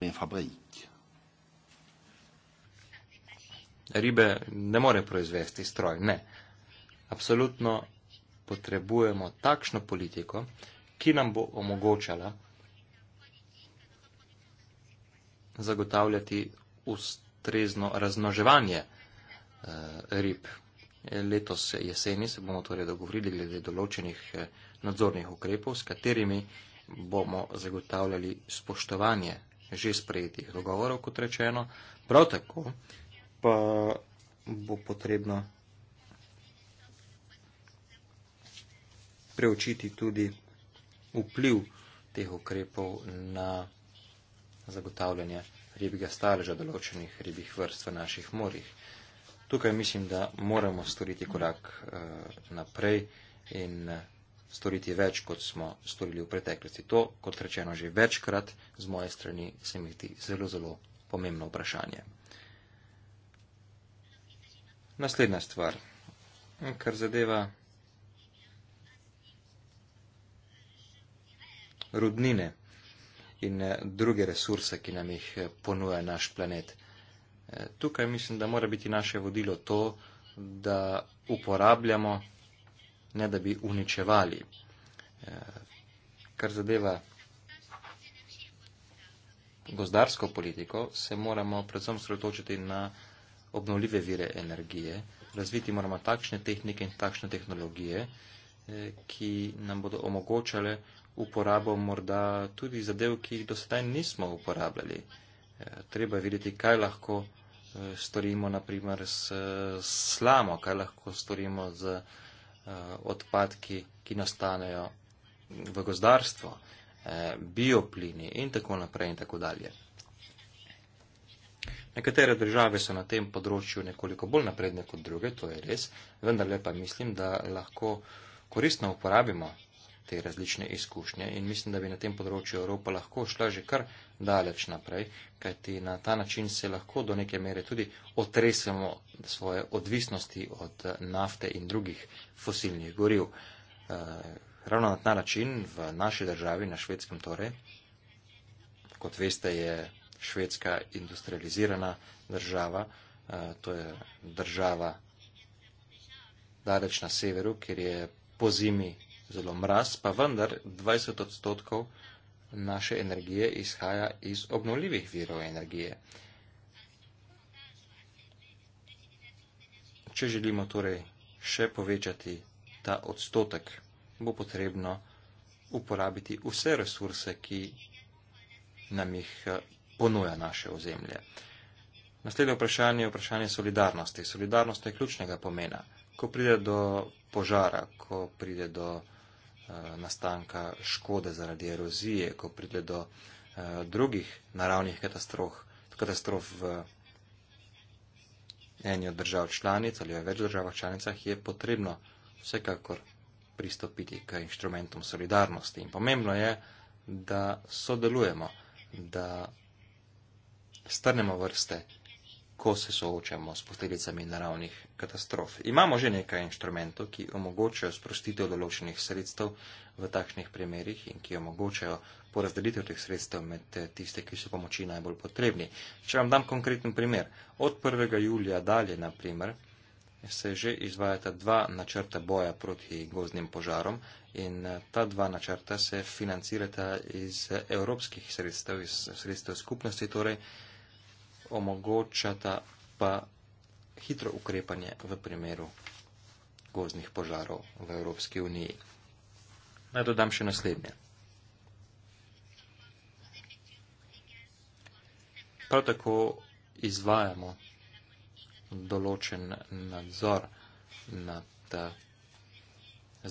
en fabrik. Ribe ne more proizvesti stroj, ne. Absolutno potrebujemo takšno politiko, ki nam bo omogočala zagotavljati ustrezno raznoževanje eh, rib. Letos jeseni se bomo torej dogovorili glede določenih eh, nadzornih ukrepov, s katerimi bomo zagotavljali spoštovanje že sprejetih dogovorov, kot rečeno. Prav tako pa bo potrebno preučiti tudi vpliv teh ukrepov na zagotavljanje ribjega staleža določenih ribjih vrst v naših morjih. Tukaj mislim, da moramo storiti korak uh, naprej in uh, storiti več, kot smo storili v preteklosti. To, kot rečeno že večkrat, z moje strani se mi ti zelo, zelo pomembno vprašanje. Naslednja stvar, kar zadeva rudnine in eh, druge resurse, ki nam jih eh, ponuja naš planet. Eh, tukaj mislim, da mora biti naše vodilo to, da uporabljamo ne da bi uničevali. Eh, kar zadeva gozdarsko politiko, se moramo predvsem sredotočiti na obnovljive vire energije. Razviti moramo takšne tehnike in takšne tehnologije, eh, ki nam bodo omogočale uporabo morda tudi zadev, ki jih dosedaj nismo uporabljali. Eh, treba videti, kaj lahko storimo naprimer s slamo, kaj lahko storimo z Eh, odpadki, ki nastanejo v gozdarstvo, eh, bioplini in tako naprej in tako dalje. Nekatere države so na tem področju nekoliko bolj napredne kot druge, to je res, vendar lepa mislim, da lahko koristno uporabimo te različne izkušnje in mislim, da bi na tem področju Evropa lahko šla že kar daleč naprej, kajti na ta način se lahko do neke mere tudi otresemo svoje odvisnosti od eh, nafte in drugih fosilnih goriv. E, ravno na ta način v naši državi, na švedskem torej, kot veste, je švedska industrializirana država, e, to je država daleč na severu, kjer je po zimi zelo mraz, pa vendar 20 odstotkov naše energije izhaja iz obnovljivih virov energije. Če želimo torej še povečati ta odstotek, bo potrebno uporabiti vse resurse, ki nam jih eh, ponuja naše ozemlje. Naslednje vprašanje je vprašanje solidarnosti. Solidarnost je ključnega pomena. Ko pride do požara, ko pride do. Eh, nastanka škode zaradi erozije, ko pride do eh, drugih naravnih katastrof, katastrof v eni od držav članic ali v več državah članicah, je potrebno vsekakor pristopiti k inštrumentom solidarnosti. In pomembno je, da sodelujemo, da strnemo vrste ko se soočamo s posledicami naravnih katastrof. Imamo že nekaj inštrumentov, ki omogočajo sprostitev določenih sredstev v takšnih primerjih in ki omogočajo porazdelitev teh sredstev med eh, tiste, ki so pomoči najbolj potrebni. Če vam dam konkreten primer, od 1. julija dalje, na primer, se že izvajata dva načrta boja proti gozdnim požarom in eh, ta dva načrta se financirata iz eh, evropskih sredstev, iz sredstev skupnosti, torej omogočata pa hitro ukrepanje v primeru gozdnih požarov v Evropski uniji. Naj dodam še naslednje. Prav tako izvajamo določen nadzor nad eh,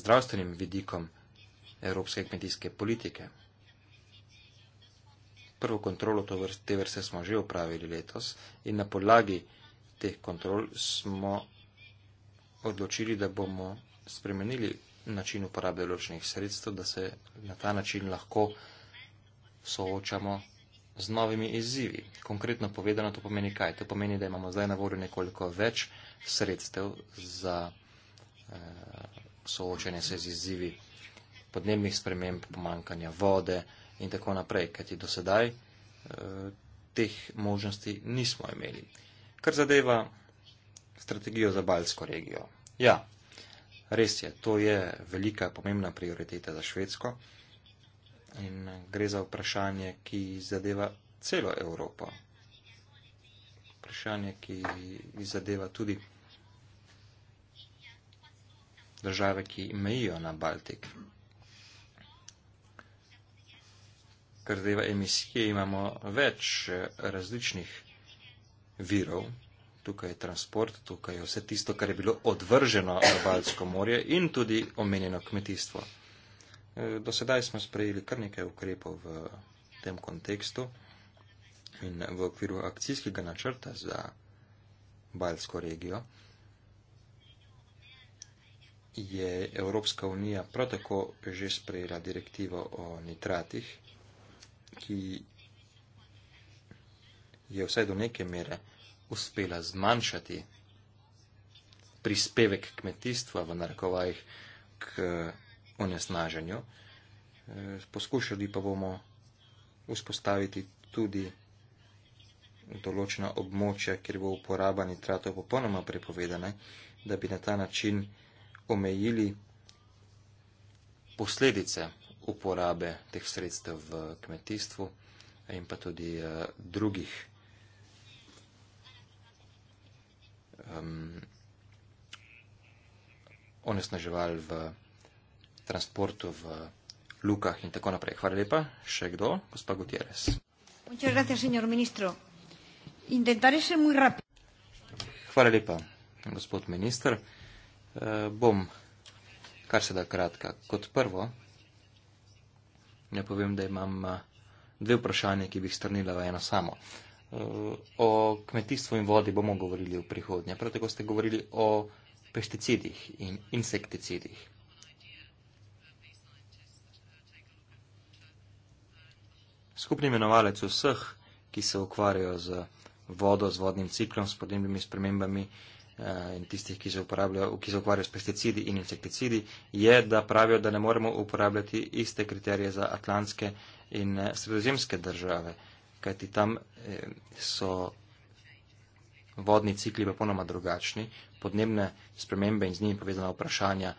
zdravstvenim vidikom evropske kmetijske politike. Prvo kontrolo te vrste smo že upravili letos in na podlagi teh kontrol smo odločili, da bomo spremenili način uporabe ločnih sredstev, da se na ta način lahko soočamo z novimi izzivi. Konkretno povedano to pomeni kaj? To pomeni, da imamo zdaj na voljo nekoliko več sredstev za eh, soočanje se z izzivi podnebnih sprememb, pomankanja vode, eh, in tako naprej, kajti do sedaj eh, teh možnosti nismo imeli. Kar zadeva strategijo za Baljsko regijo. Ja, res je, to je velika pomembna prioriteta za Švedsko in gre za vprašanje, ki zadeva celo Evropo. Vprašanje, ki zadeva tudi države, ki mejijo na Baltik. kar zadeva emisije, imamo več eh, različnih virov. Tukaj je transport, tukaj je vse tisto, kar je bilo odvrženo na Balsko morje in tudi omenjeno kmetijstvo. Eh, do sedaj smo sprejeli kar nekaj ukrepov v tem kontekstu in v okviru akcijskega načrta za Balsko regijo je Evropska unija prav tako že sprejela direktivo o nitratih ki je vse do neke mere uspela zmanjšati prispevek kmetijstva v narekovajih k onesnaženju. Eh, poskušali pa bomo vzpostaviti tudi določena območja, kjer bo uporaba nitratov popolnoma prepovedana, da bi na ta način omejili posledice uporabe teh sredstev v kmetijstvu in pa tudi eh, drugih onesnaževal v transportu, v lukah in tako naprej. Hvala lepa. Še kdo? Gospa Gutierrez. Hvala lepa, gospod minister. Eh, bom kar se da kratka. Kot prvo, Ne povem, da imam eh, dve vprašanje, ki bi jih strnila v eno samo. Eh, o kmetijstvu in vodi bomo govorili v prihodnje. Prav tako ste govorili o pesticidih in insekticidih. Skupni imenovalec vseh, ki se ukvarjajo z vodo, z vodnim ciklom, s podnebnimi spremembami, Eh, in tistih, ki se, ki se ukvarjajo s pesticidi in insekticidi, je, da pravijo, da ne moremo uporabljati iste kriterije za atlantske in eh, sredozemske države, kajti tam eh, so vodni cikli popolnoma drugačni, podnebne spremembe in z njimi povezana vprašanja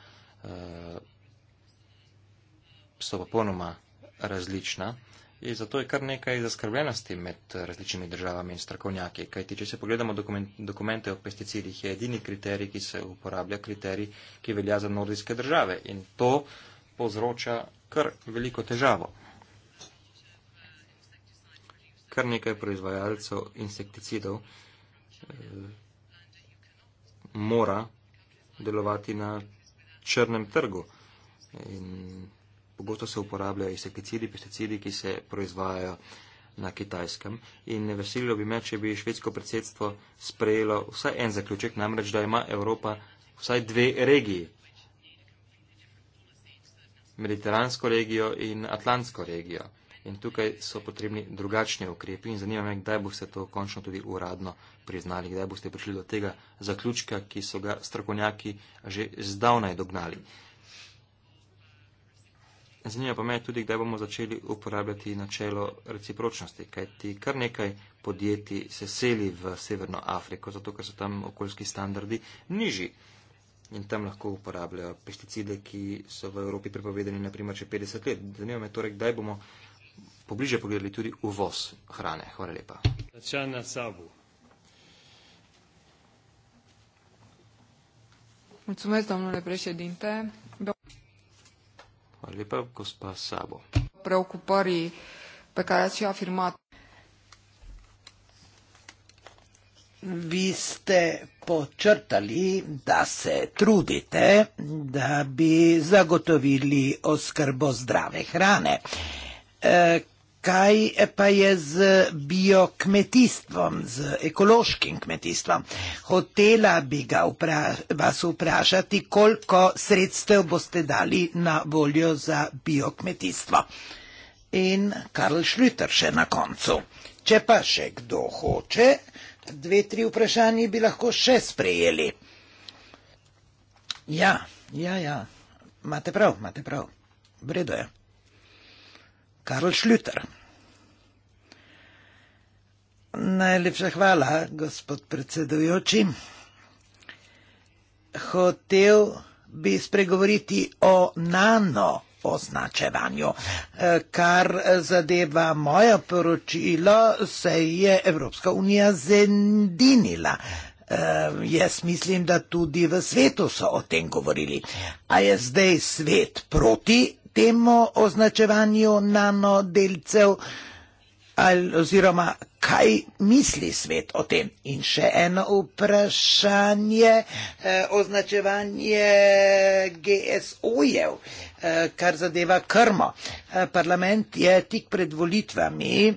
so popolnoma različna. In zato je kar nekaj zaskrbljenosti med različnimi državami in strokovnjaki. Kajti, če se pogledamo dokument, dokumente o pesticidih, je edini kriterij, ki se uporablja, kriterij, ki velja za nordijske države. In to povzroča kar veliko težavo. Kar nekaj proizvajalcev insekticidov eh, mora delovati na črnem trgu. In pogosto se uporabljajo insekticidi, pesticidi, ki se proizvajajo na kitajskem. In ne veselilo bi me, če bi švedsko predsedstvo sprejelo vsaj en zaključek, namreč, da ima Evropa vsaj dve regiji. Mediteransko regijo in Atlantsko regijo. In tukaj so potrebni drugačni ukrepi in zanima me, kdaj boste to končno tudi uradno priznali, kdaj boste prišli do tega zaključka, ki so ga strokovnjaki že zdavnaj dognali. Zanima pa me tudi, kdaj bomo začeli uporabljati načelo recipročnosti, kajti kar nekaj podjetij se seli v Severno Afriko, zato ker so tam okoljski standardi nižji in tam lahko uporabljajo pesticide, ki so v Evropi prepovedani naprimer že 50 let. Zanima me torej, kdaj bomo pobliže pogledali tudi uvoz hrane. Hvala lepa. Mulțumesc, domnule președinte. Hvala lepa, gospa Sabo. Preokupari PKS ja firmat. Vi ste počrtali, da se trudite, da bi zagotovili oskrbo zdrave hrane. E, kaj pa je z biokmetijstvom, z ekološkim kmetijstvom? Hotela bi ga vpra vas vprašati, koliko sredstev boste dali na voljo za biokmetijstvo. In Karl Šlüter še na koncu. Če pa še kdo hoče, dve, tri vprašanje bi lahko še sprejeli. Ja, ja, ja. Imate prav, imate prav. Vredo je. Karl Šljuter. Najlepša hvala, gospod predsedujoči. Hotel bi spregovoriti o nano označevanju. E, kar zadeva moje poročilo, se je Evropska unija zendinila. E, jaz mislim, da tudi v svetu so o tem govorili. A je zdaj svet proti temu označevanju nanodelcev ali oziroma kaj misli svet o tem. In še eno vprašanje, eh, označevanje GSO-jev, eh, kar zadeva krmo. Eh, parlament je tik pred volitvami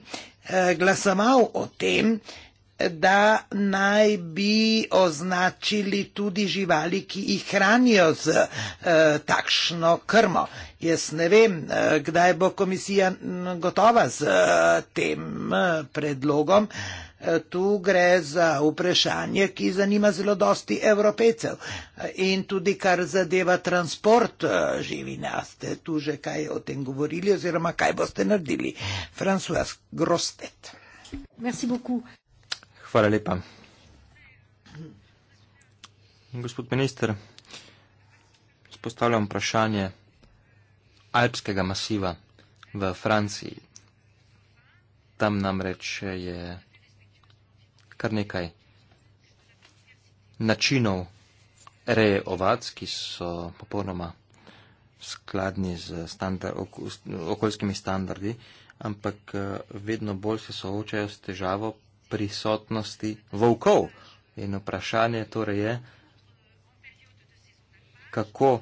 eh, glasoval o tem, eh, da naj bi označili tudi živali, ki jih hranijo z eh, takšno krmo. Jaz ne vem, eh, kdaj bo komisija gotova z eh, tem eh, predlogom. Eh, tu gre za vprašanje, ki zanima zelo dosti evropejcev eh, in tudi kar zadeva transport eh, živine. Ste tu že kaj o tem govorili oziroma kaj boste naredili? François Grostet. Merci beaucoup. Hvala lepa. Gospod minister, spostavljam vprašanje Alpskega masiva v Franciji. Tam namreč je kar nekaj načinov reje ovac, ki so popolnoma skladni z standard, okoljskimi standardi, ampak eh, vedno bolj se soočajo s težavo prisotnosti volkov. In vprašanje torej je, kako eh,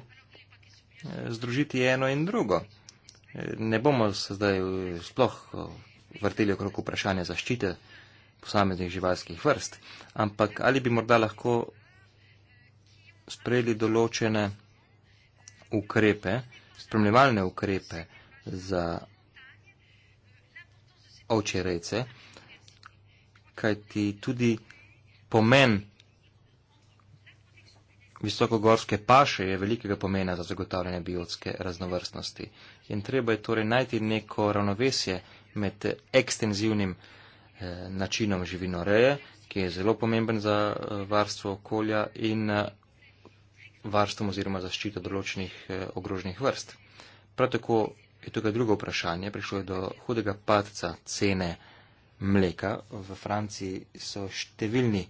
združiti eno in drugo. Eh, ne bomo se zdaj eh, sploh vrteli okrog vprašanja zaščite posameznih živalskih vrst, ampak ali bi morda lahko sprejeli določene ukrepe, spremljevalne ukrepe za ovčje rejce, kaj ti tudi pomen visokogorske paše je velikega pomena za zagotavljanje biotske raznovrstnosti. In treba je torej najti neko ravnovesje med ekstenzivnim eh, načinom živinoreje, ki je zelo pomemben za eh, varstvo okolja in eh, varstvom oziroma zaščito določenih eh, ogroženih vrst. Prav tako je tukaj drugo vprašanje, prišlo je do hudega padca cene eh, mleka. V Franciji so številni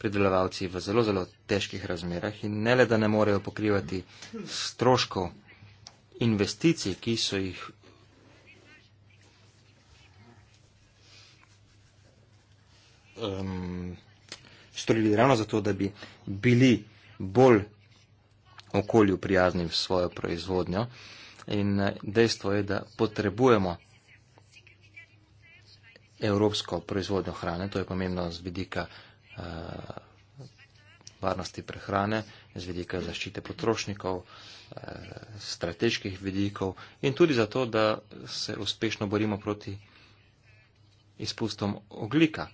pridelovalci v zelo, zelo težkih razmerah in ne le, da ne morejo pokrivati stroškov investicij, ki so jih. Um, Storili ravno zato, da bi bili bolj okolju prijazni v svojo proizvodnjo. In eh, dejstvo je, da potrebujemo evropsko proizvodnjo hrane, to je pomembno z vidika uh, varnosti prehrane, z vidika zaščite potrošnikov, uh, strateških vidikov in tudi zato, da se uspešno borimo proti izpustom oglika,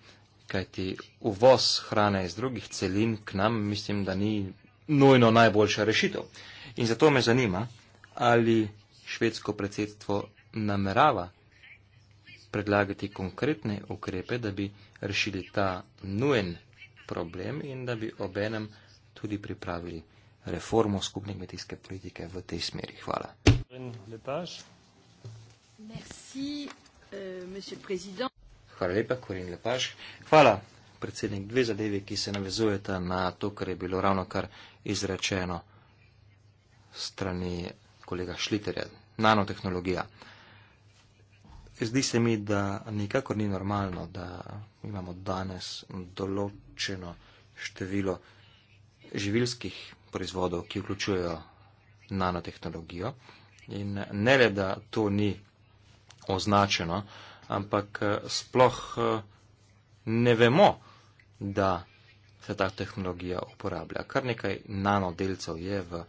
kajti uvoz hrane iz drugih celin k nam mislim, da ni nujno najboljša rešitev. In zato me zanima, ali švedsko predsedstvo namerava predlagati konkretne ukrepe, da bi rešili ta nujen problem in da bi obenem tudi pripravili reformo skupne kmetijske politike v tej smeri. Hvala. Euh, Hvala lepa, Korin Lepaš. Hvala, predsednik, dve zadeve, ki se navezujete na to, kar je bilo ravno kar izrečeno strani kolega Šliterja. Nanotehnologija. Zdi se mi, da nikakor ni normalno, da imamo danes določeno število živilskih proizvodov, ki vključujejo nanotehnologijo. In ne le, da to ni označeno, ampak eh, sploh eh, ne vemo, da se ta tehnologija uporablja. Kar nekaj nanodelcev je v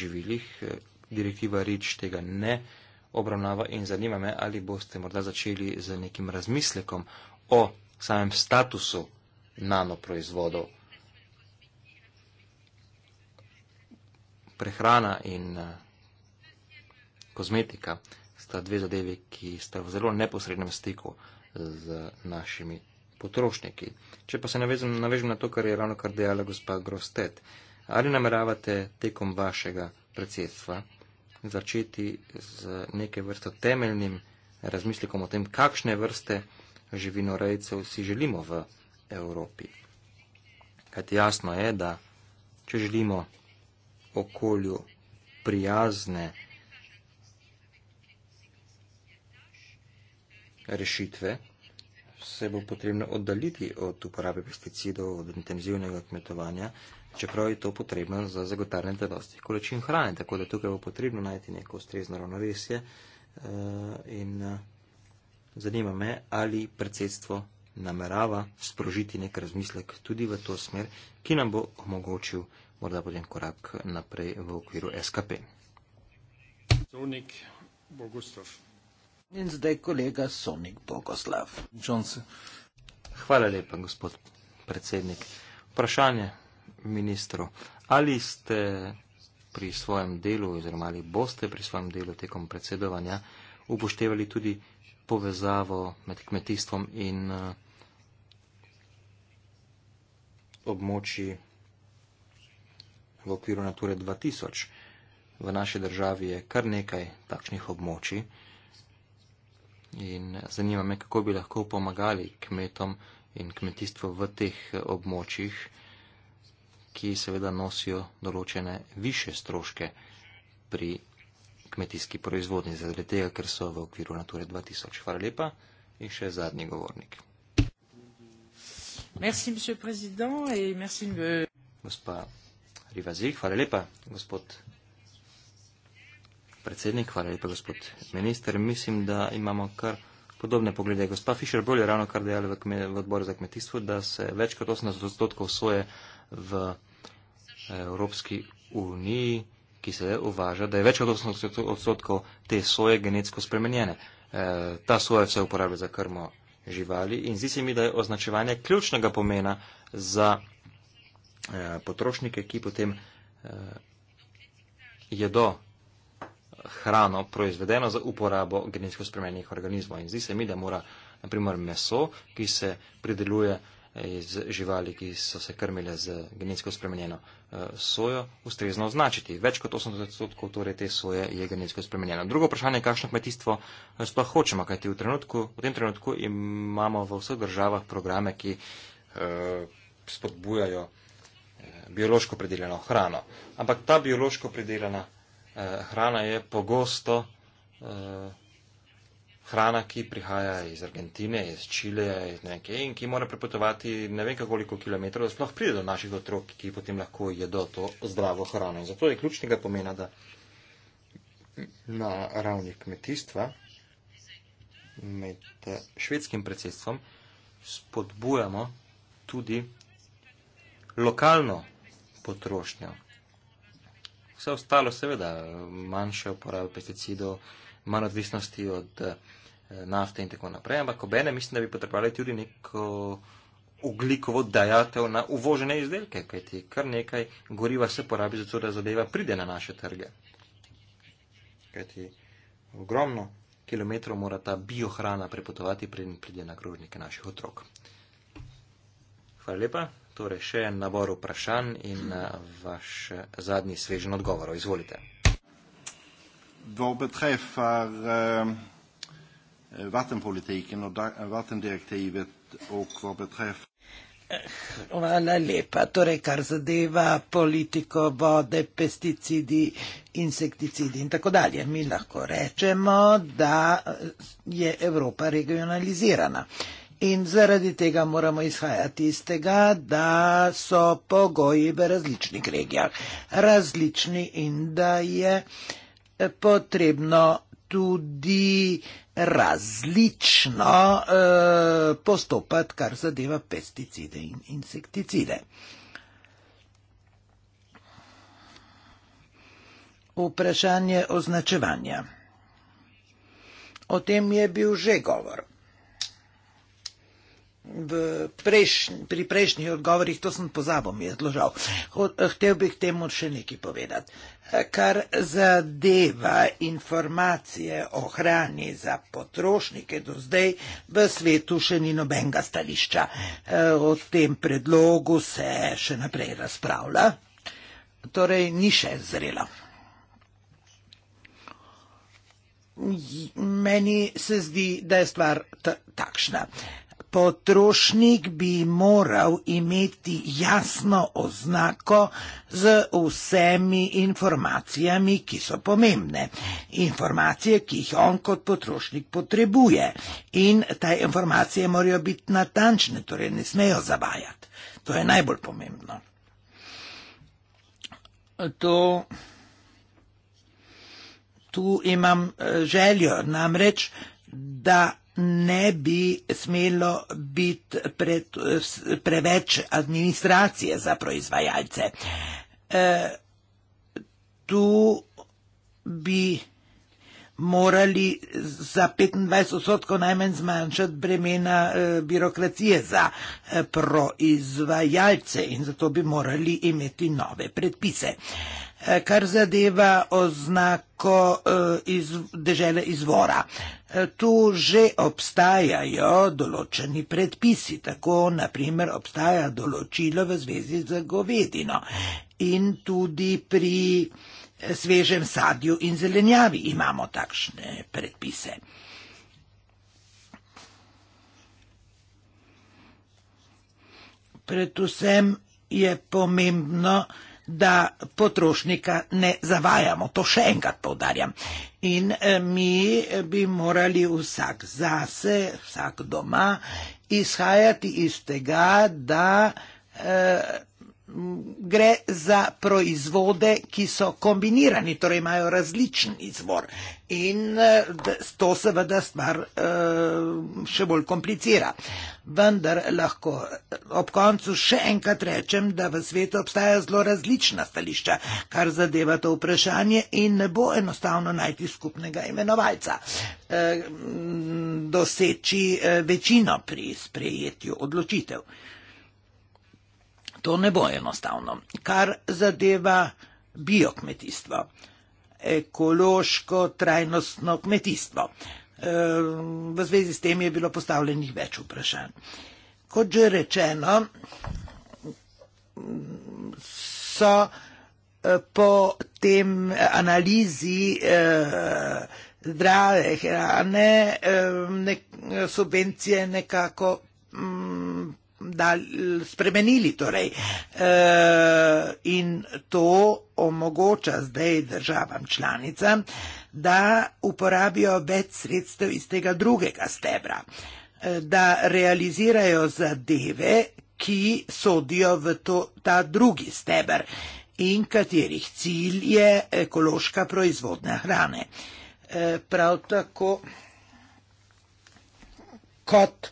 živilih. Eh, direktiva REACH tega ne obravnava in zanima me, ali boste morda začeli z nekim razmislekom o samem statusu nanoproizvodov. Prehrana in eh, kozmetika sta dve zadeve, ki sta v zelo neposrednem stiku z našimi potrošniki. Če pa se navežem, navežem na to, kar je ravno kar dejala gospa Grostet, ali nameravate tekom vašega predsedstva začeti z neke vrste temeljnim razmislikom o tem, kakšne vrste živinorejcev si želimo v Evropi. Kajti jasno je, da če želimo okolju prijazne rešitve, se bo potrebno oddaliti od uporabe pesticidov, od intenzivnega kmetovanja, čeprav je to potrebno za zagotavljanje zadostih količin hrane. Tako da tukaj bo potrebno najti neko ustrezno ravnovesje eh, in eh, zanima me, ali predsedstvo namerava sprožiti nek razmislek tudi v to smer, ki nam bo omogočil morda potem korak naprej v okviru SKP. Sonik Bogustov. In zdaj kolega Sonik Bogoslav. Johnson. Hvala lepa, gospod predsednik. Vprašanje ministru. Ali ste pri svojem delu oziroma ali boste pri svojem delu tekom predsedovanja upoštevali tudi povezavo med kmetijstvom in eh, območji v okviru Nature 2000. V naši državi je kar nekaj takšnih območij in zanima me, kako bi lahko pomagali kmetom in kmetijstvu v teh območjih ki seveda nosijo določene više stroške pri kmetijski proizvodnji, zaradi tega, ker so v okviru Nature 2000. Hvala lepa in še zadnji govornik. Merci, monsieur président, et merci... Gospa Rivazil, hvala lepa, gospod predsednik, hvala lepa, gospod minister. Mislim, da imamo kar podobne poglede. Gospa Fischer bolje ravno kar dejali v, kme, v odboru za kmetijstvo, da se več kot 80 odstotkov soje v Evropski uniji, ki se uvaža, da je več kot 80 odstotkov te soje genetsko spremenjene. E, ta soja se uporablja za krmo živali in zdi se mi, da je označevanje ključnega pomena za e, potrošnike, ki potem e, jedo hrano proizvedeno za uporabo genetsko spremenjenih organizmov. In zdi se mi, da mora, naprimer, meso, ki se prideluje iz živali, ki so se krmile z genetsko spremenjeno eh, sojo, ustrezno označiti. Več kot 80% torej te soje je genetsko spremenjeno. Drugo vprašanje je, kakšno kmetijstvo sploh hočemo, kajti v, trenutku, v tem trenutku imamo v vseh državah programe, ki eh, spodbujajo eh, biološko predeljeno hrano. Ampak ta biološko predeljena eh, hrana je pogosto. Eh, hrana, ki prihaja iz Argentine, iz Čileja, iz neke in ki mora prepotovati ne vem koliko kilometrov, da sploh pride do naših otrok, ki potem lahko jedo to zdravo hrano. In zato je ključnega pomena, da na ravni kmetijstva med eh, švedskim predsedstvom spodbujamo tudi lokalno potrošnjo. Vse ostalo seveda manjše uporabe pesticidov, manj odvisnosti od eh, nafte in tako naprej. Ampak ob ene mislim, da bi potrebovali tudi neko oglikovo dajatev na uvožene izdelke, kajti kar nekaj goriva se porabi za to, da zadeva pride na naše trge. Kajti ogromno kilometrov mora ta biohrana prepotovati, preden pride na krožnike naših otrok. Hvala lepa. Torej, še en nabor vprašanj in eh, vaš eh, zadnji svežen odgovor. Izvolite. Vad beträffar eh, vattenpolitiken och vattendirektivet och vad beträffar... Eh, hvala lepa, torej kar zadeva politiko vode, pesticidi, insekticidi in tako dalje. Mi lahko rečemo, da eh, je Evropa regionalizirana in zaradi tega moramo izhajati iz tega, da so pogoji v različnih regijah različni in da je potrebno tudi različno eh, postopati, kar zadeva pesticide in insekticide. Vprašanje označevanja. O tem je bil že govor prejš, pri prejšnjih odgovorih, to sem pozabil, mi je zelo žal. Hotev bi k temu še nekaj povedati. Kar zadeva informacije o hrani za potrošnike, do zdaj v svetu še ni nobenega stališča. O tem predlogu se še naprej razpravlja. Torej, ni še zrela. Meni se zdi, da je stvar takšna. Potrošnik bi moral imeti jasno oznako z vsemi informacijami, ki so pomembne. Informacije, ki jih on kot potrošnik potrebuje. In te informacije morajo biti natančne, torej ne smejo zavajati. To je najbolj pomembno. To. Tu imam eh, željo namreč, da ne bi smelo biti pred, preveč administracije za proizvajalce. E, tu bi morali za 25 odstotkov najmanj zmanjšati bremena e, birokracije za e, proizvajalce in zato bi morali imeti nove predpise. E, Eh, kar zadeva oznako eh, iz dežele izvora. Eh, tu že obstajajo določeni predpisi, tako naprimer obstaja določilo v zvezi z govedino in tudi pri svežem sadju in zelenjavi imamo takšne predpise. Predvsem je pomembno, da potrošnika ne zavajamo. To še enkrat povdarjam. In eh, mi eh, bi morali vsak zase, vsak doma, izhajati iz tega, da. Eh, gre za proizvode, ki so kombinirani, torej imajo različen izvor. In eh, to seveda stvar eh, še bolj komplicira. Vendar lahko eh, ob koncu še enkrat rečem, da v svetu obstajajo zelo različna stališča, kar zadeva to vprašanje in ne bo enostavno najti skupnega imenovalca, doseči večino pri sprejetju odločitev. To ne bo enostavno. Kar zadeva biokmetijstvo, ekološko trajnostno kmetijstvo. E, v zvezi s tem je bilo postavljenih več vprašanj. Kot že rečeno, so e, po tem analizi eh, zdrave hrane eh, ne, subvencije nekako mm, spremenili. Torej. E, in to omogoča zdaj državam članicam, da uporabijo več sredstev iz tega drugega stebra, eh, da realizirajo zadeve, ki sodijo v to, ta drugi steber in katerih cilj je ekološka proizvodnja hrane. E, prav tako kot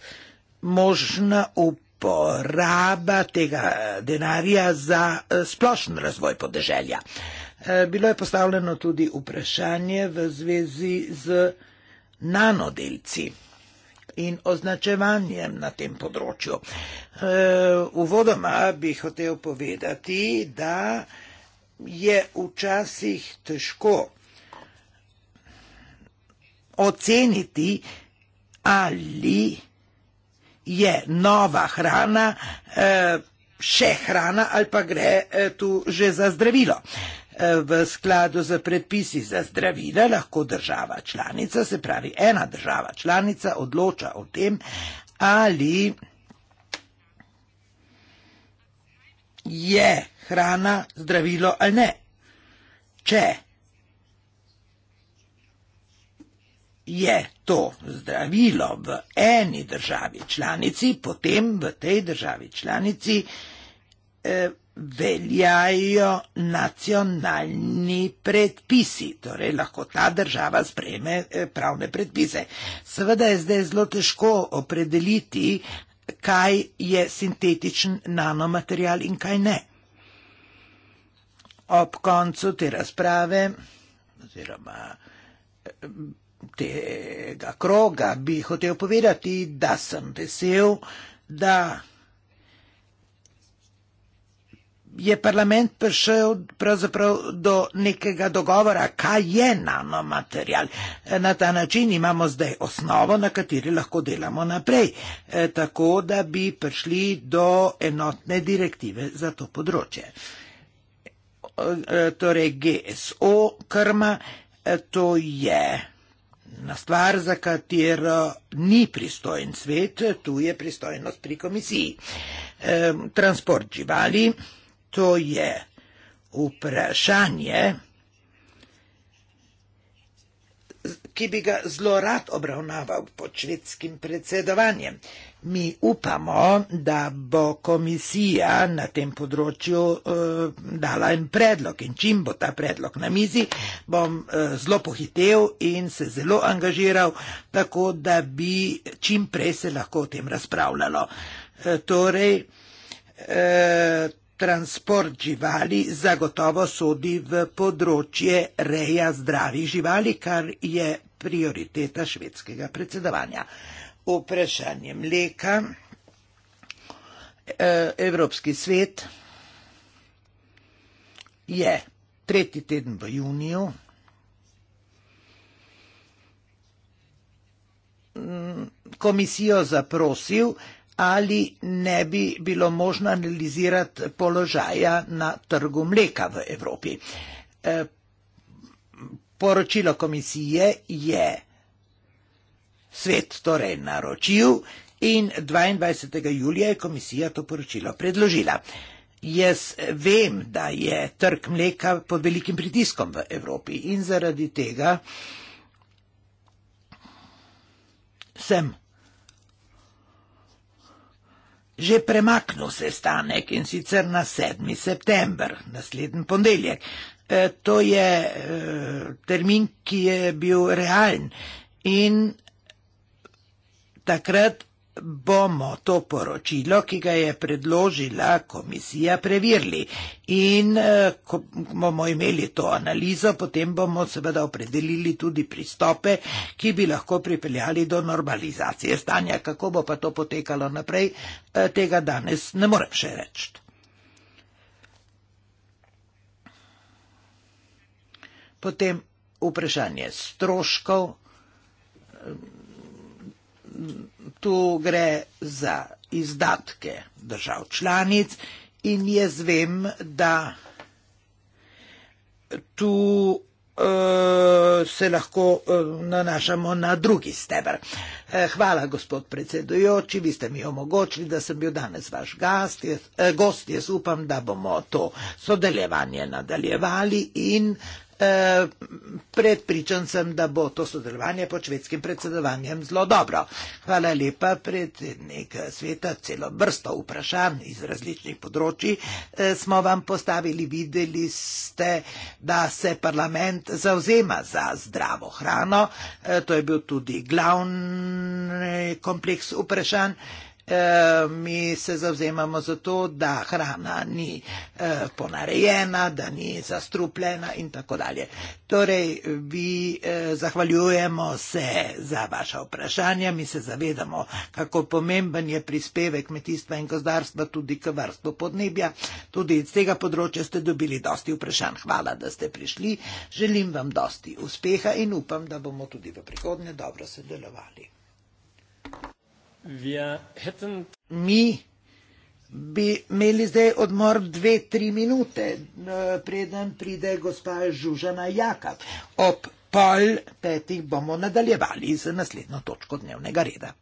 možna uporaba poraba tega eh, denarja za eh, splošen razvoj podeželja. Eh, bilo je postavljeno tudi vprašanje v zvezi z nanodelci in označevanjem na tem področju. Uvodoma bi hotel povedati, da je včasih težko oceniti ali je nova hrana eh, še hrana ali pa gre eh, tu že za zdravilo. Eh, v skladu z predpisi za zdravila lahko država članica, se pravi ena država članica, odloča o tem, ali je hrana zdravilo ali ne. Če je to zdravilo v eni državi članici, potem v tej državi članici eh, veljajo nacionalni predpisi. Torej lahko ta država sprejme eh, pravne predpise. Seveda je zdaj zelo težko opredeliti, kaj je sintetičen nanomaterial in kaj ne. Ob koncu te razprave oziroma eh, tega kroga bi hotel povedati, da sem vesel, da je parlament prišel pravzaprav do nekega dogovora, kaj je nanomaterial. Na ta način imamo zdaj osnovo, na kateri lahko delamo naprej, e, tako da bi prišli do enotne direktive za to področje. E, torej GSO krma, e, to je na stvar, za katero ni pristojen svet, tu je pristojnost pri komisiji. E, transport živali, to je vprašanje, ki bi ga zelo rad obravnaval pod švedskim predsedovanjem. Mi upamo, da bo komisija na tem področju uh, dala en predlog in čim bo ta predlog na mizi, bom uh, zelo pohitev in se zelo angažiral, tako da bi čim prej se lahko o tem razpravljalo. Uh, torej, uh, Transport živali zagotovo sodi v področje reja zdravih živali, kar je prioriteta švedskega predsedovanja vprašanje mleka. Eh, Evropski svet je tretji teden v juniju. Mm, komisijo zaprosil, ali ne bi bilo možno analizirati položaja na trgu mleka v Evropi. Eh, poročilo komisije je Svet torej naročil in 22. julija je komisija to poročilo predložila. Jaz vem, da je trg mleka pod velikim pritiskom v Evropi in zaradi tega sem že premaknil sestanek in sicer na 7. september, naslednji ponedeljek. E, to je e, termin, ki je bil realen in takrat bomo to poročilo, ki ga je predložila komisija, preverili in eh, ko bomo imeli to analizo, potem bomo seveda opredelili tudi pristope, ki bi lahko pripeljali do normalizacije stanja. Kako bo pa to potekalo naprej, eh, tega danes ne morem še reči. Potem vprašanje stroškov tu gre za izdatke držav članic in jaz vem, da tu eh, se lahko eh, nanašamo na drugi steber. Eh, hvala, gospod predsedujoči, vi ste mi omogočili, da sem bil danes vaš gast, jaz, gost. Jaz upam, da bomo to sodelovanje nadaljevali in Eh, predpričan sem, da bo to sodelovanje pod švedskim predsedovanjem zelo dobro. Hvala lepa, predsednik sveta, celo vrsto vprašanj iz različnih področji eh, smo vam postavili. Videli ste, da se parlament zauzema za zdravo hrano. Eh, to je bil tudi glavni kompleks vprašanj. E, mi se zavzemamo za to, da hrana ni e, ponarejena, da ni zastrupljena in tako dalje. Torej, vi e, zahvaljujemo se za vaša vprašanja, mi se zavedamo, kako pomemben je prispevek kmetijstva in gozdarstva tudi k vrstu podnebja. Tudi iz tega področja ste dobili dosti vprašanj. Hvala, da ste prišli. Želim vam dosti uspeha in upam, da bomo tudi v prihodnje dobro sodelovali. Mi bi imeli zdaj odmor dve, tri minute, preden pride gospa Žužana Jakab. Ob pol petih bomo nadaljevali z naslednjo točko dnevnega reda.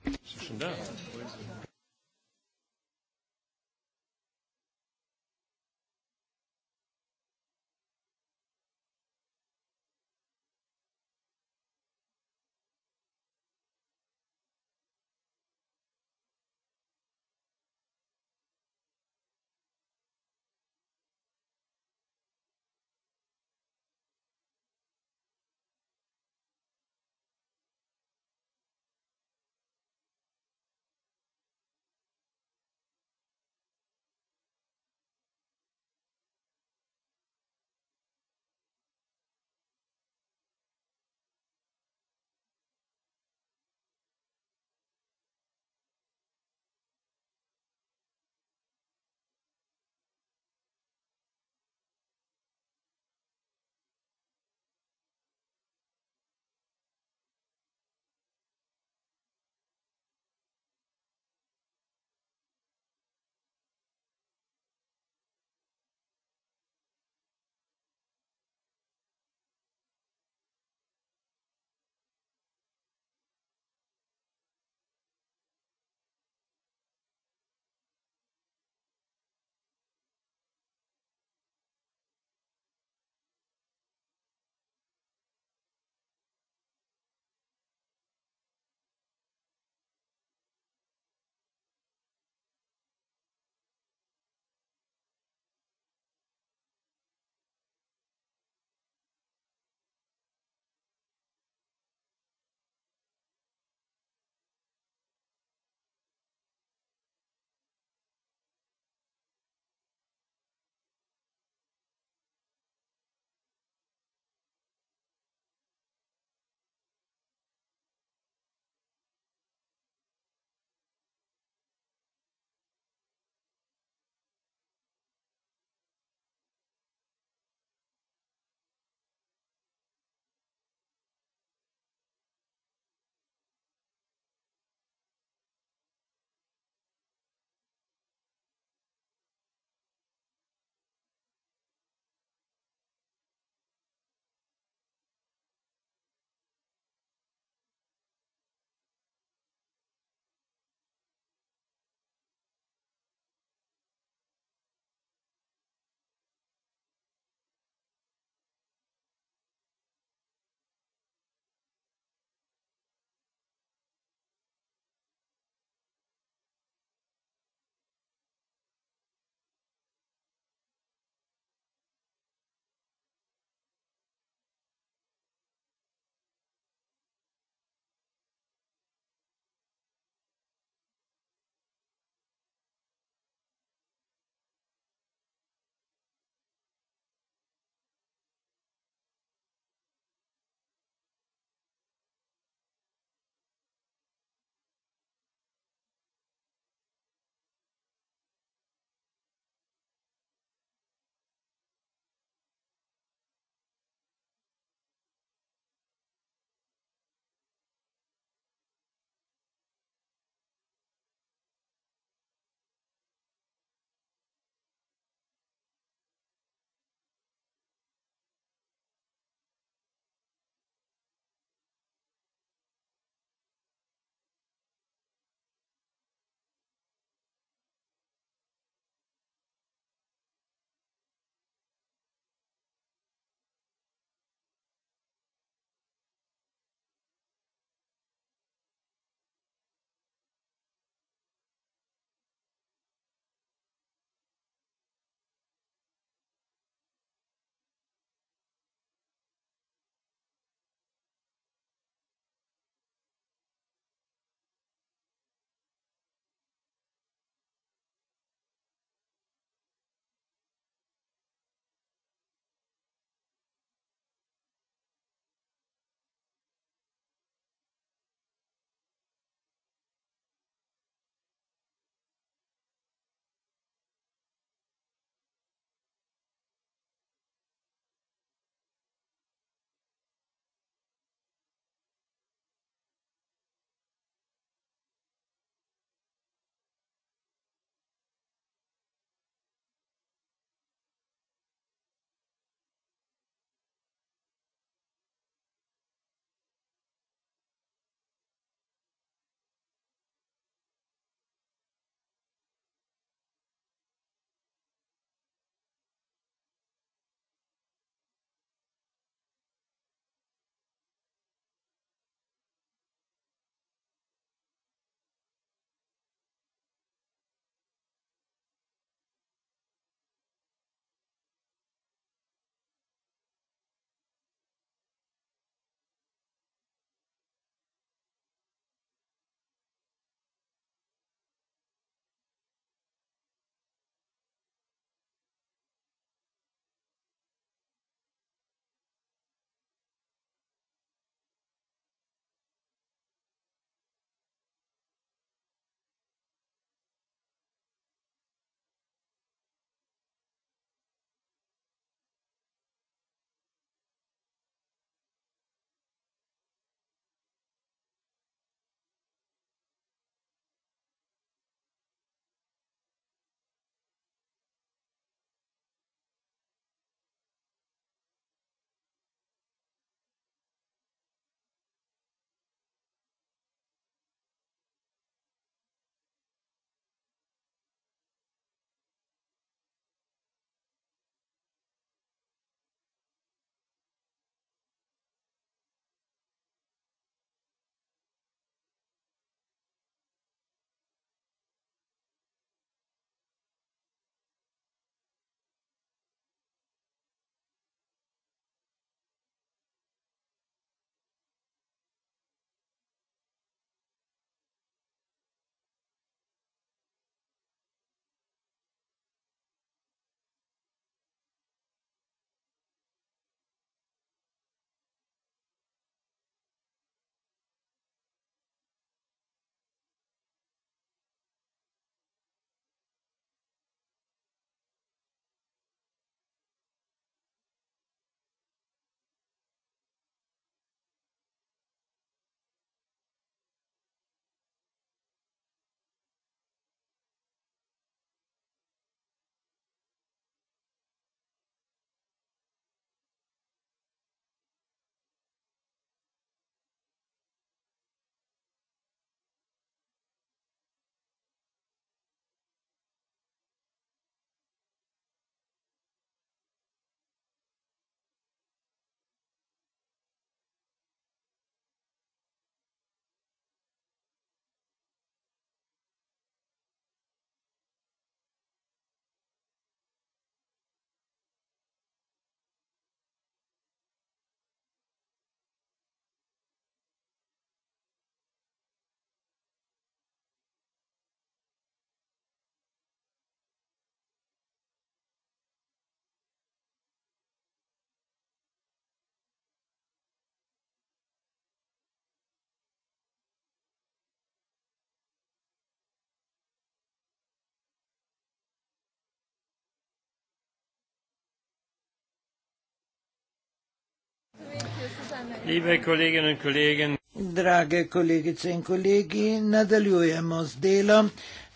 Liebe Kolleginnen und Kollegen, drage kolegice in kolegi, nadaljujemo z delom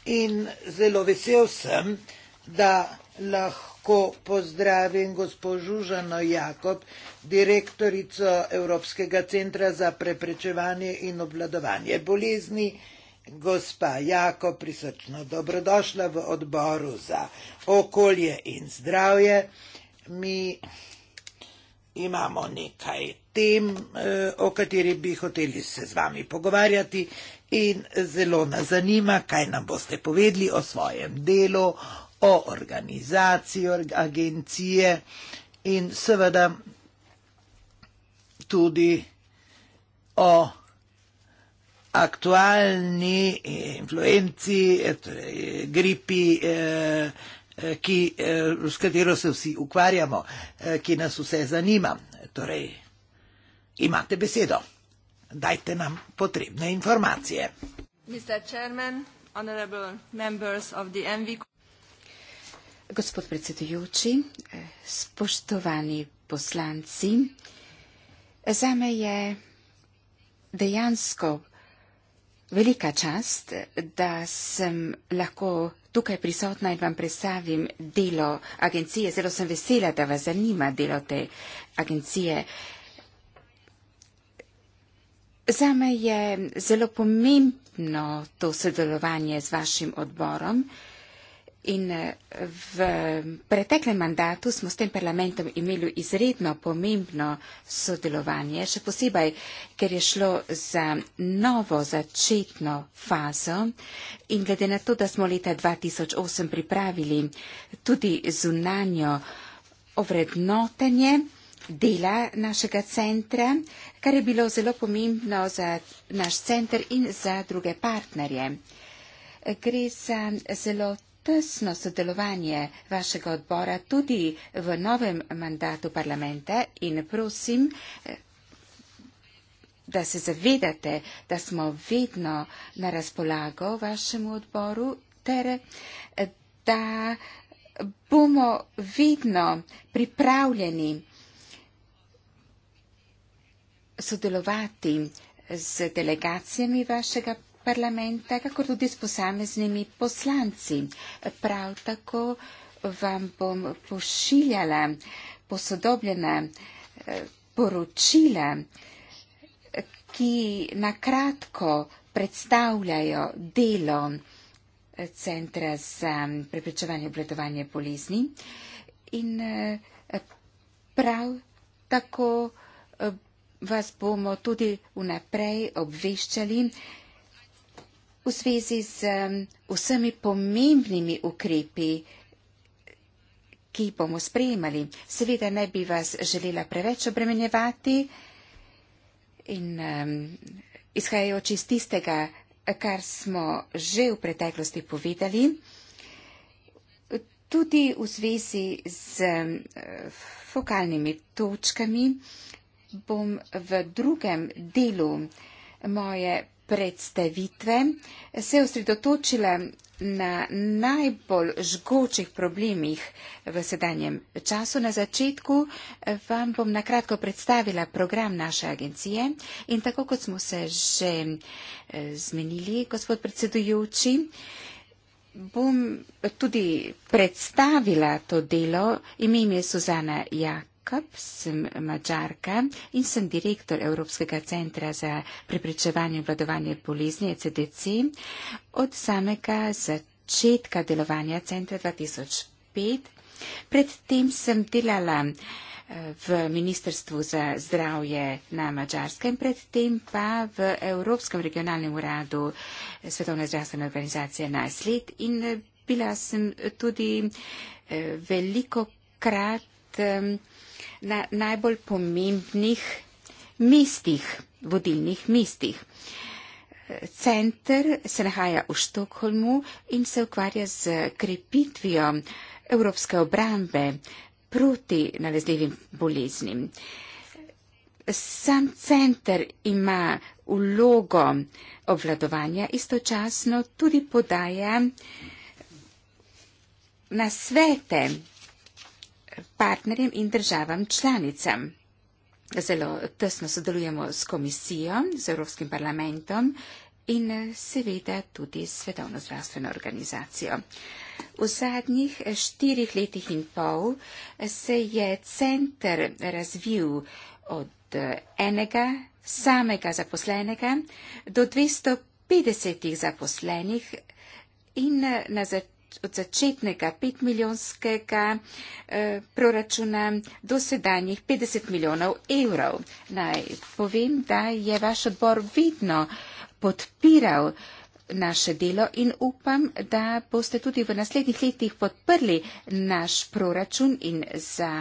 in zelo vesel sem, da lahko pozdravim gospo Žužano Jakob, direktorico Evropskega centra za preprečevanje in obvladovanje bolezni. Gospa Jako, prisrčno dobrodošla v odboru za okolje in zdravje. Mi imamo nekaj tem, eh, o kateri bi hoteli se z vami pogovarjati in zelo nas zanima, kaj nam boste povedali o svojem delu, o organizaciji agencije in seveda tudi o aktualni influenci, torej gripi. Eh, Eh, ki, eh, s katero se vsi ukvarjamo, eh, ki nas vse zanima. Torej, imate besedo. Dajte nam potrebne informacije. Gospod predsedujoči, spoštovani poslanci, za me je dejansko velika čast, da sem lahko tukaj prisotna in vam predstavim delo agencije. Zelo sem vesela, da vas zanima delo te agencije. Zame je zelo pomembno to sodelovanje z vašim odborom. In eh, v preteklem mandatu smo s tem parlamentom imeli izredno pomembno sodelovanje, še posebej, ker je šlo za novo začetno fazo in glede na to, da smo leta 2008 pripravili tudi zunanjo ovrednotenje dela našega centra, kar je bilo zelo pomembno za naš center in za druge partnerje. Gre za zelo tesno sodelovanje vašega odbora tudi v novem mandatu parlamenta in prosim, eh, da se zavedate, da smo vedno na razpolago vašemu odboru ter eh, da bomo vedno pripravljeni sodelovati z delegacijami vašega parlamenta, kakor tudi s posameznimi poslanci. Prav tako vam bom pošiljala posodobljena eh, poročila, ki nakratko predstavljajo delo eh, Centra za mm, preprečevanje obledovanja bolezni in eh, prav tako vas bomo tudi vnaprej obveščali, v zvezi z vsemi pomembnimi ukrepi, ki jih bomo sprejemali. Seveda ne bi vas želela preveč obremenjevati in um, izhajajoč iz tistega, kar smo že v preteklosti povedali, tudi v zvezi z um, fokalnimi točkami bom v drugem delu moje predstavitve se osredotočila na najbolj žgočih problemih v sedanjem času. Na začetku vam bom nakratko predstavila program naše agencije in tako kot smo se že eh, zmenili, gospod predsedujoči, bom tudi predstavila to delo. Ime mi je Suzana Jak Jakob, sem mačarka in sem direktor Evropskega centra za preprečevanje in vladovanje bolezni ECDC. Od samega začetka delovanja centra 2005, predtem sem delala eh, v Ministrstvu za zdravje na Mačarskem, predtem pa v Evropskem regionalnem uradu eh, Svetovne zdravstvene organizacije Najsled in eh, bila sem tudi veliko krat na najbolj pomembnih mestih, vodilnih mestih. Center se nahaja v Štokholmu in se ukvarja z krepitvijo evropske obrambe proti nalezljivim boleznim. Sam center ima vlogo obvladovanja, istočasno tudi podaja na svete partnerjem in državam članicam. Zelo tesno sodelujemo s komisijo, z Evropskim parlamentom in seveda tudi s Svetovno zdravstveno organizacijo. V zadnjih štirih letih in pol se je center razvil od enega samega zaposlenega do 250 zaposlenih in na začetku od začetnega 5 milijonskega eh, proračuna do sedanjih 50 milijonov evrov. Naj povem, da je vaš odbor vidno podpiral naše delo in upam, da boste tudi v naslednjih letih podprli naš proračun in za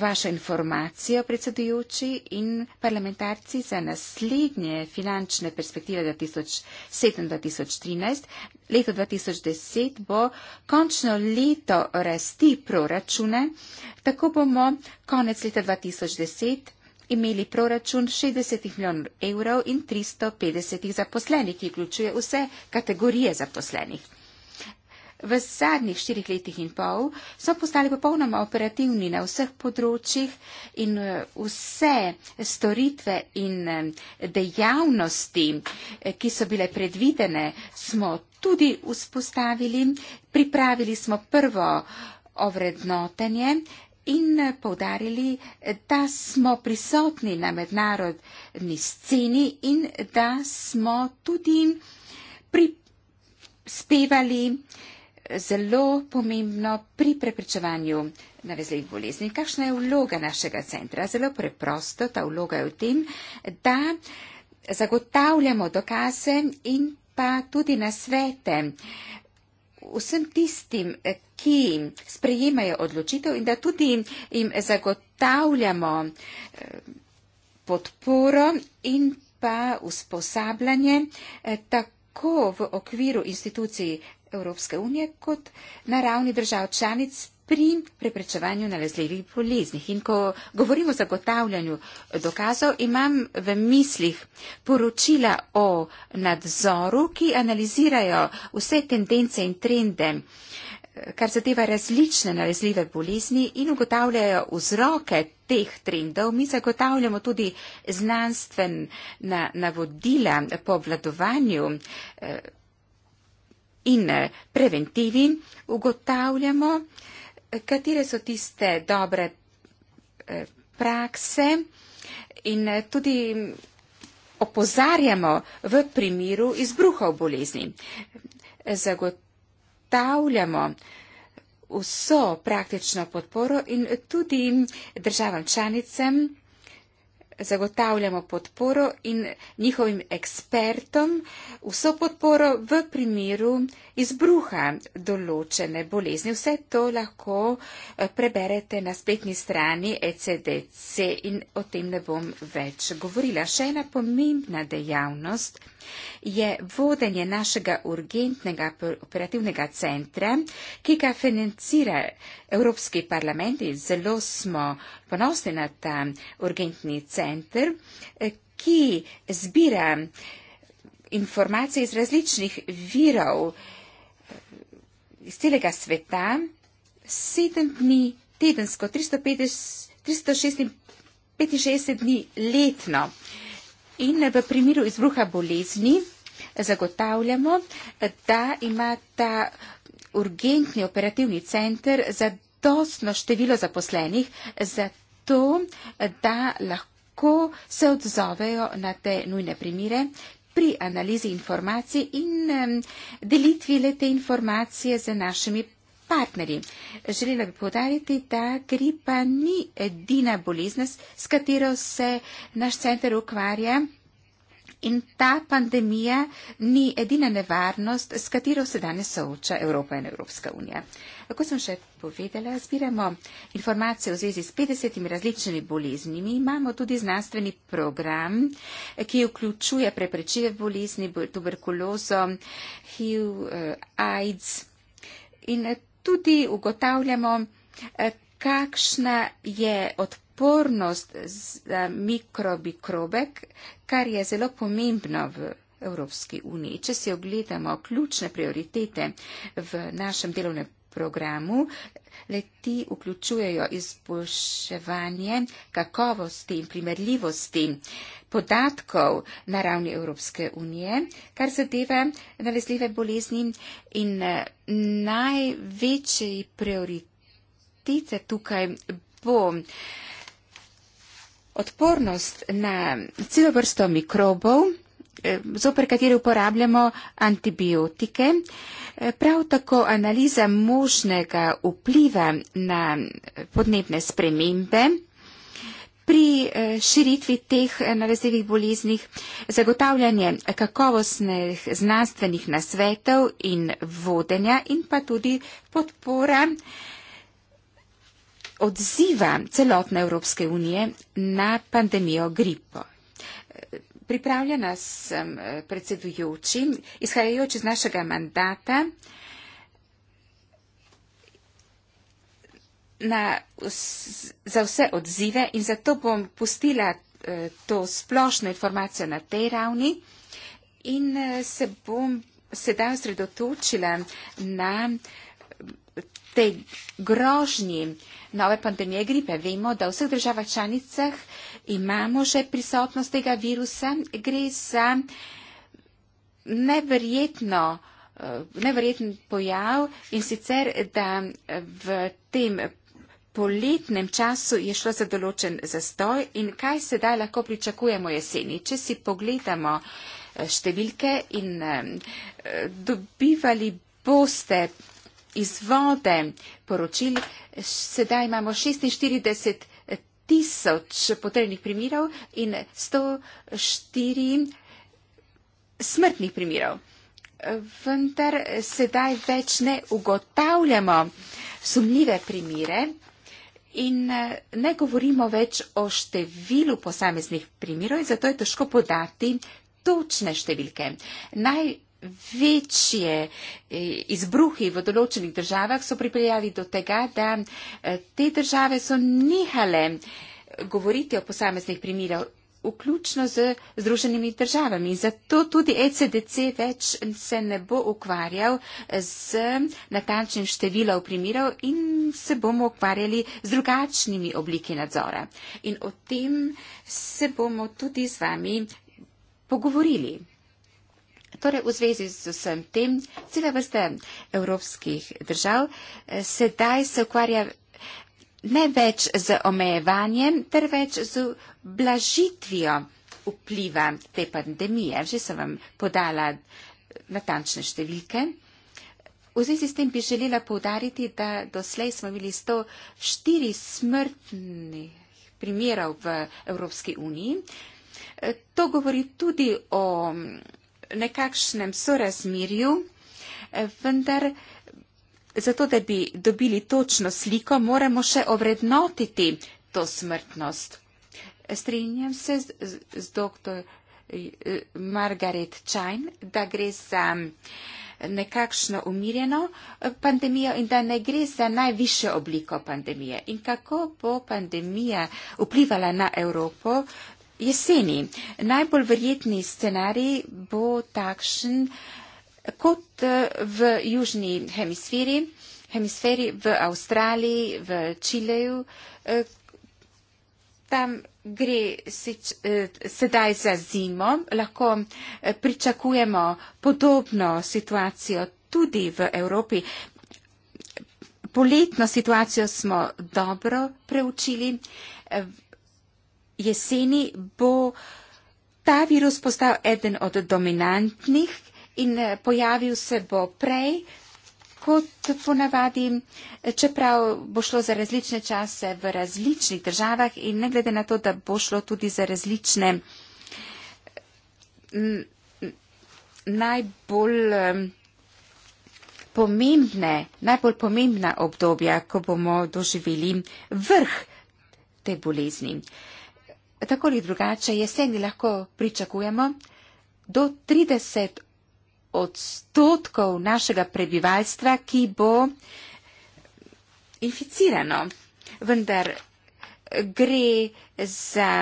vašo informacijo, predsedujoči in parlamentarci, za naslednje finančne perspektive 2007-2013. Leto 2010 bo končno leto rasti proračune, tako bomo konec leta 2010 imeli proračun 60 milijonov evrov in 350 zaposlenih, ki vključuje vse kategorije zaposlenih. V zadnjih štirih letih in pol so postali popolnoma operativni na vseh področjih in eh, vse storitve in eh, dejavnosti, eh, ki so bile predvidene, smo tudi vzpostavili. Pripravili smo prvo ovrednotenje in povdarili, da smo prisotni na mednarodni sceni in da smo tudi pripravili spevali zelo pomembno pri preprečevanju navezljivih bolezni. Kakšna je vloga našega centra? Zelo preprosto, ta vloga je v tem, da zagotavljamo dokaze in pa tudi nasvete vsem tistim, ki sprejemajo odločitev in da tudi jim zagotavljamo eh, podporo in pa usposabljanje eh, tako v okviru institucij Evropske unije kot na ravni držav članic pri preprečevanju nalezljivih bolezni. In ko govorimo o zagotavljanju dokazov, imam v mislih poročila o nadzoru, ki analizirajo vse tendence in trende, kar zadeva različne nalezljive bolezni in ugotavljajo vzroke teh trendov. Mi zagotavljamo tudi znanstvena navodila po vladovanju. Eh, In eh, preventivi ugotavljamo, eh, katere so tiste dobre eh, prakse in tudi mm, opozarjamo v primeru izbruhov bolezni. Zagotavljamo vso praktično podporo in tudi mm, državam članicam, zagotavljamo podporo in njihovim ekspertom vso podporo v primeru izbruha določene bolezni. Vse to lahko eh, preberete na spletni strani ECDC in o tem ne bom več govorila. Še ena pomembna dejavnost je vodenje našega urgentnega operativnega centra, ki ga financira Evropski parlament in zelo smo ponosni na ta urgentni centr, eh, ki zbira informacije iz različnih virov eh, iz celega sveta, sedem dni tedensko, 365 dni letno. In eh, v primeru izbruha bolezni zagotavljamo, da ima ta urgentni operativni center za dostno število zaposlenih, zato da lahko se odzovejo na te nujne primire pri analizi informacij in delitvi le te informacije z našimi partnerji. Želela bi povdariti, da gripa ni edina bolezen, s katero se naš center ukvarja. In ta pandemija ni edina nevarnost, s katero se danes sooča Evropa in Evropska unija. Kot sem še povedala, zbiramo informacije v zvezi s 50 različnimi boleznimi. Imamo tudi znanstveni program, ki vključuje preprečive bolezni, tuberkulozo, HIV, eh, AIDS. In tudi ugotavljamo, eh, kakšna je odpornost odpornost za mikrobikrobe, kar je zelo pomembno v Evropski uniji. Če si ogledamo ključne prioritete v našem delovnem programu, leti vključujejo izboljševanje kakovosti in primerljivosti podatkov na ravni Evropske unije, kar zadeva nalezljive bolezni in eh, največji prioritete tukaj bo odpornost na celo vrsto mikrobov, eh, zoper katere uporabljamo antibiotike, eh, prav tako analiza možnega vpliva na eh, podnebne spremembe. Pri širitvi teh nalezljivih bolezni, zagotavljanje kakovostnih znanstvenih nasvetov in vodenja in pa tudi podpora eh, odziva celotne Evropske unije na pandemijo gripo. Pripravljena sem eh, predsedujoči, izhajajoč iz našega mandata na, za vse odzive in zato bom pustila eh, to splošno informacijo na tej ravni in eh, se bom sedaj osredotočila na tej grožnji nove pandemije gripe. Vemo, da v vseh državah članicah imamo že prisotnost tega virusa. Gre za neverjetno, eh, neverjeten pojav in sicer, da v tem poletnem času je šlo za določen zastoj in kaj sedaj lahko pričakujemo jeseni. Če si pogledamo eh, številke in eh, dobivali boste izvode poročil. Sedaj imamo 46 tisoč potrebnih primirov in 104 smrtnih primirov. Vendar sedaj več ne ugotavljamo sumljive primire in ne govorimo več o številu posameznih primirov in zato je težko podati točne številke. Naj večje eh, izbruhi v določenih državah so pripeljali do tega, da eh, te države so nehale eh, govoriti o posameznih primirah, vključno z Združenimi državami. Zato tudi ECDC več se ne bo ukvarjal z natančnim številom primirov in se bomo ukvarjali z drugačnimi obliki nadzora. In o tem se bomo tudi z vami pogovorili. Torej, v zvezi z vsem tem, cele vrste evropskih držav eh, sedaj se ukvarja ne več z omejevanjem, ter več z blažitvijo vpliva te pandemije. Že sem vam podala eh, natančne številke. V zvezi s tem bi želela povdariti, da doslej smo imeli 104 smrtnih primerov v Evropski uniji. Eh, to govori tudi o mm, nekakšnem sorazmerju, eh, vendar zato, da bi dobili točno sliko, moramo še ovrednotiti to smrtnost. Strinjam se z, z, z dr. Eh, Margaret Chain, da gre za mm, nekakšno umirjeno eh, pandemijo in da ne gre za najviše obliko pandemije. In kako bo pandemija vplivala na Evropo, jeseni. Najbolj verjetni scenarij bo takšen kot eh, v južni hemisferi, hemisferi v Avstraliji, v Čileju. Eh, tam gre seč, eh, sedaj za zimo, lahko pričakujemo podobno situacijo tudi v Evropi. Poletno situacijo smo dobro preučili jeseni bo ta virus postal eden od dominantnih in eh, pojavil se bo prej kot ponavadi, čeprav bo šlo za različne čase v različnih državah in ne glede na to, da bo šlo tudi za različne najbolj pomembne, najbolj pomembna obdobja, ko bomo doživeli vrh te bolezni. Tako ali drugače, jeseni lahko pričakujemo do 30 odstotkov našega prebivalstva, ki bo inficirano. Vendar gre za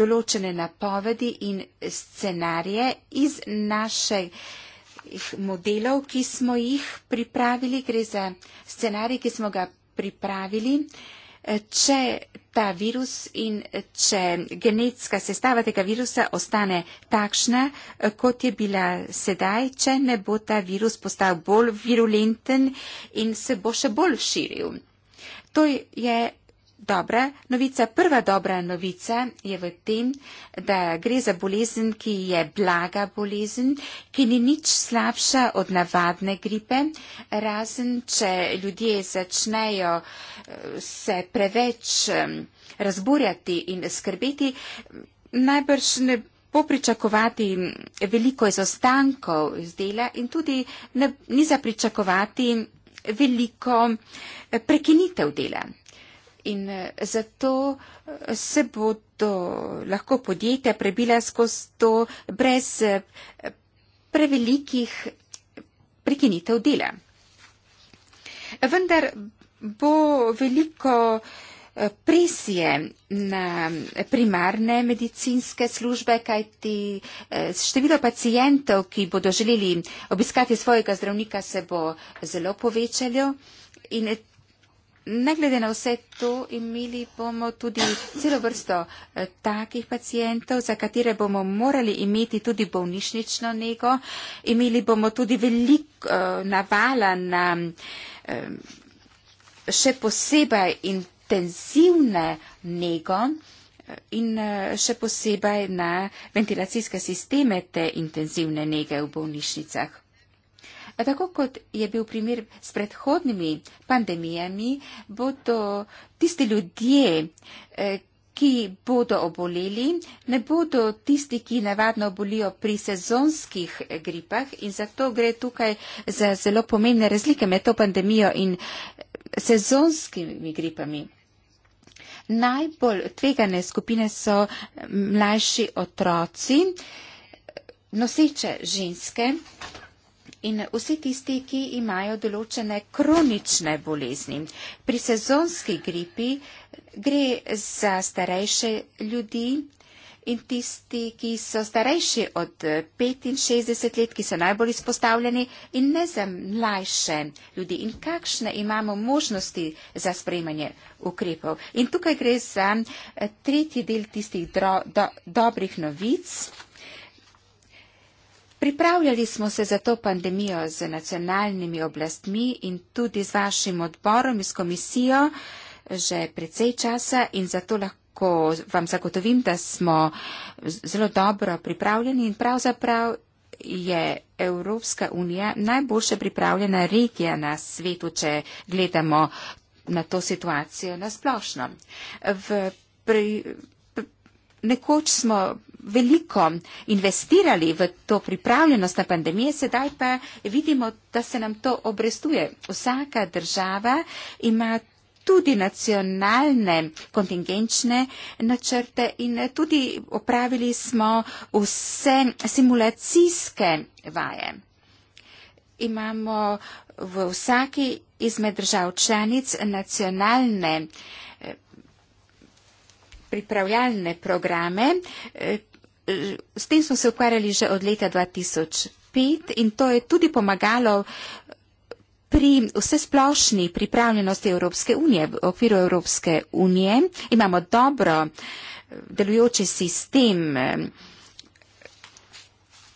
določene napovedi in scenarije iz naših modelov, ki smo jih pripravili. Gre za scenarij, ki smo ga pripravili če ta virus in če genetska sestava tega virusa ostane takšna, eh, kot je bila sedaj, če ne bo ta virus postal bolj virulenten in se bo še bolj širil. To je dobre novice. Prva dobra novica je v tem, da gre za bolezen, ki je blaga bolezen, ki ni nič slabša od navadne gripe, razen če ljudje začnejo eh, se preveč razburjati in skrbeti. Najbrž ne bo pričakovati veliko izostankov iz dela in tudi ne, ni za pričakovati veliko eh, prekinitev dela in eh, zato eh, se bodo lahko podjetja prebila skozi to brez eh, prevelikih prekinitev dela. Vendar bo veliko presije na primarne medicinske službe, kajti število pacijentov, ki bodo želeli obiskati svojega zdravnika, se bo zelo povečalo in Ne glede na vse to, imeli bomo tudi celo vrsto eh, takih pacijentov, za katere bomo morali imeti tudi bolnišnično nego. Imeli bomo tudi veliko eh, navala na eh, še posebej intenzivne nego in še posebej na ventilacijske sisteme te intenzivne nege v bolnišnicah. Tako kot je bil primer s predhodnimi pandemijami, bodo tisti ljudje, eh, ki bodo oboleli, ne bodo tisti, ki navadno obolijo pri sezonskih eh, gripah in zato gre tukaj za zelo pomembne razlike med to pandemijo in eh, sezonskimi gripami. Najbolj tvegane skupine so mlajši otroci, noseče ženske in vsi tisti, ki imajo določene kronične bolezni. Pri sezonski gripi gre za starejše ljudi in tisti, ki so starejši od 65 let, ki so najbolj izpostavljeni in ne za mlajše ljudi. In kakšne imamo možnosti za sprejmanje ukrepov? In tukaj gre za tretji del tistih dro, do, dobrih novic. Pripravljali smo se za to pandemijo z nacionalnimi oblastmi in tudi z vašim odborom in s komisijo že precej časa in zato lahko vam zagotovim, da smo zelo dobro pripravljeni in pravzaprav je Evropska unija najboljše pripravljena regija na svetu, če gledamo na to situacijo na splošno nekoč smo veliko investirali v to pripravljenost na pandemije, sedaj pa vidimo, da se nam to obrestuje. Vsaka država ima tudi nacionalne kontingenčne načrte in tudi opravili smo vse simulacijske vaje. Imamo v vsaki izmed držav članic nacionalne uh, pripravljalne programe. S tem smo se ukvarjali že od leta 2005 in to je tudi pomagalo pri vse splošni pripravljenosti Evropske unije. V okviru Evropske unije imamo dobro eh, delujoči sistem eh,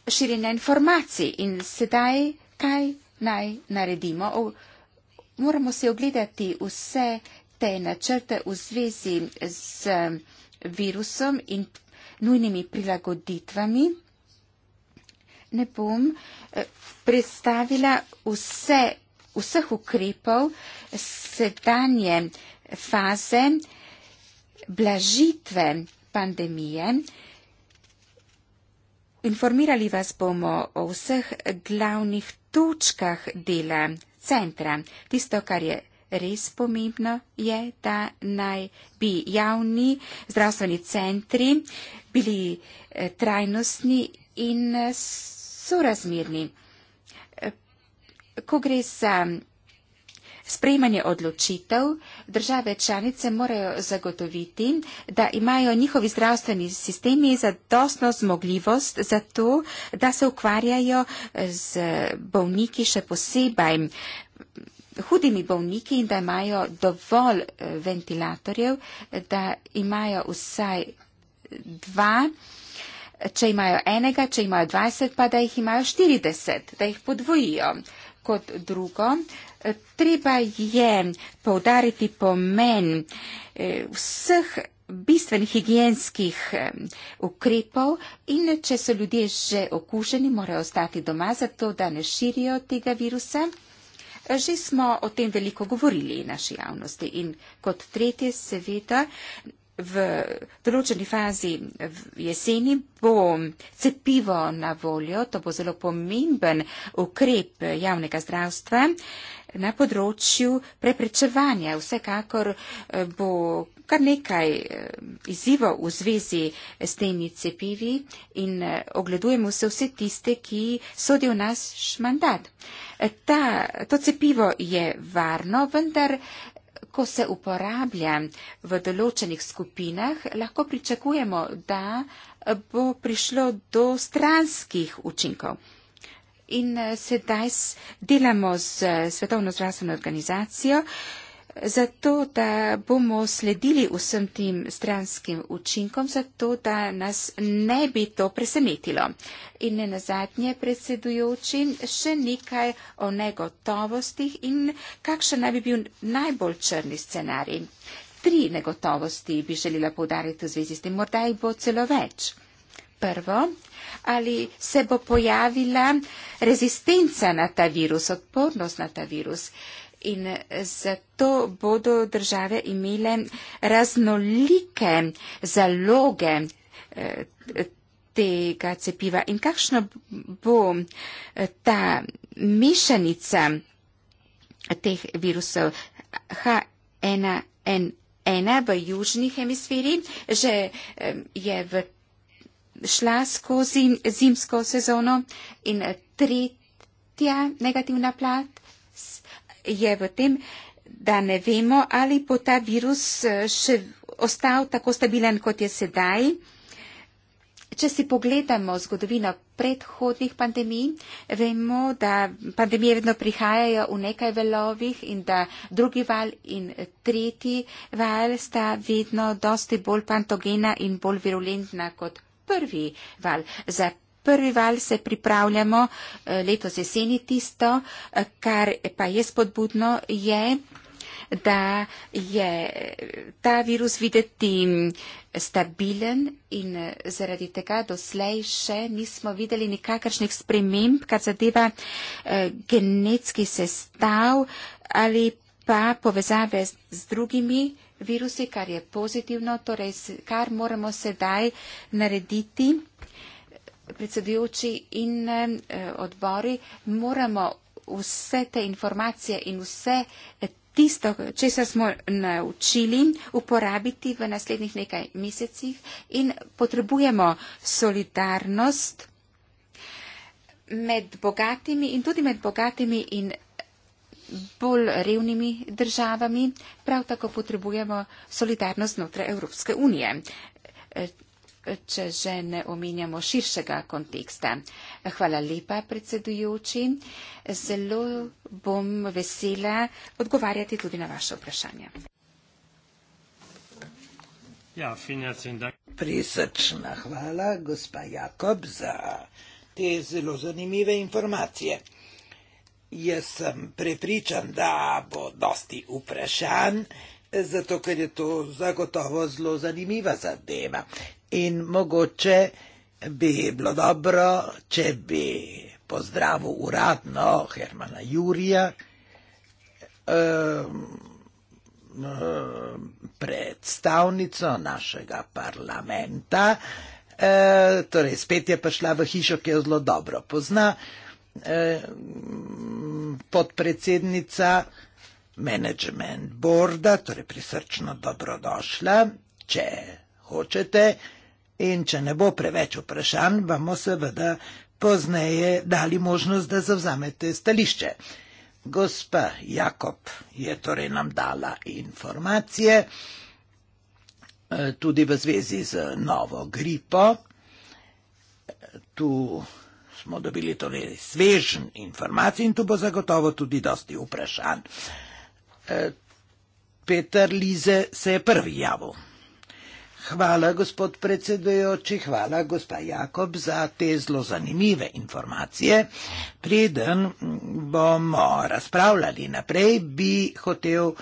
širjenja informacij in sedaj kaj naj naredimo. Moramo si ogledati vse te načrte v zvezi z eh, virusom in nujnimi prilagoditvami. Ne bom eh, predstavila vse, vseh ukrepov sedanje faze blažitve pandemije. Informirali vas bomo o vseh glavnih točkah dela centra. Tisto, kar je res pomembno je, da naj bi javni zdravstveni centri bili eh, trajnostni in eh, sorazmerni. Eh, ko gre za mm, sprejmanje odločitev, države članice morajo zagotoviti, da imajo njihovi zdravstveni sistemi zadostno zmogljivost za to, da se ukvarjajo z bolniki še posebej hudimi bolniki in da imajo dovolj eh, ventilatorjev, da imajo vsaj dva, če imajo enega, če imajo 20, pa da jih imajo 40, da jih podvojijo. Kot drugo, eh, treba je povdariti pomen eh, vseh bistvenih higijenskih ukrepov in če so ljudje že okuženi, morajo ostati doma, zato da ne širijo tega virusa. Že smo o tem veliko govorili naši javnosti in kot tretje seveda v določeni fazi v jeseni bo cepivo na voljo, to bo zelo pomemben ukrep javnega zdravstva na področju preprečevanja. Vsekakor eh, bo kar nekaj eh, izzivo v zvezi s temi cepivi in eh, ogledujemo se vse tiste, ki sodijo naš mandat. Ta, to cepivo je varno, vendar ko se uporablja v določenih skupinah, lahko pričakujemo, da bo prišlo do stranskih učinkov. In eh, sedaj delamo z Svetovno zdravstveno organizacijo, zato da bomo sledili vsem tem stranskim učinkom, zato da nas ne bi to presenetilo. In ne nazadnje, predsedujoči, še nekaj o negotovostih in kakšen naj bi bil najbolj črni scenarij. Tri negotovosti bi želela povdariti v zvezi s tem, morda jih bo celo več. Prvo, ali se bo pojavila rezistenca na ta virus, odpornost na ta virus in zato bodo države imele raznolike zaloge eh, tega cepiva. In kakšna bo eh, ta mešanica teh virusov H1N1 v južni hemisferi, že eh, je v šla skozi zimsko sezono in tretja negativna plat je v tem, da ne vemo, ali bo ta virus eh, še ostal tako stabilen, kot je sedaj. Če si pogledamo zgodovino predhodnih pandemij, vemo, da pandemije vedno prihajajo v nekaj velovih in da drugi val in tretji val sta vedno dosti bolj pantogena in bolj virulentna kot prvi val. Zato prvi val se pripravljamo, eh, letos jeseni tisto, eh, kar pa je spodbudno, je, da je eh, ta virus videti mm, stabilen in zaradi tega doslej še nismo videli nikakršnih sprememb, kar zadeva genetski sestav ali pa povezave z drugimi virusi, kar je pozitivno, torej kar moramo sedaj narediti, predsedujoči in eh, odbori, moramo vse te informacije in vse eh, tisto, če se smo naučili, uporabiti v naslednjih nekaj mesecih in potrebujemo solidarnost med bogatimi in tudi med bogatimi in bolj revnimi državami. Prav tako potrebujemo solidarnost znotraj Evropske unije. Eh, če že ne omenjamo širšega konteksta. Hvala lepa, predsedujoči. Zelo bom vesela odgovarjati tudi na vaše vprašanje. Ja, Prisrčna hvala, gospa Jakob, za te zelo zanimive informacije. Jaz sem prepričan, da bo dosti vprašan, zato ker je to zagotovo zelo zanimiva zadeva in mogoče bi bilo dobro, če bi pozdravil uradno Hermana Jurija predstavnico našega parlamenta. E, torej, spet je prišla v hišo, ki jo zelo dobro pozna. E, podpredsednica management boarda, torej prisrčno dobrodošla, če hočete. E, In če ne bo preveč vprašanj, bomo seveda pozneje dali možnost, da zavzamete stališče. Gospa Jakob je torej nam dala informacije eh, tudi v zvezi z novo gripo. Tu smo dobili torej svežen informacij in tu bo zagotovo tudi dosti vprašanj. Eh, Peter Lize se je prvi javil. Hvala, gospod predsedujoči, hvala, gospa Jakob, za te zelo zanimive informacije. Preden bomo razpravljali naprej, bi hotel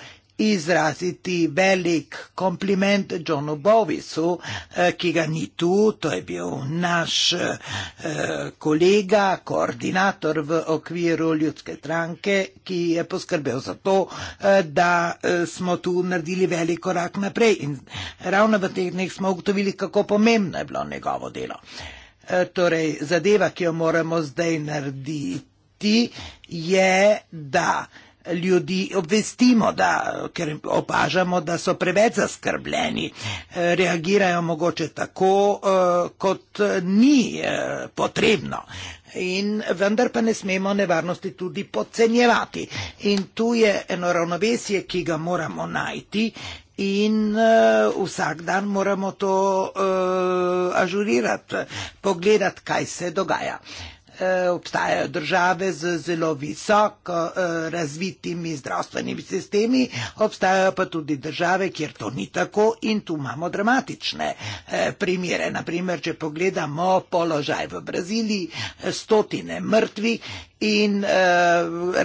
izraziti velik kompliment Johnu Bovisu, eh, ki ga ni tu, to je bil naš eh, kolega, koordinator v okviru ljudske stranke, ki je poskrbel za to, eh, da smo tu naredili velik korak naprej in ravno v teh dneh smo ugotovili, kako pomembno je bilo njegovo delo. Torej, zadeva, ki jo moramo zdaj narediti, je, da ljudi obvestimo, da, ker opažamo, da so preveč zaskrbljeni, eh, reagirajo mogoče tako, eh, kot eh, ni potrebno. In vendar pa ne smemo nevarnosti tudi podcenjevati. In tu je eno ravnovesje, ki ga moramo najti in uh, vsak dan moramo to uh, ažurirati, pogledati, kaj se dogaja. Uh, E, obstajajo države z zelo visoko e, razvitimi zdravstvenimi sistemi, obstajajo pa tudi države, kjer to ni tako in tu imamo dramatične e, primere. Naprimer, če pogledamo položaj v Braziliji, stotine mrtvih. In eh,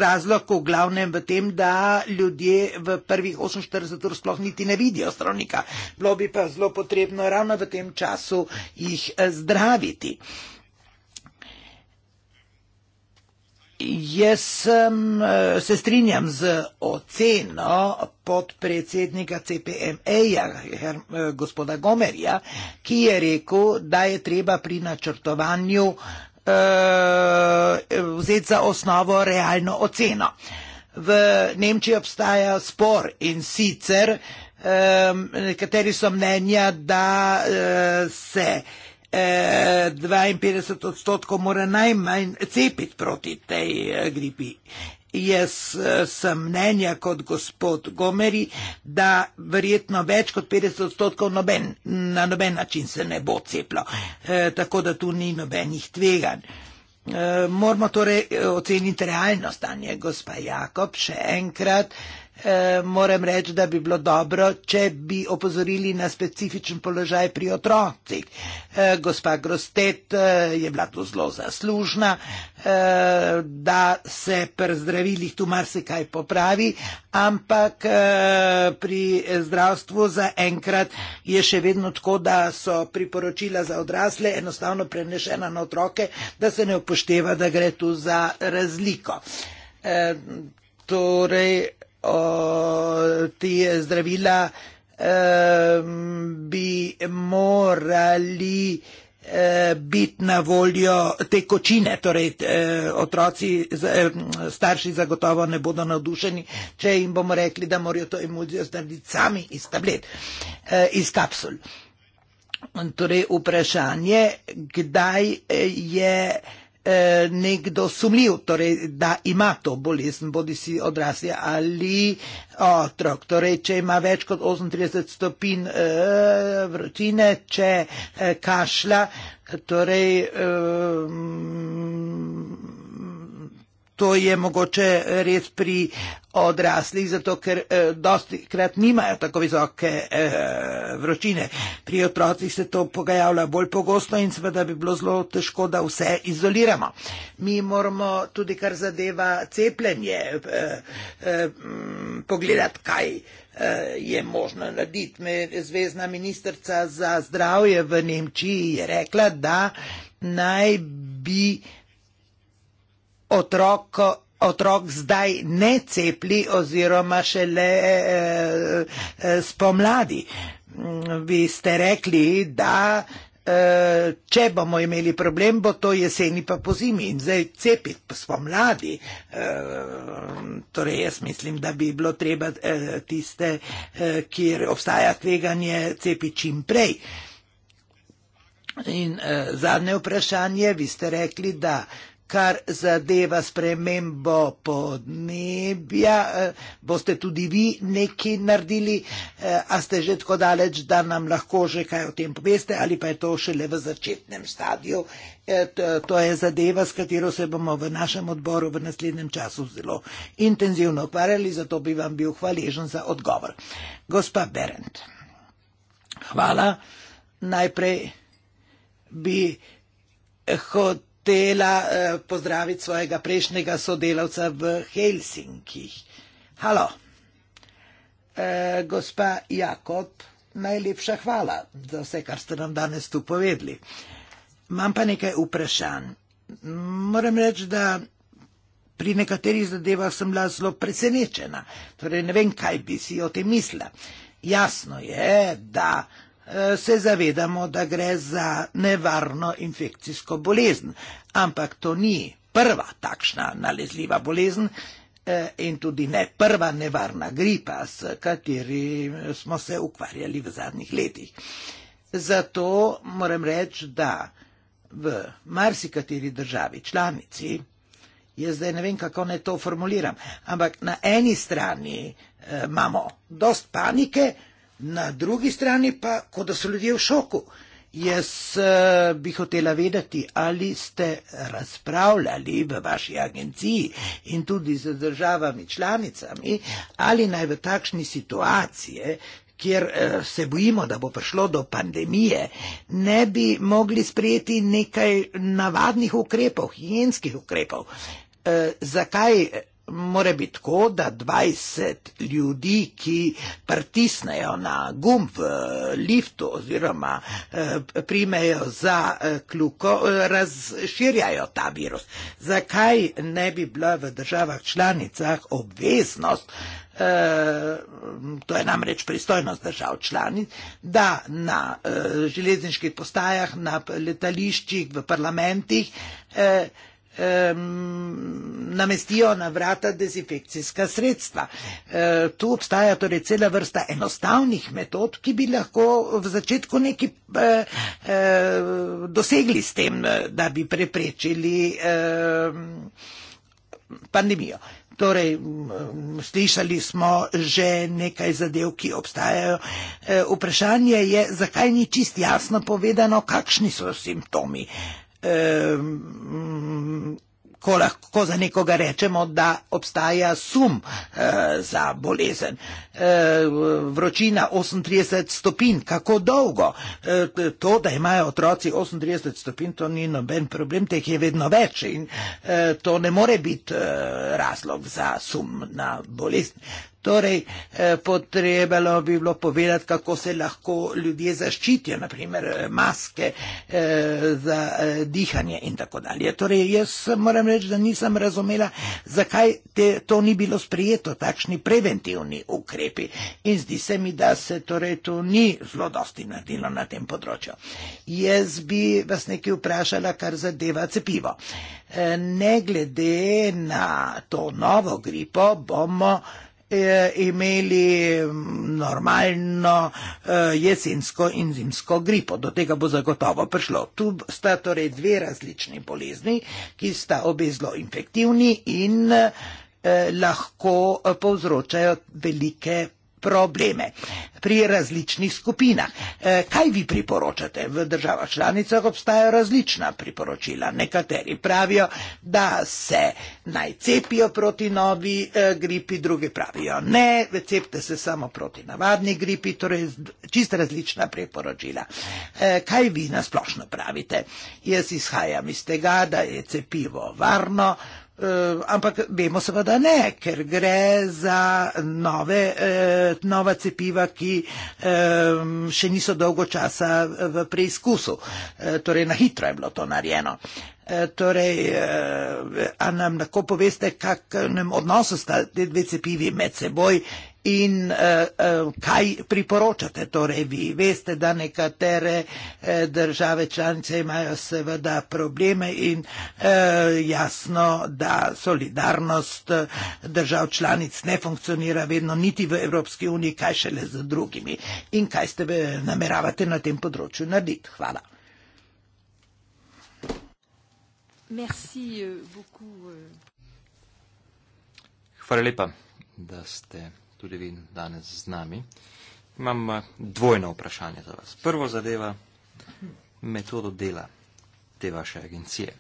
razlog v glavnem v tem, da ljudje v prvih 48 ur sploh niti ne vidijo zdravnika. Bilo bi pa zelo potrebno ravno v tem času jih zdraviti. Eh, Jaz sem, eh, se strinjam z oceno podpredsednika CPMA, eh, gospoda Gomerja, ki je rekel, da je treba pri načrtovanju uh, vzeti za osnovo realno oceno. V Nemčiji obstaja spor in sicer um, nekateri so mnenja, da uh, se uh, 52 eh, odstotkov mora najmanj cepiti proti tej eh, gripi. Jaz eh, sem mnenja kot gospod Gomeri, da verjetno več kot 50 odstotkov noben, na noben način se ne bo ceplo, tako da tu ni nobenih tveganj. Moramo torej oceniti realno stanje, gospa Jakob, še enkrat. Eh, moram reči, da bi bilo dobro, če bi opozorili na specifičen položaj pri otrocih. Eh, gospa Grostet eh, je bila tu zelo zaslužna, da se pri zdravilih tu marsikaj popravi, ampak pri zdravstvu zaenkrat je še vedno tako, da so priporočila za odrasle enostavno prenešena na otroke, da se ne upošteva, da gre tu za razliko. Torej, ti zdravila bi morali eh, biti na voljo te kočine, torej eh, otroci, starši zagotovo ne bodo navdušeni, če jim bomo rekli, da morajo to emulzijo zdraviti sami iz tablet, eh, iz kapsul. Torej vprašanje, kdaj je Eh, nekdo sumljiv, torej da ima to bolezen, bodi si odrasli ali otrok. Torej, če ima več kot 38 stopin eh, vročine, če eh, kašlja, torej. Eh, To je mogoče eh, res pri eh, odraslih, zato ker eh, dosti krat nimajo tako visoke eh, vročine. Pri otrocih se to pogajalo bolj pogosto in seveda bi bilo zelo težko, da vse izoliramo. Mi moramo tudi, kar zadeva cepljenje, eh, eh, pogledati, kaj eh, je možno narediti. Me zvezdna ministrica za zdravje v Nemčiji je rekla, da naj bi otrok, otrok zdaj ne cepli oziroma šele eh, eh, spomladi. Vi ste rekli, da eh, če bomo imeli problem, bo to jeseni pa po zimi in zdaj cepiti spomladi. Torej jaz mislim, da bi bilo treba tiste, kjer obstaja tveganje, cepiti čim prej. In eh, zadnje vprašanje, vi ste rekli, da kar zadeva spremembo podnebja, eh, boste tudi vi nekaj naredili, eh, a ste že tako daleč, da nam lahko že kaj o tem poveste ali pa je to šele v začetnem stadiju. Eh, to je zadeva, s katero se bomo v našem odboru v naslednjem času zelo intenzivno ukvarjali, zato bi vam bil hvaležen za odgovor. Gospa Berend, hvala. Najprej bi hod hotela eh, pozdraviti svojega prejšnjega sodelavca v Helsinkih. Halo. Eh, gospa Jakob, najlepša hvala za vse, kar ste nam danes tu povedali. Imam pa nekaj vprašanj. Moram reči, da pri nekaterih zadevah sem bila zelo presenečena. Torej, ne vem, kaj bi si o tem mislila. Jasno je, da se zavedamo, da gre za nevarno infekcijsko bolezen. Ampak to ni prva takšna nalezljiva bolezen eh, in tudi ne prva nevarna gripa, s kateri eh, smo se ukvarjali v zadnjih letih. Zato moram reči, da v marsikateri državi članici, jaz zdaj ne vem, kako naj to formuliram, ampak na eni strani eh, imamo dost panike, Na drugi strani pa, kot da so ljudje v šoku. Jaz eh, bi hotela vedeti, ali ste razpravljali v vaši agenciji in tudi z državami članicami, ali naj v takšni situaciji, kjer eh, se bojimo, da bo prišlo do pandemije, ne bi mogli sprejeti nekaj navadnih ukrepov, higijenskih ukrepov. Eh, zakaj more biti tako, da 20 ljudi, ki pritisnejo na gumb v eh, liftu oziroma eh, primejo za eh, kljuko, razširjajo ta virus. Zakaj ne bi bila v državah članicah obveznost? E, to je namreč pristojnost držav članic, da na e, železniških postajah, na letališčih, v parlamentih. E, namestijo na vrata dezinfekcijska sredstva. E, tu obstaja torej cela vrsta enostavnih metod, ki bi lahko v začetku neki e, e, dosegli s tem, da bi preprečili pandemijo. Torej, slišali smo že nekaj zadev, ki obstajajo. Vprašanje je, zakaj ni čist jasno povedano, kakšni so simptomi ko lahko za nekoga rečemo, da obstaja sum eh, za bolezen. Eh, vročina 38 stopinj, kako dolgo? Eh, to, da imajo otroci 38 stopinj, to ni noben problem, teh je vedno več in to ne more biti razlog za sum na bolezen. Torej, eh, potrebalo bi bilo povedati, kako se lahko ljudje zaščitijo, naprimer eh, maske eh, za dihanje in tako dalje. Torej, jaz moram reči, da nisem razumela, zakaj te, to ni bilo sprijeto, takšni preventivni ukrepi. In zdi se mi, da se torej to ni zelo dosti naredilo na tem področju. Jaz bi vas nekaj vprašala, kar zadeva cepivo. Ne glede na to novo gripo, bomo Eh, imeli mm, normalno eh, jesensko in zimsko gripo. Do tega bo zagotovo prišlo. Tu sta torej dve različni bolezni, ki sta obe zelo infektivni in eh, lahko povzročajo velike probleme pri različnih skupinah. E, kaj vi priporočate? V državah članicah obstajajo različna priporočila. Nekateri pravijo, da se naj cepijo proti novi e, gripi, drugi pravijo ne, cepte se samo proti navadni gripi, torej čisto različna priporočila. E, kaj vi nasplošno pravite? Jaz izhajam iz tega, da je cepivo varno, Eh, ampak vemo seveda ne, ker gre za nove, eh, nova cepiva, ki eh, še niso dolgo časa v preizkusu. Torej, na hitro je bilo to narejeno. Torej, a nam lahko poveste, kakšnem odnosu sta te dve cepivi med seboj In uh, uh, kaj priporočate? Torej, vi veste, da nekatere uh, države članice imajo seveda probleme in uh, jasno, da solidarnost držav članic ne funkcionira vedno niti v Evropski uniji, kaj šele z drugimi. In kaj ste nameravate na tem področju narediti? Hvala. Merci, beaucoup, uh... Hvala lepa, da ste tudi vi danes z nami. Imam eh, dvojno vprašanje za vas. Prvo zadeva metodo dela te vaše agencije.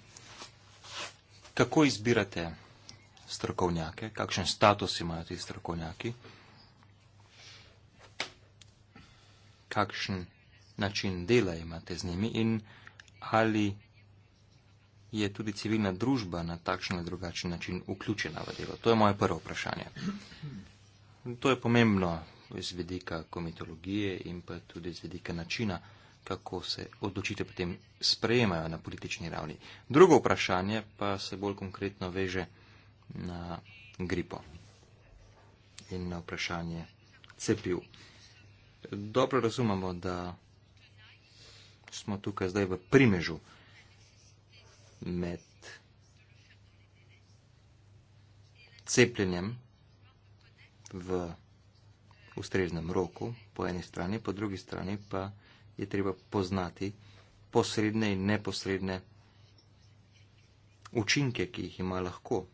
Kako izbirate strokovnjake, kakšen status imajo ti strokovnjaki, kakšen način dela imate z njimi in ali je tudi civilna družba na takšen ali drugačen način vključena v delo. To je moje prvo vprašanje. To je pomembno iz vedika komitologije in pa tudi iz vedika načina, kako se odločite potem sprejemajo na politični ravni. Drugo vprašanje pa se bolj konkretno veže na gripo in na vprašanje cepiv. Dobro razumemo, da smo tukaj zdaj v primežu med cepljenjem v ustreznem roku, po eni strani, po drugi strani pa je treba poznati posredne in neposredne učinke, ki jih ima lahko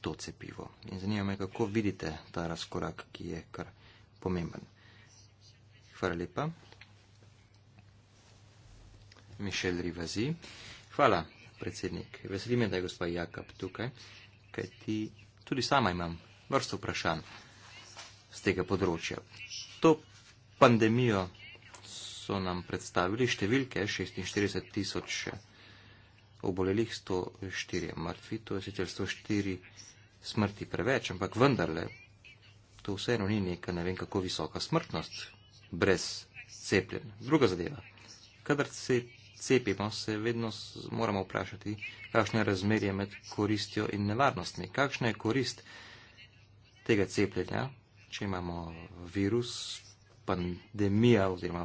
to cepivo. In zanima me, kako vidite ta razkorak, ki je kar pomemben. Hvala lepa. Mišel Rivazi. Hvala, predsednik. Veselim me, da je gospod Jakab tukaj, kajti tudi sama imam vrsto vprašanj z tega področja. To pandemijo so nam predstavili številke 46 tisoč obolelih, 104 mrtvi, to je sicer 104 smrti preveč, ampak vendarle, to vseeno ni neka ne vem kako visoka smrtnost brez cepljenja. Druga zadeva, kadar se cepimo, se vedno moramo vprašati, kakšno je razmerje med koristjo in nevarnostmi, kakšna je korist tega cepljenja, če imamo virus, pandemija oziroma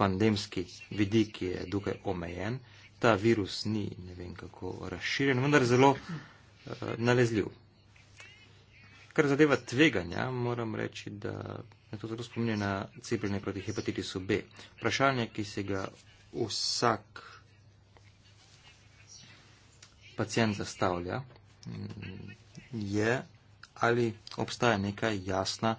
pandemski vidik, ki je dokaj omejen, ta virus ni ne vem kako razširjen, vendar zelo uh, nalezljiv. Kar zadeva tveganja, moram reči, da me to zelo spominja na cepljenje proti hepatitisu B. Vprašanje, ki se ga vsak pacijent zastavlja, mm, je, ali obstaja neka jasna,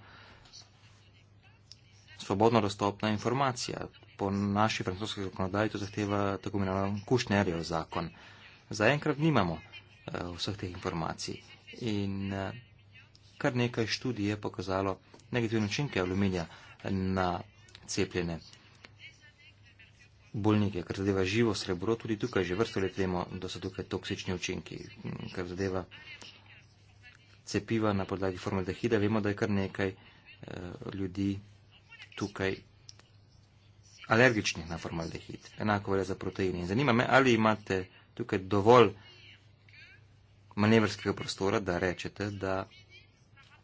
svobodno dostopna informacija. Po naši francoski zakonodaji to zahteva tako imenovan Kušnerjev zakon. Zaenkrat nimamo uh, vseh teh informacij in uh, kar nekaj študij je pokazalo negativne učinke aluminija na cepljene bolnike, kar zadeva živo srebro, tudi tukaj že vrsto let vemo, da so tukaj toksični učinki, kar zadeva uh, cepiva na podlagi formaldehida. Vemo, da je kar nekaj eh, ljudi tukaj alergičnih na formaldehid. Enako velja za proteine. In zanima me, ali imate tukaj dovolj manevrskega prostora, da rečete, da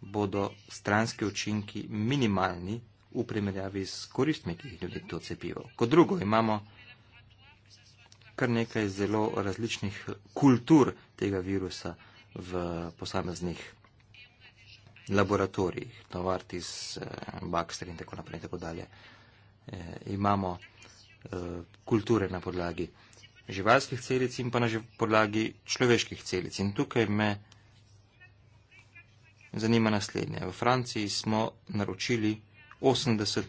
bodo stranski učinki minimalni v primerjavi s koristmi, ki jih ljudje to cepivo. Kot drugo, imamo kar nekaj zelo različnih kultur tega virusa v posameznih laboratorijih, Novartis, eh, Baxter in tako naprej in tako dalje. Eh, imamo eh, kulture na podlagi živalskih celic in pa na podlagi človeških celic. In tukaj me zanima naslednje. V Franciji smo naročili 80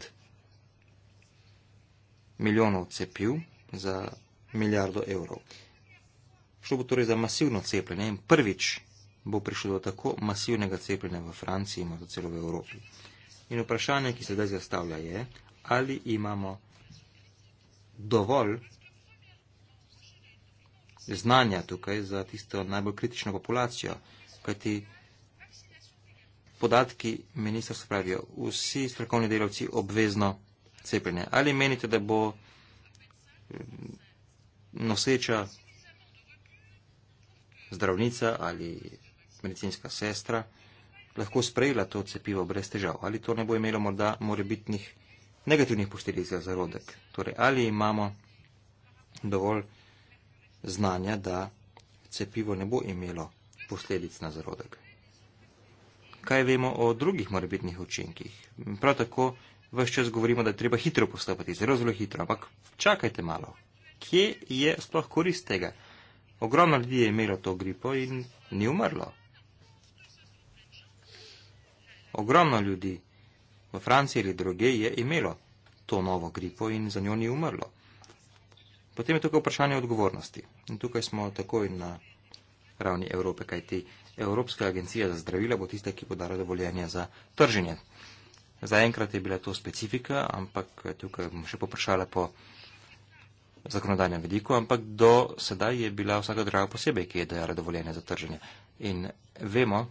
milijonov cepiv za milijardo evrov. Šlo bo torej za masivno cepljenje in prvič bo prišlo do tako masivnega cepljenja v Franciji in celo v Evropi. In vprašanje, ki se zdaj zastavlja, je, ali imamo dovolj znanja tukaj za tisto najbolj kritično populacijo, kajti podatki ministrstva pravijo, vsi strokovni delavci obvezno cepljenje. Ali menite, da bo noseča zdravnica ali medicinska sestra lahko sprejela to cepivo brez težav, ali to ne bo imelo morda morebitnih negativnih posledic za zarodek. Torej, ali imamo dovolj znanja, da cepivo ne bo imelo posledic na zarodek. Kaj vemo o drugih morebitnih učinkih? Prav tako vse čas govorimo, da je treba hitro postopati, zelo, zelo hitro, ampak čakajte malo. Kje je sploh korist tega? Ogromno ljudi je imelo to gripo in ni umrlo. Ogromno ljudi v Franciji ali druge je imelo to novo gripo in za njo ni umrlo. Potem je tukaj vprašanje odgovornosti. In tukaj smo takoj na ravni Evrope, kajti Evropska agencija za zdravila bo tista, ki bo dala dovoljenje za trženje. Zaenkrat je bila to specifika, ampak tukaj bom še poprašala po zakonodajnem vidiku, ampak do sedaj je bila vsaka država posebej, ki je dajala dovoljenje za trženje. In vemo,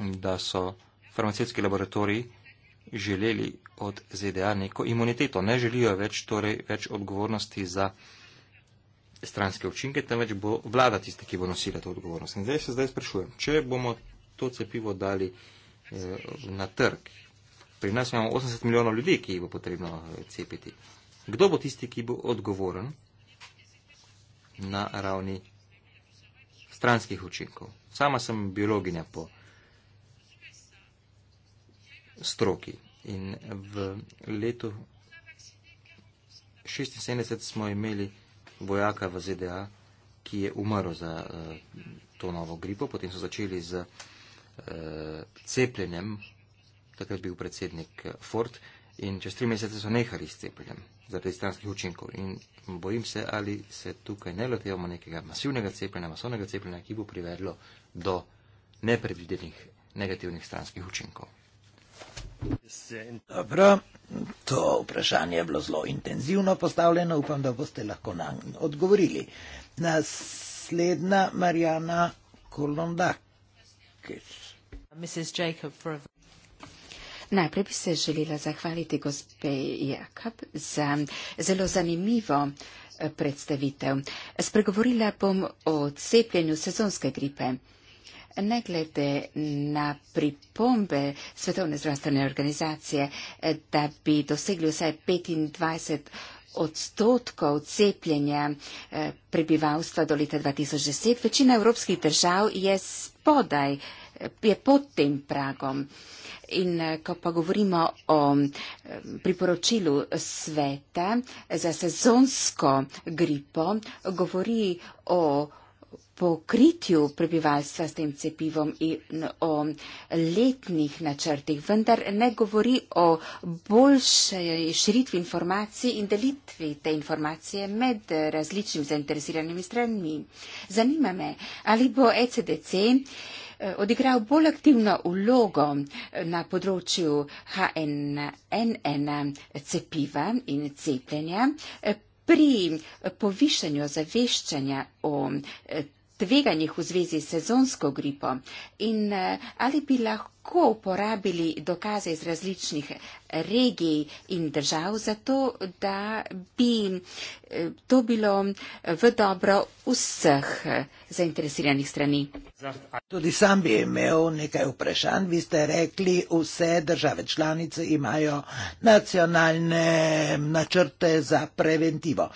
da so farmacijski laboratoriji želeli od ZDA neko imuniteto. Ne želijo več, torej, več odgovornosti za stranske učinke, temveč bo vlada tista, ki bo nosila to odgovornost. In zdaj se zdaj sprašujem, če bomo to cepivo dali eh, na trg. Pri nas imamo 80 milijonov ljudi, ki jih bo potrebno eh, cepiti. Kdo bo tisti, ki bo odgovoren na ravni stranskih učinkov? Sama sem biologinja po stroki in v letu 76 smo imeli vojaka v ZDA, ki je umrl za eh, to novo gripo, potem so začeli z eh, cepljenjem, takrat bil predsednik eh, Ford in čez tri mesece so nehali s cepljenjem zaradi stranskih učinkov. In bojim se, ali se tukaj ne lotevamo nekega masivnega cepljenja, masovnega cepljenja, ki bo privedlo do nepredvidenih negativnih stranskih učinkov. Dobro, to vprašanje je bilo zelo intenzivno postavljeno, upam, da boste lahko na njo odgovorili. Naslednja Marjana Kolondakič. Najprej bi se želela zahvaliti gospe Jakab za zelo zanimivo eh, predstavitev. Spregovorila bom o cepljenju sezonske gripe. Ne glede na pripombe Svetovne zdravstvene organizacije, eh, da bi dosegli vsaj 25 odstotkov cepljenja eh, prebivalstva do leta 2010, večina evropskih držav je spodaj je pod tem pragom. In eh, ko pa govorimo o eh, priporočilu sveta za sezonsko gripo, govori o pokritju prebivalstva s tem cepivom in o letnih načrtih, vendar ne govori o boljšej širitvi informacij in delitvi te informacije med različnimi zainteresiranimi stranmi. Zanima me, ali bo ECDC Eh, odigral bolj aktivno vlogo eh, na področju HNN cepiva in cepljenja eh, pri povišanju zaveščanja o tveganjih v zvezi s sezonsko gripo in eh, ali bi lahko uporabili dokaze iz različnih eh, regij in držav za to, da bi eh, to bilo v dobro vseh zainteresiranih strani. Tudi sam bi imel nekaj vprašanj. Vi ste rekli, vse države članice imajo nacionalne mm, načrte za preventivo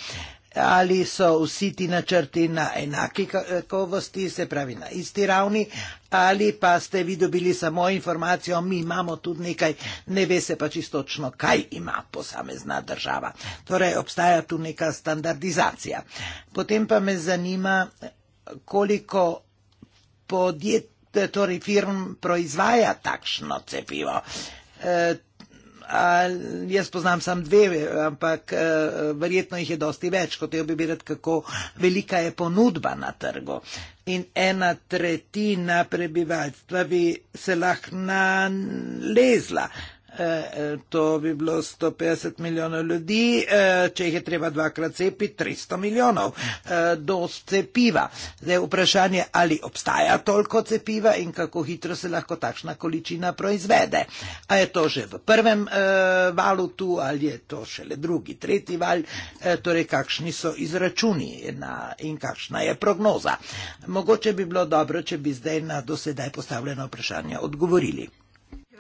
ali so vsi ti načrti na enaki kakovosti, se pravi na isti ravni, ali pa ste vi dobili samo informacijo, mi imamo tudi nekaj, ne ve se pa čistočno, kaj ima posamezna država. Torej, obstaja tu neka standardizacija. Potem pa me zanima, koliko podjet, torej firm proizvaja takšno cepivo. E, Uh, jaz poznam sam dve, ampak uh, verjetno jih je dosti več, kot je objaviti, kako velika je ponudba na trgu. In ena tretjina prebivalstva bi se lahko nalezla. E, e, to bi bilo 150 milijonov ljudi, e, če jih je treba dvakrat cepiti, 300 milijonov do cepiva. Zdaj je vprašanje, ali obstaja toliko cepiva in kako hitro se lahko takšna količina proizvede. A je to že v prvem valu tu ali je to šele drugi, tretji val, torej kakšni so izračuni in kakšna je prognoza. Mogoče bi bilo dobro, če bi zdaj na dosedaj postavljeno vprašanje odgovorili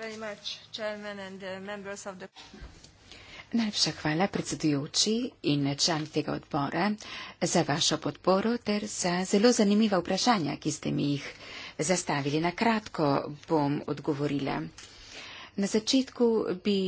very much, chairman and members of the... Najlepša hvala, predsedujoči in član tega odbora, za vašo podporo ter za zelo zanimiva vprašanja, ki ste mi jih zastavili. Na kratko bom odgovorila. Na začetku bi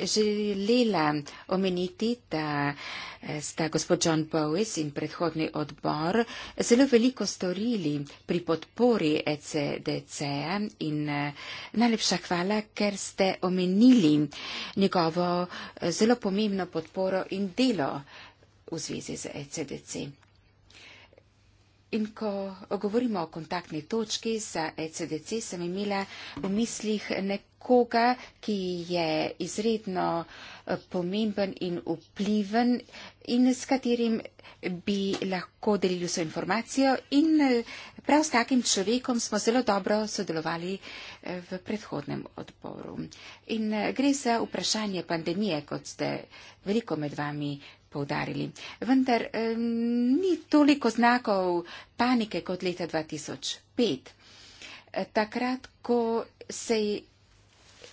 želela omeniti, da eh, sta gospod John Bowes in predhodni odbor zelo veliko storili pri podpori ECDC-ja in eh, najlepša hvala, ker ste omenili njegovo eh, zelo pomembno podporo in delo v zvezi z ECDC. In ko govorimo o kontaktni točki za ECDC, sem imela v mislih nekaj koga, ki je izredno eh, pomemben in vpliven in s katerim bi lahko delili vso informacijo in eh, prav s takim človekom smo zelo dobro sodelovali eh, v predhodnem odboru. In gre za vprašanje pandemije, kot ste veliko med vami povdarili. Vendar ni toliko znakov panike kot leta 2005. Takrat, ko se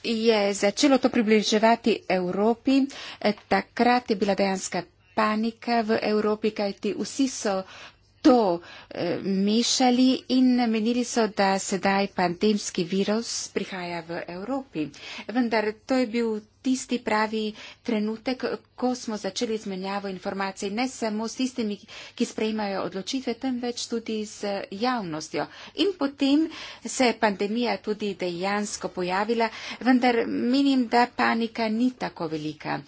je začelo to približevati Evropi, e, takrat je bila dejanska panika v Evropi, kajti vsi so to e, mešali in menili so, da sedaj pandemski virus prihaja v Evropi. Vendar to je bil tisti pravi trenutek, ko smo začeli izmenjavo informacij ne samo s tistimi, ki sprejmajo odločitve, temveč tudi z javnostjo. In potem se je pandemija tudi dejansko pojavila, vendar menim, da panika ni tako velika.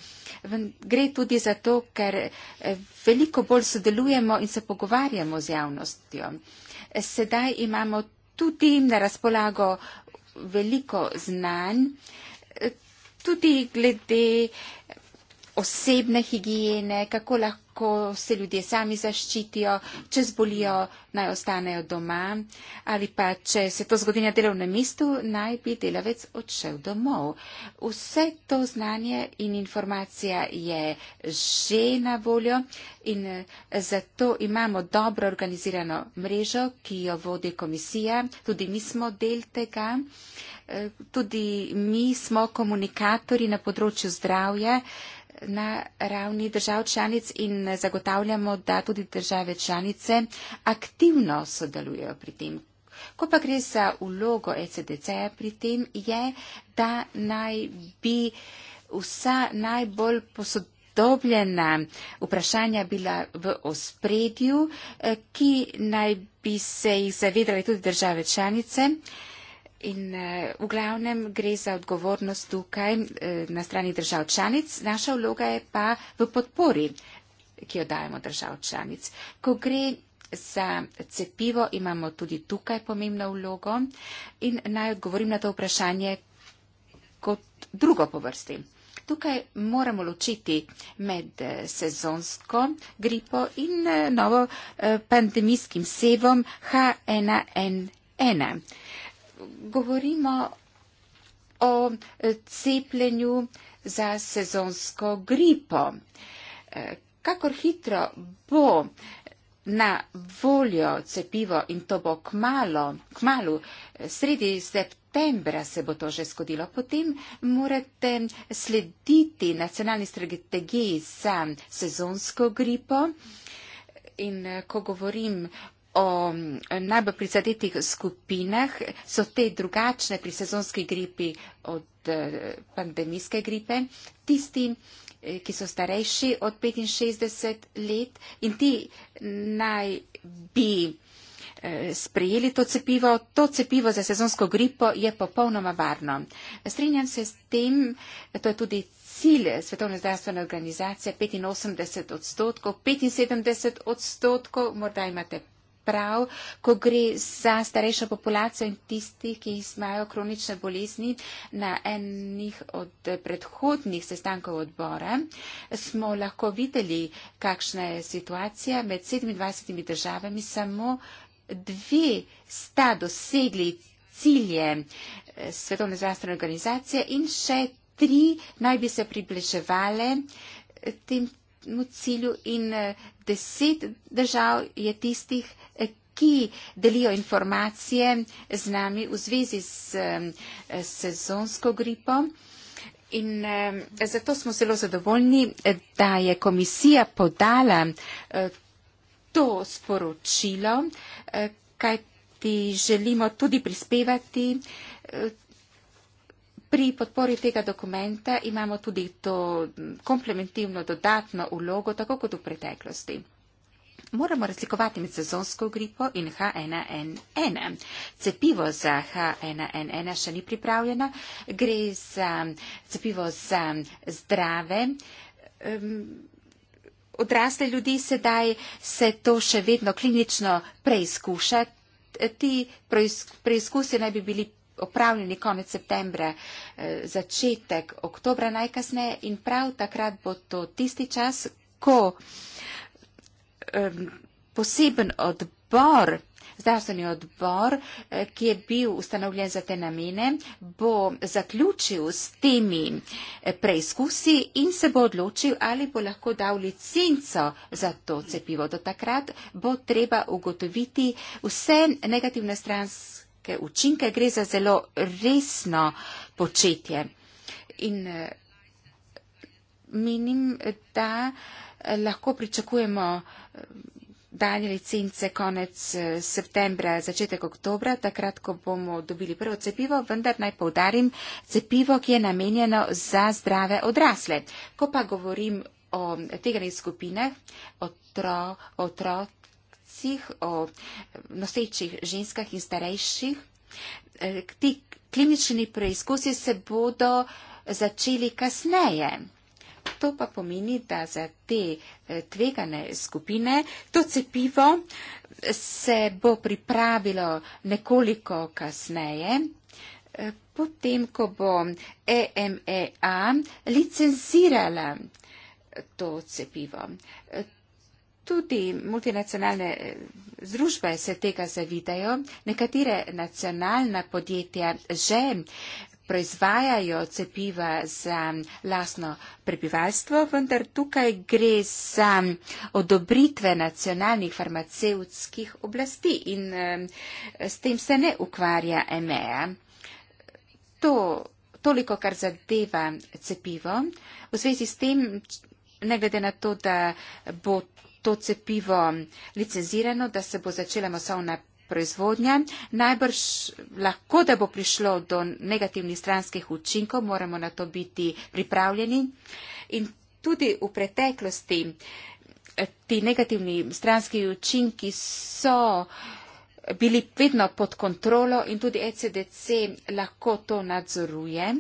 Gre tudi zato, ker eh, veliko bolj sodelujemo in se pogovarjamo z javnostjo. Sedaj imamo tudi na razpolago veliko znanj, tudi glede osebne higiene, kako lahko se ljudje sami zaščitijo, če zbolijo, naj ostanejo doma ali pa če se to zgodi na delovnem mestu, naj bi delavec odšel domov. Vse to znanje in informacija je že na voljo in eh, zato imamo dobro organizirano mrežo, ki jo vodi komisija. Tudi mi smo del tega. Eh, tudi mi smo komunikatori na področju zdravja na ravni držav članic in zagotavljamo, da tudi države članice aktivno sodelujejo pri tem. Ko pa gre za ulogo ECDC-ja pri tem, je, da naj bi vsa najbolj posodobljena vprašanja bila v ospredju, eh, ki naj bi se jih zavedali tudi države članice. In eh, v glavnem gre za odgovornost tukaj eh, na strani držav članic, naša vloga je pa v podpori, ki jo dajemo držav članic. Ko gre za cepivo, imamo tudi tukaj pomembno vlogo in naj odgovorim na to vprašanje kot drugo po vrsti. Tukaj moramo ločiti med eh, sezonsko gripo in novo pandemijskim sevom H1N1 govorimo o e, cepljenju za sezonsko gripo. E, kakor hitro bo na voljo cepivo in to bo kmalo, kmalu, e, sredi septembra se bo to že zgodilo, potem morate slediti nacionalni strategiji za sezonsko gripo. In ko govorim o najbolj prizadetih skupinah, so te drugačne pri sezonski gripi od eh, pandemijske gripe. Tisti, eh, ki so starejši od 65 let in ti naj bi eh, sprejeli to cepivo. To cepivo za sezonsko gripo je popolnoma varno. Strinjam se s tem, to je tudi cilj Svetovne zdravstvene organizacije, 85 odstotkov, 75 odstotkov, morda imate prav, ko gre za starejšo populacijo in tistih, ki imajo kronične bolezni. Na enih od predhodnih sestankov odbora smo lahko videli, kakšna je situacija med 27 državami. Samo dve sta dosegli cilje eh, Svetovne zdravstvene organizacije in še tri naj bi se približevale eh, tem temu cilju in eh, deset držav je tistih, eh, ki delijo informacije z nami v zvezi s eh, sezonsko gripo. In eh, zato smo zelo zadovoljni, da je komisija podala eh, to sporočilo, eh, kaj ti želimo tudi prispevati. Eh, Pri podpori tega dokumenta imamo tudi to komplementivno dodatno ulogo, tako kot v preteklosti. Moramo razlikovati med sezonsko gripo in H1N1. Cepivo za H1N1 še ni pripravljeno. Gre za cepivo za zdrave. Um, odrasle ljudi sedaj se to še vedno klinično preizkuša. Ti preizkusi naj bi bili opravljeni konec septembra, eh, začetek oktobra najkasneje in prav takrat bo to tisti čas, ko poseben odbor, zdravstveni odbor, eh, ki je bil ustanovljen za te namene, bo zaključil s temi eh, preizkusi in se bo odločil, ali bo lahko dal licenco za to cepivo. Do takrat bo treba ugotoviti vse negativne stranske take učinke, gre za zelo resno početje. In eh, menim, da eh, lahko pričakujemo eh, dalje licence konec septembra, začetek oktobra, takrat, ko bomo dobili prvo cepivo, vendar naj povdarim cepivo, ki je namenjeno za zdrave odrasle. Ko pa govorim o tegrenih skupinah, otro, otro, otrocih, o nosečih ženskah in starejših. E, ti klinični preizkusi se bodo začeli kasneje. To pa pomeni, da za te e, tvegane skupine to cepivo se bo pripravilo nekoliko kasneje, e, potem, ko bo EMEA licencirala to cepivo. Tudi multinacionalne eh, združbe se tega zavidajo. Nekatere nacionalna podjetja že proizvajajo cepiva za lasno prebivalstvo, vendar tukaj gre za odobritve nacionalnih farmacevskih oblasti in eh, s tem se ne ukvarja EMEA. To, toliko, kar zadeva cepivo, v zvezi s tem, ne glede na to, da bo to cepivo licenzirano, da se bo začela masovna proizvodnja. Najbrž lahko, da bo prišlo do negativnih stranskih učinkov, moramo na to biti pripravljeni. In tudi v preteklosti eh, ti negativni stranski učinki so bili vedno pod kontrolo in tudi ECDC lahko to nadzoruje.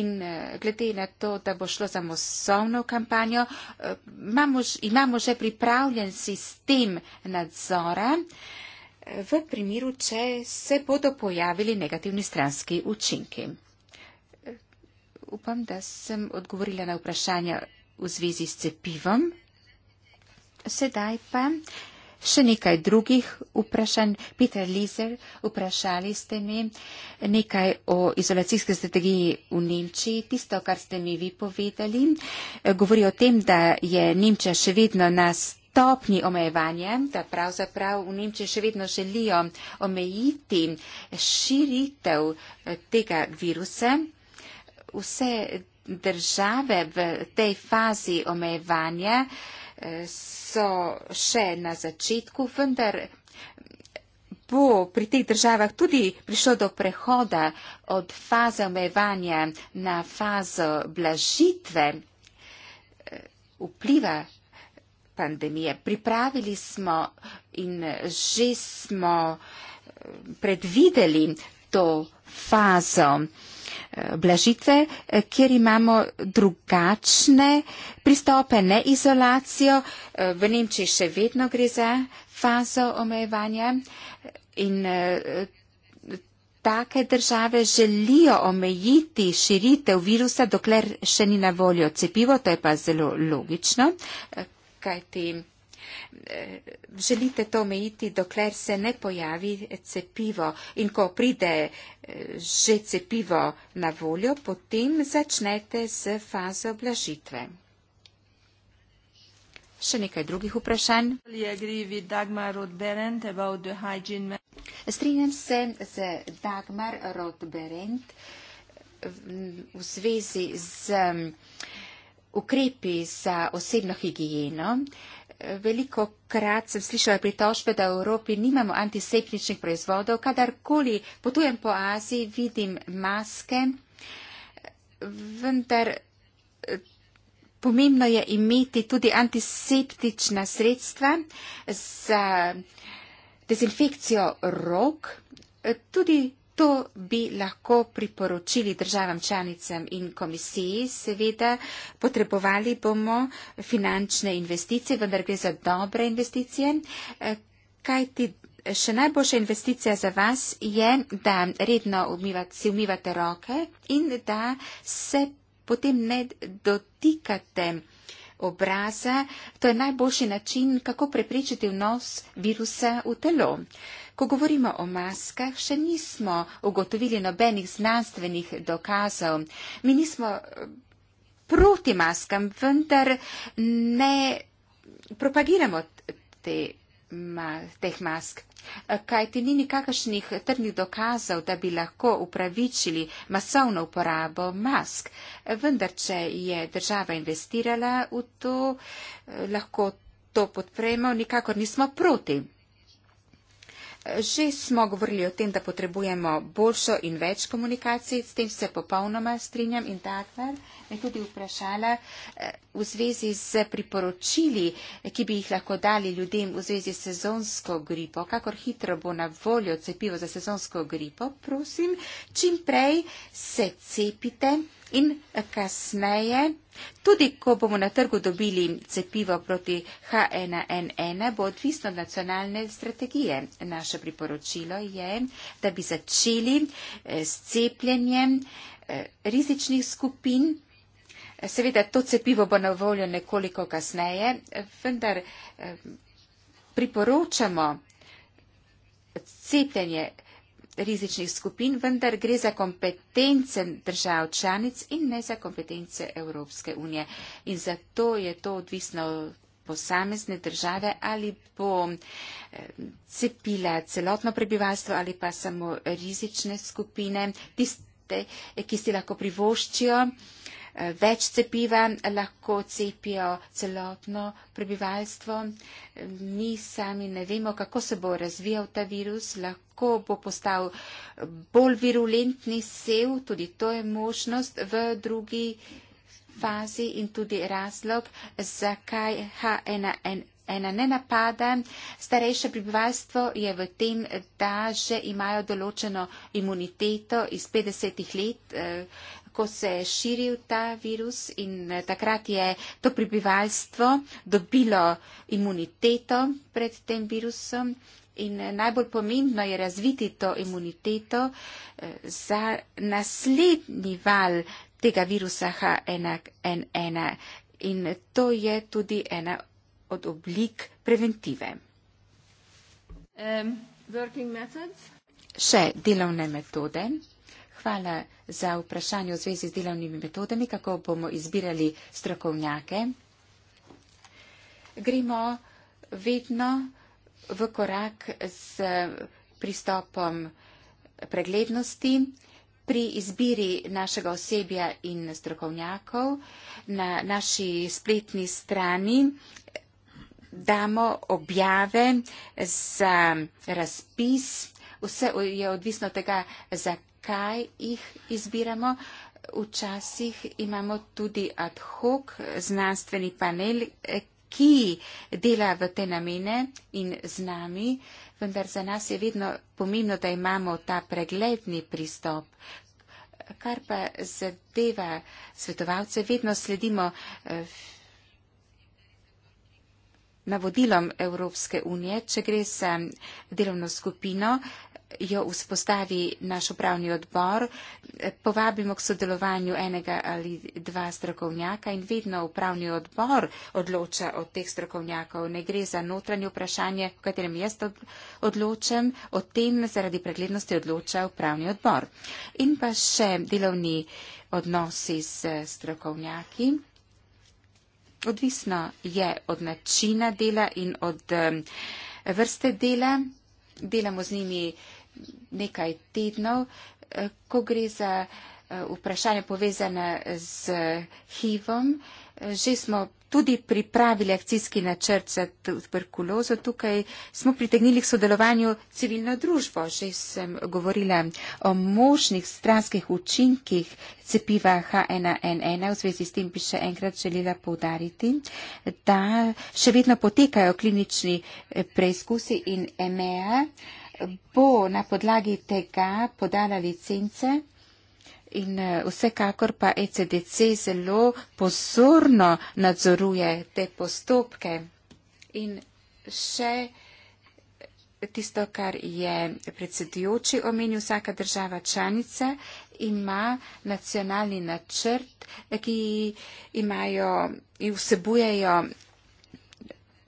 In eh, glede na to, da bo šlo za mosovno kampanjo, eh, imamo, imamo že pripravljen sistem nadzora eh, v primeru, če se bodo pojavili negativni stranski učinki. Upam, da sem odgovorila na vprašanja v zvezi s cepivom. Sedaj pa. Še nekaj drugih vprašanj. Peter Lizer, vprašali ste me nekaj o izolacijski strategiji v Nemčiji. Tisto, kar ste mi vi povedali, eh, govori o tem, da je Nemčija še vedno na stopni omejevanja, da pravzaprav v Nemčiji še vedno želijo omejiti širitev eh, tega virusa. Vse države v tej fazi omejevanja so še na začetku, vendar bo pri teh državah tudi prišlo do prehoda od faze omejevanja na fazo blažitve eh, vpliva pandemije. Pripravili smo in že smo eh, predvideli to fazo blažitve, eh, kjer imamo drugačne pristope, ne izolacijo. Eh, v Nemčiji še vedno gre za fazo omejevanja in eh, take države želijo omejiti širitev virusa, dokler še ni na voljo cepivo, to je pa zelo logično, kajti. Eh, želite to omejiti, dokler se ne pojavi cepivo. In ko pride eh, že cepivo na voljo, potem začnete z fazo blažitve. Še nekaj drugih vprašanj. Strinjam se z Dagmar Rodberent v zvezi z ukrepi za osebno higieno. Uh, veliko krat sem slišala pritožbe, da v Evropi nimamo antiseptičnih proizvodov. Kadarkoli potujem po Aziji, vidim maske, vendar pomembno je imeti tudi antiseptična sredstva za dezinfekcijo rok. Tudi To bi lahko priporočili državam članicam in komisiji, seveda potrebovali bomo finančne investicije, vendar gre za dobre investicije, eh, kaj ti eh, še najboljša investicija za vas je, da redno umivate, si umivate roke in da se potem ne dotikate obraza. To je najboljši način, kako prepričati vnos virusa v telo. Ko govorimo o maskah, še nismo ugotovili nobenih znanstvenih dokazov. Mi nismo eh, proti maskam, vendar ne propagiramo te, ma, teh mask. Eh, Kaj ti ni nikakršnih trdnih dokazov, da bi lahko upravičili masovno uporabo mask. Eh, vendar, če je država investirala v to, lahko to podpremo, nikakor nismo proti. Že smo govorili o tem, da potrebujemo boljšo in več komunikacij, s tem se popolnoma strinjam in Dagmar me tudi vprašala eh, v zvezi z priporočili, ki bi jih lahko dali ljudem v zvezi s sezonsko gripo, kakor hitro bo na voljo cepivo za sezonsko gripo, prosim, čim prej se cepite, in kasneje, tudi ko bomo na trgu dobili cepivo proti H1N1, bo odvisno od nacionalne strategije. Naše priporočilo je, da bi začeli eh, s cepljenjem eh, rizičnih skupin. Seveda, to cepivo bo na voljo nekoliko kasneje, vendar eh, priporočamo cepljenje rizičnih skupin, vendar gre za kompetence držav članic in ne za kompetence Evropske unije. In zato je to odvisno posamezne države ali bo eh, cepila celotno prebivalstvo ali pa samo rizične skupine, tiste, eh, ki si lahko privoščijo eh, več cepiva, lahko cepijo celotno prebivalstvo. Mi sami ne vemo, kako se bo razvijal ta virus, lahko lahko bo postal bolj virulentni sev, tudi to je možnost v drugi fazi in tudi razlog, zakaj H1N. Ena ne napada, starejše prebivalstvo je v tem, da že imajo določeno imuniteto iz 50-ih let, eh, ko se je širil ta virus in eh, takrat je to prebivalstvo dobilo imuniteto pred tem virusom In eh, najbolj pomembno je razviti to imuniteto eh, za naslednji val tega virusa H1N1. In to je tudi ena od oblik preventive. Um, Še delovne metode. Hvala za vprašanje v zvezi z delovnimi metodami, kako bomo izbirali strokovnjake. Gremo vedno v korak s pristopom preglednosti pri izbiri našega osebja in strokovnjakov. Na naši spletni strani damo objave za razpis. Vse je odvisno tega, zakaj jih izbiramo. Včasih imamo tudi ad hoc znanstveni panel, ki dela v te namene in z nami, vendar za nas je vedno pomembno, da imamo ta pregledni pristop. Kar pa zadeva svetovalce, vedno sledimo eh, navodilom Evropske unije, če gre za delovno skupino, jo vzpostavi naš upravni odbor, povabimo k sodelovanju enega ali dva strokovnjaka in vedno upravni odbor odloča od teh strokovnjakov. Ne gre za notranje vprašanje, v katerem jaz odločam, o tem zaradi preglednosti odloča upravni odbor. In pa še delovni odnosi s strokovnjaki. Odvisno je od načina dela in od eh, vrste dela. Delamo z njimi uh, nekaj tednov, eh, ko gre za eh, vprašanje povezane z HIV-om. Eh, že smo tudi pripravili akcijski načrt za tuberkulozo. Tukaj smo pritegnili k sodelovanju civilno družbo. Že sem govorila o možnih stranskih učinkih cepiva H1N1. V zvezi s tem bi še enkrat želela povdariti, da še vedno potekajo klinični preizkusi in EMEA bo na podlagi tega podala licence in eh, vsekakor pa ECDC zelo pozorno nadzoruje te postopke. In še tisto, kar je predsedujoči omenil, vsaka država članica ima nacionalni načrt, ki imajo in vsebujejo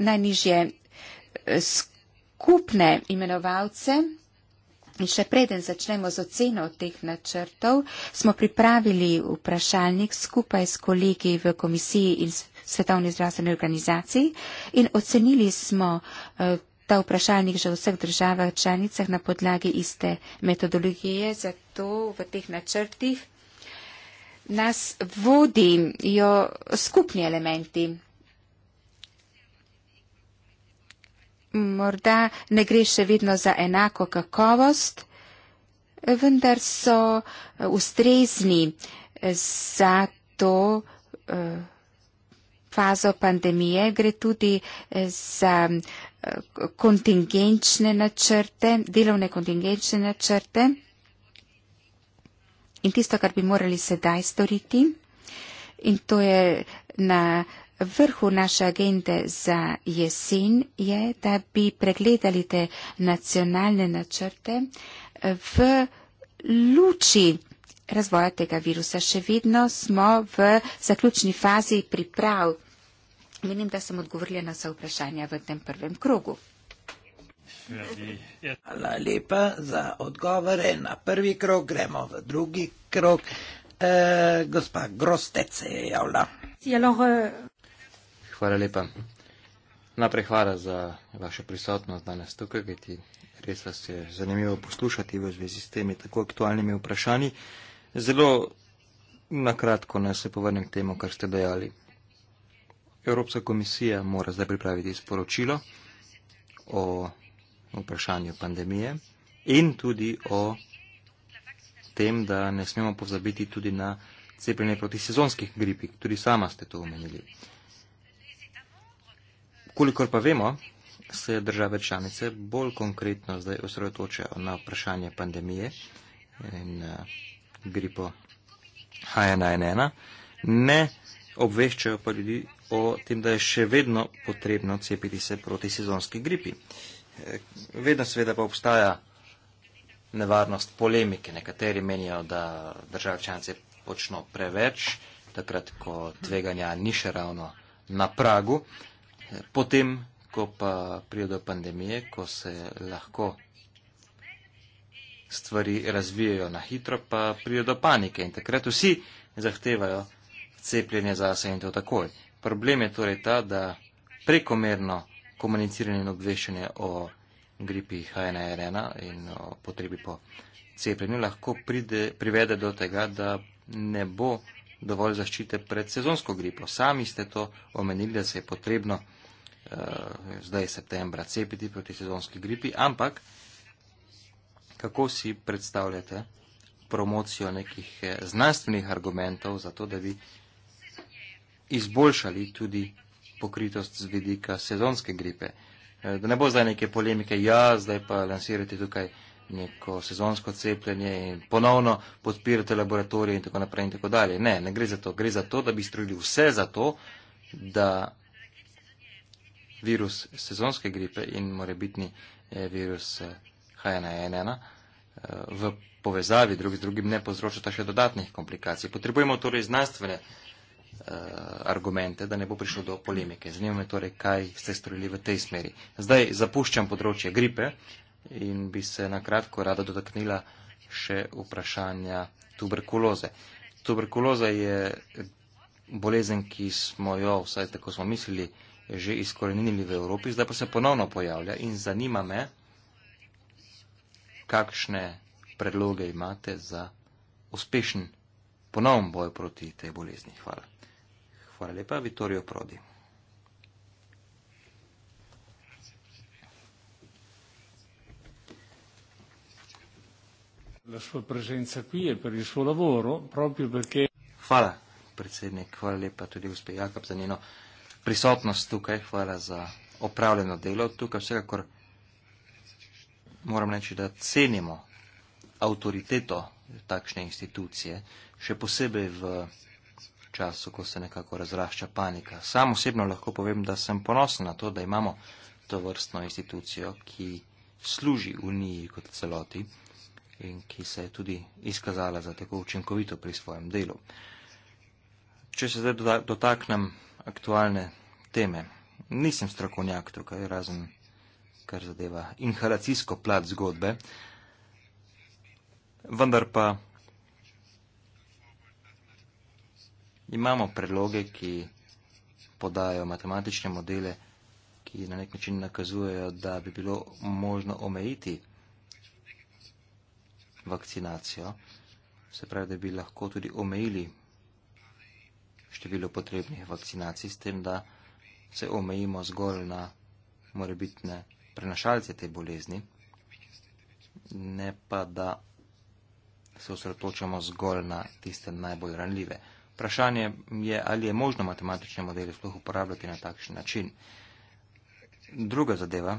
najnižje skupine eh, skupne imenovalce. In še preden začnemo z oceno teh načrtov, smo pripravili vprašalnik skupaj s kolegi v Komisiji in Svetovni zdravstveni organizaciji in ocenili smo eh, ta vprašalnik že v vseh državah članicah na podlagi iste metodologije, zato v teh načrtih nas vodijo skupni elementi. morda ne gre še vedno za enako kakovost, vendar so eh, ustrezni za to eh, fazo pandemije, gre tudi eh, za kontingenčne načrte, delovne kontingenčne načrte in tisto, kar bi morali sedaj storiti. In to je na Vrhu naše agende za jesen je, da bi pregledali te nacionalne načrte v luči razvoja tega virusa. Še vedno smo v zaključni fazi priprav. Menim, da sem odgovorila na vsa vprašanja v tem prvem krogu. Hvala lepa za odgovore. Na prvi krog gremo v drugi krog. E, gospa Grostec se je javila. Si je euh, lahko Hvala lepa. Najprej hvala za vašo prisotnost danes tukaj, kajti res vas je zanimivo poslušati v zvezi s temi tako aktualnimi vprašanji. Zelo nakratko naj se povrnem k temu, kar ste dejali. Evropska komisija mora zdaj pripraviti sporočilo o vprašanju pandemije in tudi o tem, da ne smemo pozabiti tudi na cepljenje proti sezonskih gripih. Tudi sama ste to omenili. Kolikor pa vemo, se države članice bolj konkretno zdaj osredotočajo na vprašanje pandemije in uh, gripo HNN, ne obveščajo pa ljudi o tem, da je še vedno potrebno cepiti se proti sezonski gripi. Eh, vedno seveda pa obstaja nevarnost polemike. Nekateri menijo, da države članice počno preveč, takrat, ko tveganja ni še ravno na pragu potem, ko pa pride do pandemije, ko se lahko stvari razvijajo na hitro, pa pride do panike in takrat vsi zahtevajo cepljenje za se in to takoj. Problem je torej ta, da prekomerno komuniciranje in obveščanje o gripi HNRN in o potrebi po cepljenju lahko pride, privede do tega, da ne bo dovolj zaščite pred sezonsko gripo. Sami ste to omenili, da se je potrebno uh, zdaj septembra cepiti proti sezonski gripi, ampak kako si predstavljate promocijo nekih eh, znanstvenih argumentov za to, da bi izboljšali tudi pokritost z vidika sezonske gripe. Eh, da ne bo zdaj neke polemike, ja, zdaj pa lansirate tukaj neko sezonsko cepljenje in ponovno podpirate laboratorije in tako naprej in tako dalje. Ne, ne gre za to. Gre za to, da bi strojili vse za to, da virus sezonske gripe in morebitni eh, virus HNN1 eh, eh, v povezavi drug z drugim ne povzročata še dodatnih komplikacij. Potrebujemo torej znanstvene argumente, da ne bo prišlo do polemike. Zanima me torej, kaj ste storili v tej smeri. Zdaj zapuščam področje gripe in bi se nakratko rada dotaknila še vprašanja tuberkuloze. Tuberkuloza je bolezen, ki smo jo, vsaj tako smo mislili, že izkorenili v Evropi, zdaj pa se ponovno pojavlja in zanima me, kakšne predloge imate za uspešen ponovn boj proti tej bolezni. Hvala. Hvala lepa, Vittorio Prodi. La sua presenza qui e per il suo lavoro, proprio perché... Hvala, predsednik, hvala lepa tudi gospe Jakob za njeno prisotnost tukaj, hvala za opravljeno delo. Tukaj vsekakor moram reči, da cenimo avtoriteto takšne institucije, še posebej v času, ko se nekako razrašča panika. Sam osebno lahko povem, da sem ponosen na to, da imamo to vrstno institucijo, ki služi Uniji kot celoti in ki se je tudi izkazala za tako učinkovito pri svojem delu. Če se zdaj dotaknem aktualne teme. Nisem strokovnjak tukaj, razen kar zadeva inhalacijsko plat zgodbe. Vendar pa imamo predloge, ki podajo matematične modele, ki na nek način nakazujejo, da bi bilo možno omejiti vakcinacijo. Se pravi, da bi lahko tudi omejili število potrebnih vakcinacij, s tem, da se omejimo zgolj na morebitne prenašalce te bolezni, ne pa da se osredotočamo zgolj na tiste najbolj ranljive. Vprašanje je, ali je možno matematične modele sploh uporabljati na takšen način. Druga zadeva.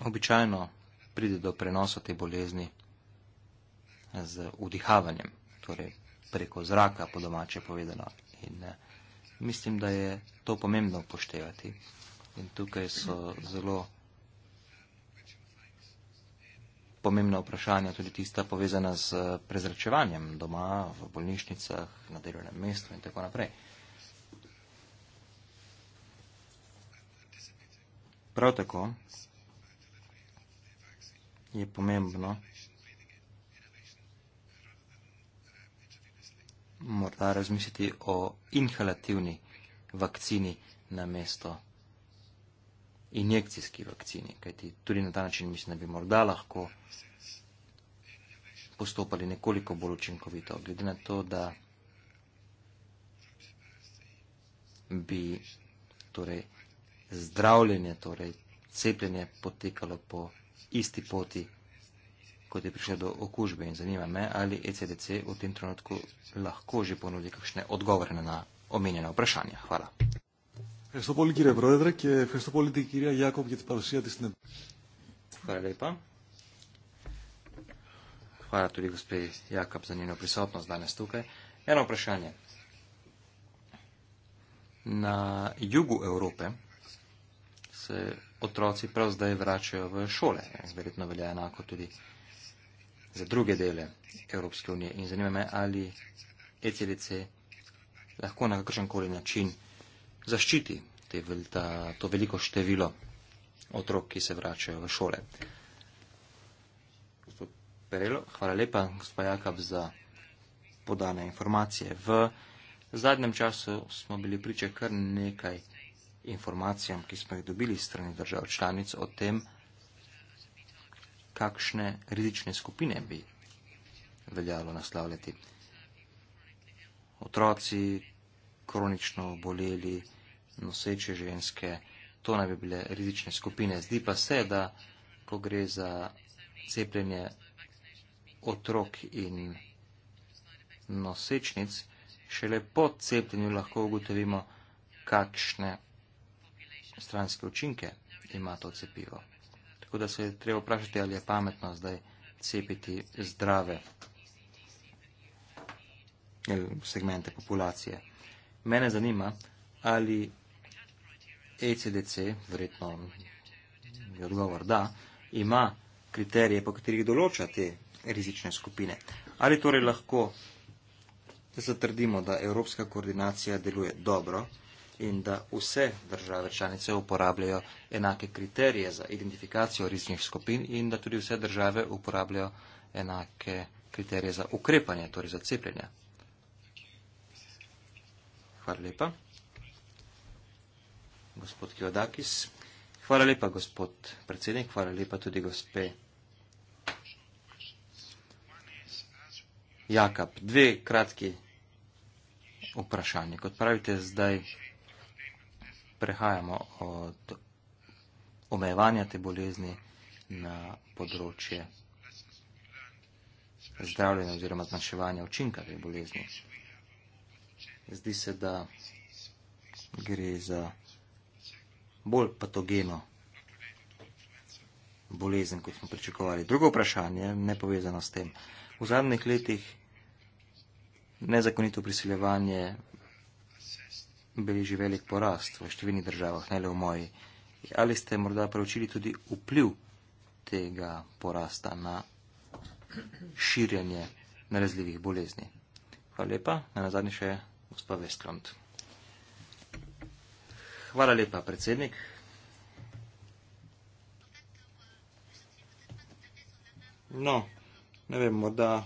Običajno pride do prenosa te bolezni z vdihavanjem torej preko zraka, po domače povedano. In eh, mislim, da je to pomembno upoštevati. In tukaj so zelo pomembna vprašanja, tudi tista povezana z eh, prezračevanjem doma, v bolnišnicah, na delovnem mestu in tako naprej. Prav tako je pomembno, morda razmisliti o inhalativni vakcini na mesto injekcijski vakcini, kajti tudi na ta način mislim, da bi morda lahko postopali nekoliko bolj učinkovito, glede na to, da bi torej zdravljenje, torej cepljenje potekalo po isti poti kot je prišla do okužbe in zanima me, ali ECDC v tem trenutku lahko že ponudi kakšne odgovore na omenjena vprašanja. Hvala. Hvala lepa. Hvala tudi gospej Jakob za njeno prisotnost danes tukaj. Eno vprašanje. Na jugu Evrope se otroci prav zdaj vračajo v šole. Verjetno velja enako tudi za druge dele Evropske unije in zanima me, ali ECDC lahko na kakršenkoli način zaščiti te, ta, to veliko število otrok, ki se vračajo v šole. Gospod Perelo, hvala lepa, gospod Jakab, za podane informacije. V zadnjem času smo bili priče kar nekaj informacijam, ki smo jih dobili strani držav članic o tem, kakšne rizične skupine bi veljalo naslavljati. Otroci, kronično boleli, noseče ženske, to naj bi bile rizične skupine. Zdi pa se, da ko gre za cepljenje otrok in nosečnic, šele po cepljenju lahko ugotovimo, kakšne stranske učinke ima to cepivo. Tako da se je treba vprašati, ali je pametno zdaj cepiti zdrave eh, segmente populacije. Mene zanima, ali ECDC, verjetno je odgovor da, ima kriterije, po katerih določa te rizične skupine. Ali torej lahko zatrdimo, da evropska koordinacija deluje dobro? in da vse države članice uporabljajo enake kriterije za identifikacijo riznih skupin in da tudi vse države uporabljajo enake kriterije za ukrepanje, torej za cepljenje. Hvala lepa. Gospod Kiodakis. Hvala lepa, gospod predsednik. Hvala lepa tudi gospe. Jakab, dve kratki vprašanje. Kot pravite, zdaj prehajamo od omejevanja te bolezni na področje zdravljenja oziroma zmanjševanja učinka te bolezni. Zdi se, da gre za bolj patogeno bolezen, kot smo pričakovali. Drugo vprašanje, ne povezano s tem. V zadnjih letih nezakonito prisiljevanje beleži velik porast v številnih državah, ne le v moji. Ali ste morda preučili tudi vpliv tega porasta na širjenje nalezljivih bolezni? Hvala lepa. Na nazadnje še gospod Vestlund. Hvala lepa, predsednik. No, ne vem, morda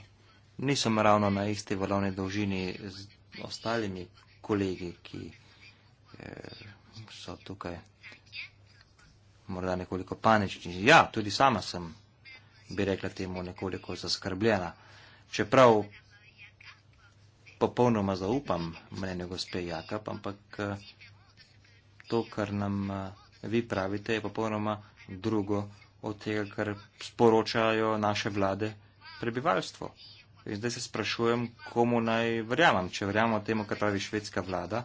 nisem ravno na isti valovni dolžini z ostalimi kolegi, ki eh, so tukaj morda nekoliko panični. Ja, tudi sama sem, bi rekla temu, nekoliko zaskrbljena. Čeprav popolnoma zaupam mnenju gospe Jakab, ampak eh, to, kar nam eh, vi pravite, je popolnoma drugo od tega, kar sporočajo naše vlade prebivalstvo. In zdaj se sprašujem, komu naj verjamem. Če verjamemo temu, kar pravi švedska vlada,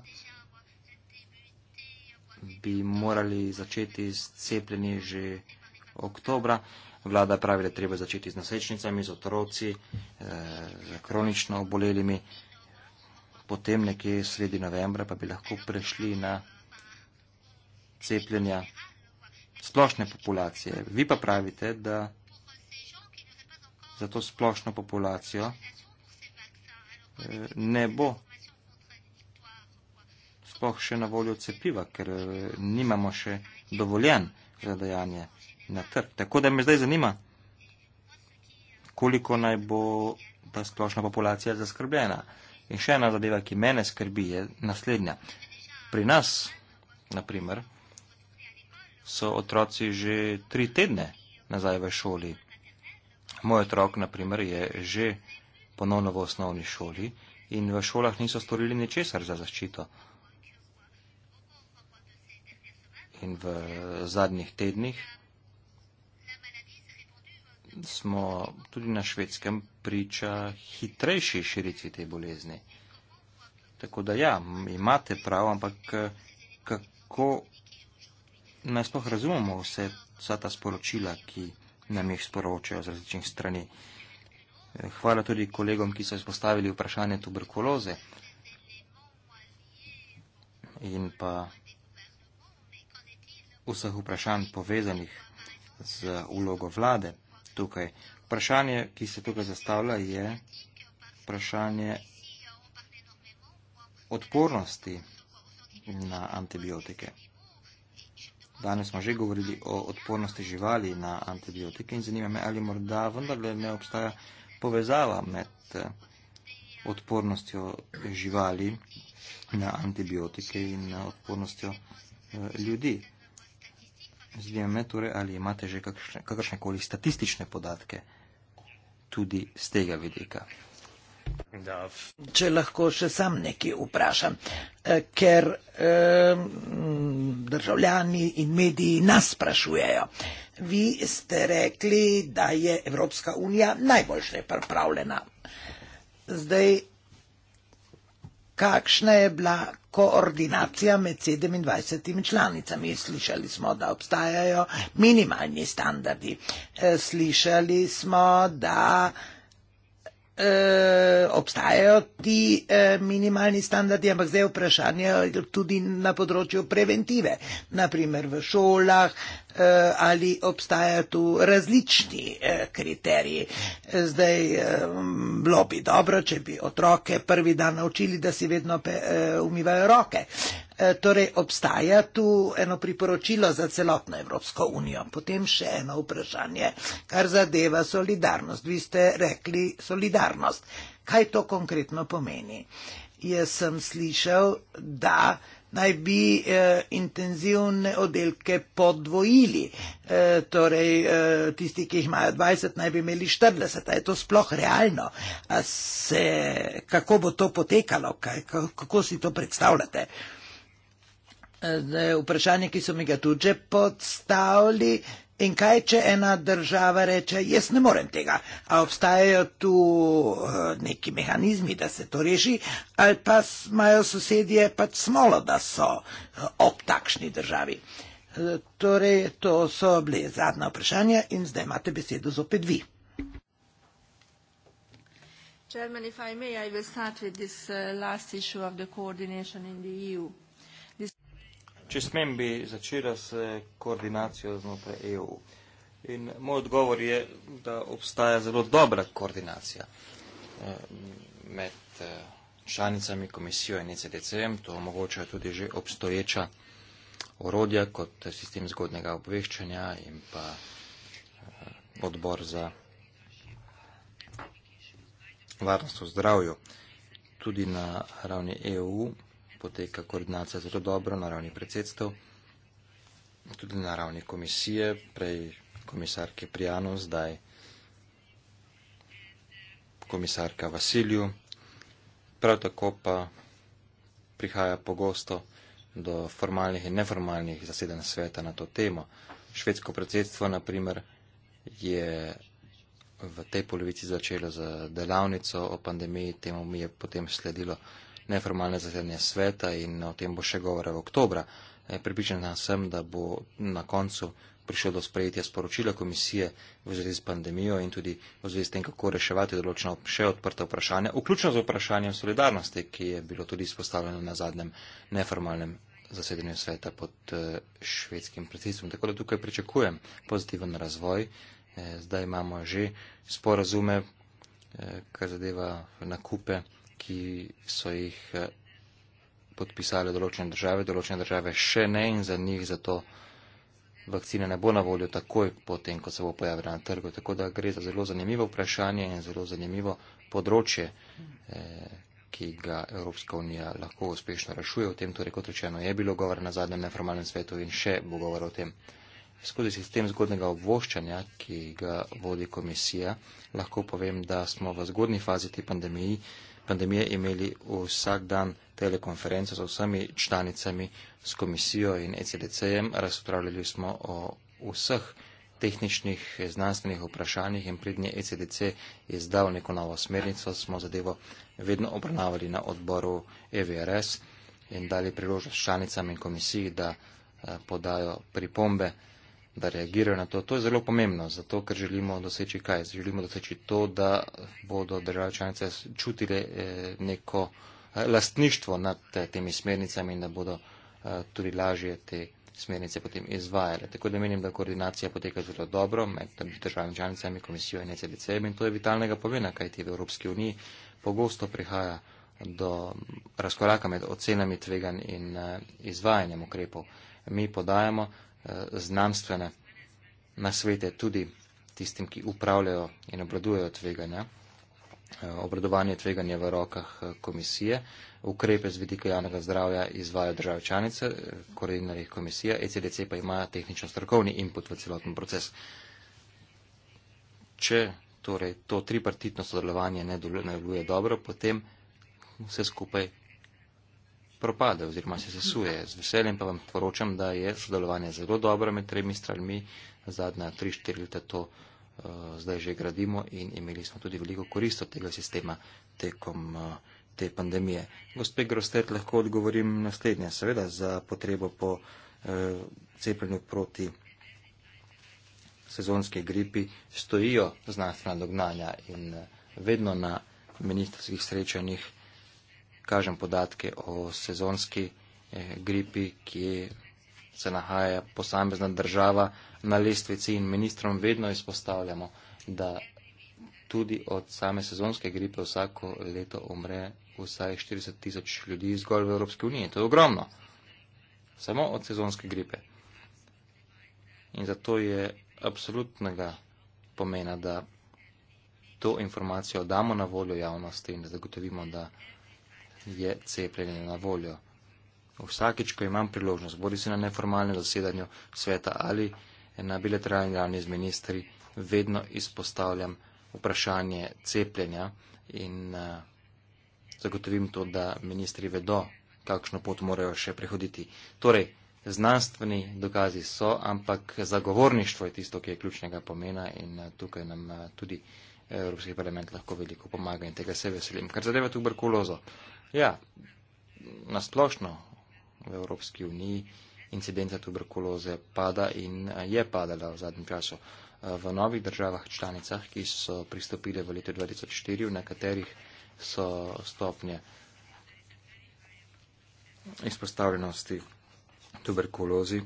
bi morali začeti s cepljenjem že oktobra. Vlada pravi, da treba začeti z nosečnicami, z otroci, eh, z kronično obolelimi. Potem nekje sredi novembra pa bi lahko prešli na cepljenja splošne populacije. Vi pa pravite, da za to splošno populacijo eh, ne bo sploh še na voljo cepiva, ker eh, nimamo še dovoljen za dajanje na trg. Tako da me zdaj zanima, koliko naj bo ta splošna populacija zaskrbljena. In še ena zadeva, ki mene skrbi, je naslednja. Pri nas, na primer, so otroci že tri tedne nazaj v šoli. Moj otrok, na primer, je že ponovno v osnovni šoli in v šolah niso storili ničesar za zaščito. In v zadnjih tednih smo tudi na švedskem priča hitrejši širitvi te bolezni. Tako da ja, imate prav, ampak eh, kako nasploh razumemo vse, vsa ta sporočila, ki nam jih sporočajo z različnih strani. Hvala tudi kolegom, ki so izpostavili vprašanje tuberkuloze in pa vseh vprašanj povezanih z ulogo vlade tukaj. Vprašanje, ki se tukaj zastavlja, je vprašanje odpornosti na antibiotike. Danes smo že govorili o odpornosti živali na antibiotike in zanima me, ali morda vendarle ne obstaja povezava med eh, odpornostjo živali na antibiotike in eh, odpornostjo eh, ljudi. Zdaj me torej, ali imate že kakršne koli statistične podatke tudi z tega vidika. Če lahko še sam nekaj vprašam, eh, ker eh, državljani in mediji nas sprašujejo. Vi ste rekli, da je Evropska unija najboljše pripravljena. Zdaj, kakšna je bila koordinacija med 27 članicami? Slišali smo, da obstajajo minimalni standardi. Eh, slišali smo, da. Eh, obstajajo ti eh, minimalni standardi, ampak zdaj vprašanje je eh, tudi na področju preventive, naprimer v šolah ali obstajajo tu različni kriteriji. Zdaj, bilo bi dobro, če bi otroke prvi dan naučili, da si vedno umivajo roke. E, torej, obstaja tu eno priporočilo za celotno Evropsko unijo. Potem še eno vprašanje, kar zadeva solidarnost. Vi ste rekli solidarnost. Kaj to konkretno pomeni? Jaz sem slišal, da naj bi eh, intenzivne oddelke podvojili. Eh, torej, eh, tisti, ki jih imajo 20, naj bi imeli 40. A je to sploh realno? Se, kako bo to potekalo? Kaj, kako, kako si to predstavljate? Eh, vprašanje, ki so mi ga tudi že podstavili. In kaj, če ena država reče, jaz ne morem tega, a obstajajo tu eh, neki mehanizmi, da se to reši, ali pa imajo sosedje pač smolo, da so eh, ob takšni državi. Eh, torej, to so bile zadnja vprašanja in zdaj imate besedo zopet vi. Chairman, if I may, I will start with this uh, last issue of the coordination in the EU. Če smem, bi začela s koordinacijo znotraj EU. In moj odgovor je, da obstaja zelo dobra koordinacija eh, med eh, članicami komisijo in ECDC-em. To omogočajo tudi že obstoječa orodja kot sistem zgodnega obveščanja in pa eh, odbor za varnost v zdravju. Tudi na ravni EU-u poteka koordinacija zelo dobro na ravni predsedstv, tudi na ravni komisije, prej komisarke Prijano, zdaj komisarka Vasilju. Prav tako pa prihaja pogosto do formalnih in neformalnih zasedanj sveta na to temo. Švedsko predsedstvo, na primer, je v tej polovici začelo z delavnico o pandemiji, temu mi je potem sledilo neformalne zasedanje sveta in o tem bo še govora v oktobra. E, Pripričan sem, da bo na koncu prišlo do sprejetja sporočila komisije v zvezi z pandemijo in tudi v zvezi s tem, kako reševati določeno še odprte vprašanje, vključno z vprašanjem solidarnosti, ki je bilo tudi izpostavljeno na zadnjem neformalnem zasedanju sveta pod e, švedskim predsedstvom. Tako da tukaj pričakujem pozitiven razvoj. E, zdaj imamo že sporazume, kar zadeva nakupe ki so jih eh, podpisale določene države. Določene države še ne in za njih zato vakcina ne bo na voljo takoj potem, ko se bo pojavila na trgu. Tako da gre za zelo zanimivo vprašanje in zelo zanimivo področje, eh, ki ga Evropska unija lahko uspešno rešuje. O tem torej, kot rečeno, je bilo govora na zadnjem neformalnem svetu in še bo govora o tem. Skozi sistem zgodnega obvoščanja, ki ga vodi komisija, lahko povem, da smo v zgodni fazi te pandemije pandemije imeli vsak dan telekonference z vsemi članicami, s komisijo in ECDC-jem. Razpravljali smo o vseh tehničnih, znanstvenih vprašanjih in prednje ECDC je zdal neko novo smernico, smo zadevo vedno obravnavali na odboru EVRS in dali priložnost članicam in komisiji, da eh, podajo pripombe da reagirajo na to. To je zelo pomembno, zato ker želimo doseči kaj. Želimo doseči to, da bodo države članice čutile eh, neko eh, lastništvo nad eh, temi smernicami in da bodo tudi lažje te smernice potem izvajale. Tako da menim, da koordinacija poteka zelo dobro med državami članicami, komisijo in ECDC in to je vitalnega pomena, kajti v Evropski uniji pogosto prihaja do razkoraka med ocenami tvegan in izvajanjem ukrepov. Mi podajamo Eh, znanstvene nasvete tudi tistim, ki upravljajo in obladujejo tveganja, eh, obradovanje tveganja v rokah eh, komisije, ukrepe z vidika javnega zdravja izvajo države članice, koordinari komisija, ECDC pa ima tehnično-strokovni input v celoten proces. Če torej to tripartitno sodelovanje ne deluje dobro, potem vse skupaj propade oziroma se sesuje. Z veseljem pa vam poročam, da je sodelovanje zelo dobro med tremi stranmi. Zadnja tri, štiri leta to uh, zdaj že gradimo in imeli smo tudi veliko korist od tega sistema tekom uh, te pandemije. Gospe Grostet, lahko odgovorim naslednje. Seveda za potrebo po uh, cepljenju proti sezonske gripi stojijo znanstvena dognanja in uh, vedno na ministrskih srečanjih kažem podatke o sezonski eh, gripi, ki se nahaja posamezna država na lestvici in ministrom vedno izpostavljamo, da tudi od same sezonske gripe vsako leto umre vsaj 40 tisoč ljudi zgolj v Evropski uniji. To je ogromno. Samo od sezonske gripe. In zato je absolutnega pomena, da to informacijo damo na voljo javnosti in da zagotovimo, da je cepljenje na voljo. Vsakič, ko imam priložnost, bodi se na neformalnem zasedanju sveta ali na bilateralni ravni z ministri, vedno izpostavljam vprašanje cepljenja in uh, zagotovim to, da ministri vedo, kakšno pot morajo še prehoditi. Torej, znanstveni dokazi so, ampak zagovorništvo je tisto, ki je ključnega pomena in uh, tukaj nam uh, tudi Evropski parlament lahko veliko pomaga in tega se veselim. Kar zadeva tuberkulozo. Uh, Ja, nasplošno v Evropski uniji incidenca tuberkuloze pada in eh, je padala v zadnjem času. Eh, v novih državah članicah, ki so pristopile v letu 2004, v nekaterih so stopnje izpostavljenosti tuberkulozi eh,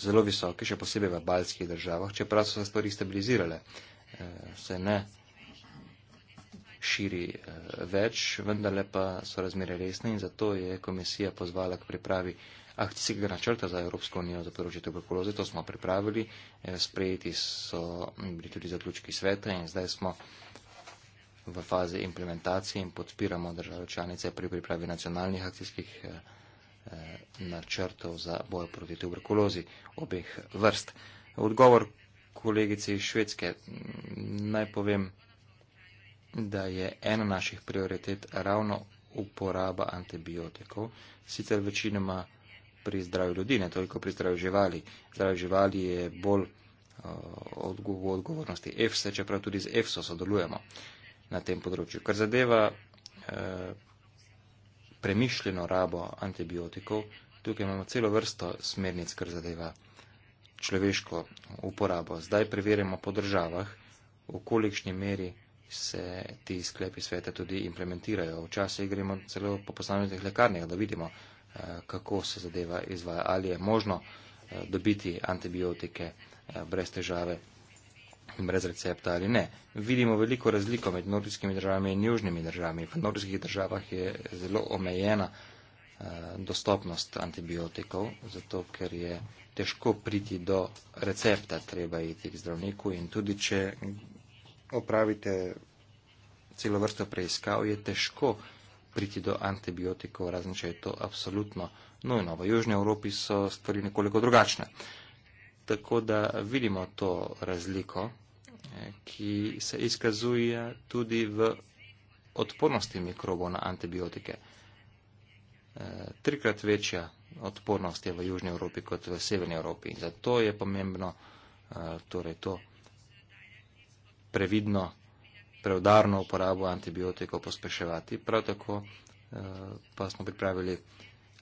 zelo visoke, še posebej v baljskih državah, čeprav so se stvari stabilizirale, eh, se ne širi eh, več, vendarle pa so razmere resne in zato je komisija pozvala k pripravi akcijskega načrta za Evropsko unijo za področje tuberkuloze. To smo pripravili, eh, sprejeti so bili tudi zaključki sveta in zdaj smo v fazi implementacije in podpiramo države članice pri pripravi nacionalnih akcijskih eh, načrtov za boj proti tuberkulozi obeh vrst. Odgovor kolegice iz Švedske. Naj povem, da je ena naših prioritet ravno uporaba antibiotikov, sicer večinoma pri zdravju ljudi, ne toliko pri zdravju živali. Zdravje živali je bolj uh, v odgovornosti EFSA, čeprav tudi z EFSO sodelujemo na tem področju. Kar zadeva uh, premišljeno rabo antibiotikov, tukaj imamo celo vrsto smernic, kar zadeva človeško uporabo. Zdaj preverjamo po državah, v kolikšni meri se ti sklepi sveta tudi implementirajo. Včasih gremo celo po posameznih lekarnih, da vidimo, eh, kako se zadeva izvaja, ali je možno eh, dobiti antibiotike eh, brez težave in brez recepta ali ne. Vidimo veliko razliko med nordijskimi državami in južnimi državami. V nordijskih državah je zelo omejena dostopnost antibiotikov, zato ker je težko priti do recepta, treba iti k zdravniku in tudi, če opravite celo vrsto preiskav, je težko priti do antibiotikov, razen če je to absolutno nujno. V Južnji Evropi so stvari nekoliko drugačne. Tako da vidimo to razliko, eh, ki se izkazuje tudi v odpornosti mikrobov na antibiotike. Eh, trikrat večja odpornost je v Južnji Evropi kot v Severni Evropi in zato je pomembno eh, torej to previdno, preudarno uporabo antibiotikov pospeševati. Prav tako eh, pa smo pripravili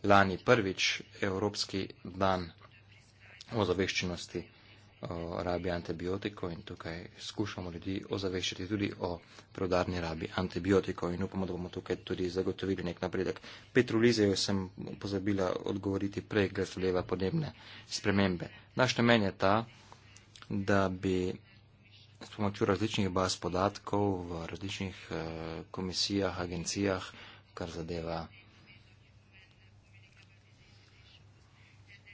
lani prvič Evropski dan o zaveščenosti o rabi antibiotikov in tukaj skušamo ljudi ozaveščati tudi o prodarni rabi antibiotikov in upamo, da bomo tukaj tudi zagotovili nek napredek. Petru Lizejo sem pozabila odgovoriti prej, glede leva podnebne spremembe. Naš namen je ta, da bi s pomočjo različnih baz podatkov v različnih eh, komisijah, agencijah, kar zadeva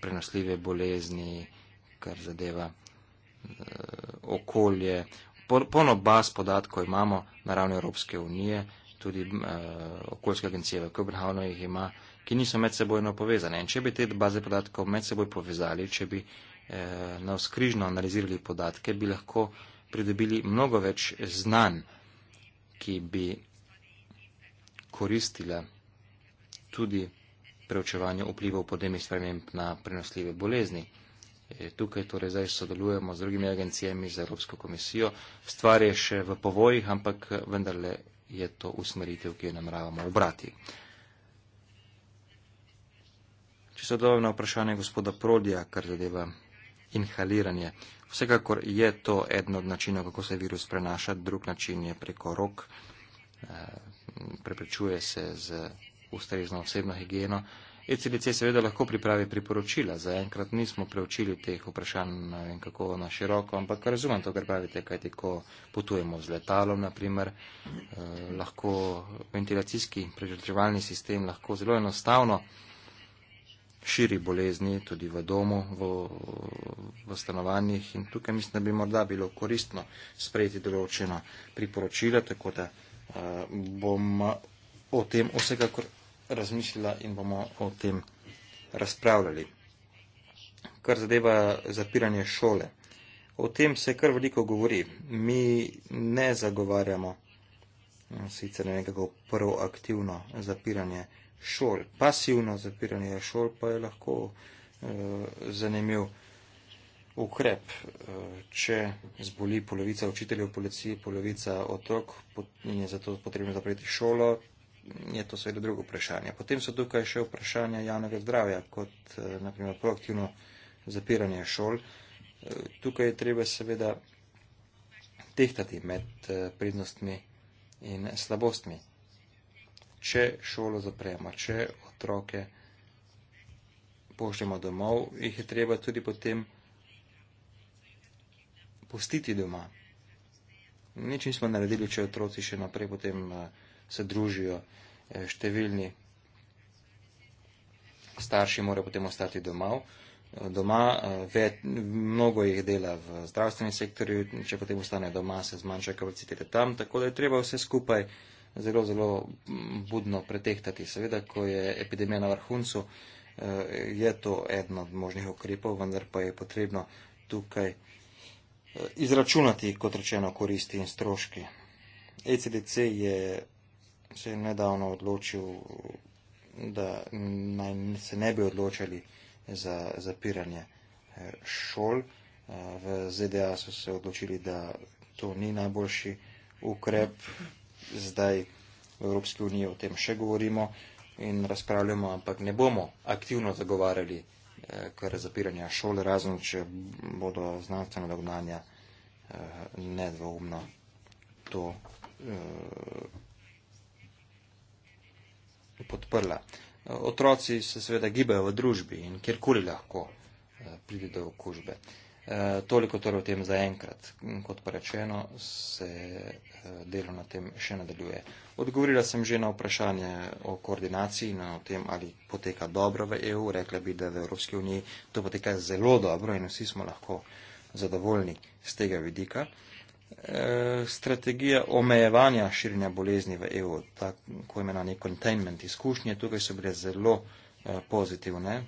prenosljive bolezni, kar zadeva eh, okolje. Polno baz podatkov imamo na ravni Evropske unije, tudi eh, okoljske agencije v Kobrhavno jih ima, ki niso medsebojno povezane. In če bi te baze podatkov medseboj povezali, če bi na vzkrižno analizirali podatke, bi lahko vzkrižno pridobili mnogo več znanj, ki bi koristila tudi preučevanju vplivov podnebnih sprememb na prenosljive bolezni. E, tukaj torej zdaj sodelujemo z drugimi agencijami, z Evropsko komisijo. Stvar je še v povojih, ampak vendarle je to usmeritev, ki jo namravamo obrati. Če se odzovem na vprašanje gospoda Prodija, kar zadeva inhaliranje. Vsekakor je to eden od načinov, kako se virus prenaša, drug način je preko rok, eh, preprečuje se z ustrezno osebno higieno. ECDC seveda lahko pripravi priporočila, zaenkrat nismo preučili teh vprašanj na vem kako na široko, ampak razumem to, kar pravite, kajti ko potujemo z letalom, naprimer, eh, lahko ventilacijski prežrčevalni sistem lahko zelo enostavno eh, širi bolezni tudi v domu, v, v stanovanjih in tukaj mislim, da bi morda bilo koristno sprejeti določena priporočila, tako da uh, bom o tem vsekakor razmislila in bomo o tem razpravljali. Kar zadeva zapiranje šole. O tem se kar veliko govori. Mi ne zagovarjamo mm, sicer nekako proaktivno zapiranje šol. Pasivno zapiranje šol pa je lahko eh, zanimiv ukrep. Eh, če zboli polovica učiteljev, policije, polovica otrok in je zato potrebno zapreti šolo, je to seveda drugo vprašanje. Potem so tukaj še vprašanja javnega zdravja, kot eh, naprimer proaktivno zapiranje šol. Eh, tukaj je treba seveda tehtati med eh, prednostmi in slabostmi če šolo zapremo, če otroke pošljemo domov, jih je treba tudi potem pustiti doma. Nič nismo naredili, če otroci še naprej potem eh, se družijo. Eh, številni starši morajo potem ostati domov. Doma, eh, ved, mnogo jih dela v zdravstvenem sektorju, če potem ostane doma, se zmanjša kapacitete tam, tako da je treba vse skupaj uh, zelo, zelo mm, budno pretehtati. Seveda, ko je epidemija na vrhuncu, eh, je to eden od možnih ukrepov, vendar pa je potrebno tukaj eh, izračunati, kot rečeno, koristi in stroški. ECDC je se nedavno odločil, da naj se ne bi odločali za zapiranje eh, šol. V ZDA so se odločili, da to ni najboljši ukrep, zdaj v Evropski uniji o tem še govorimo in razpravljamo, ampak ne bomo aktivno zagovarjali eh, kar zapiranja šole, razen če bodo znanstvena dognanja eh, nedvoumno to eh, podprla. Otroci se seveda gibajo v družbi in kjerkoli lahko eh, pride do okužbe. Eh, Eh, toliko torej o tem zaenkrat. Kot pa rečeno, se eh, delo na tem še nadaljuje. Odgovorila sem že na vprašanje o koordinaciji in o tem, ali poteka dobro v EU. Rekla bi, da v Evropski uniji to poteka zelo dobro in vsi smo lahko zadovoljni z tega vidika. Eh, strategija omejevanja širjenja bolezni v EU, tako imenovani containment izkušnje, tukaj so bile zelo pozitivne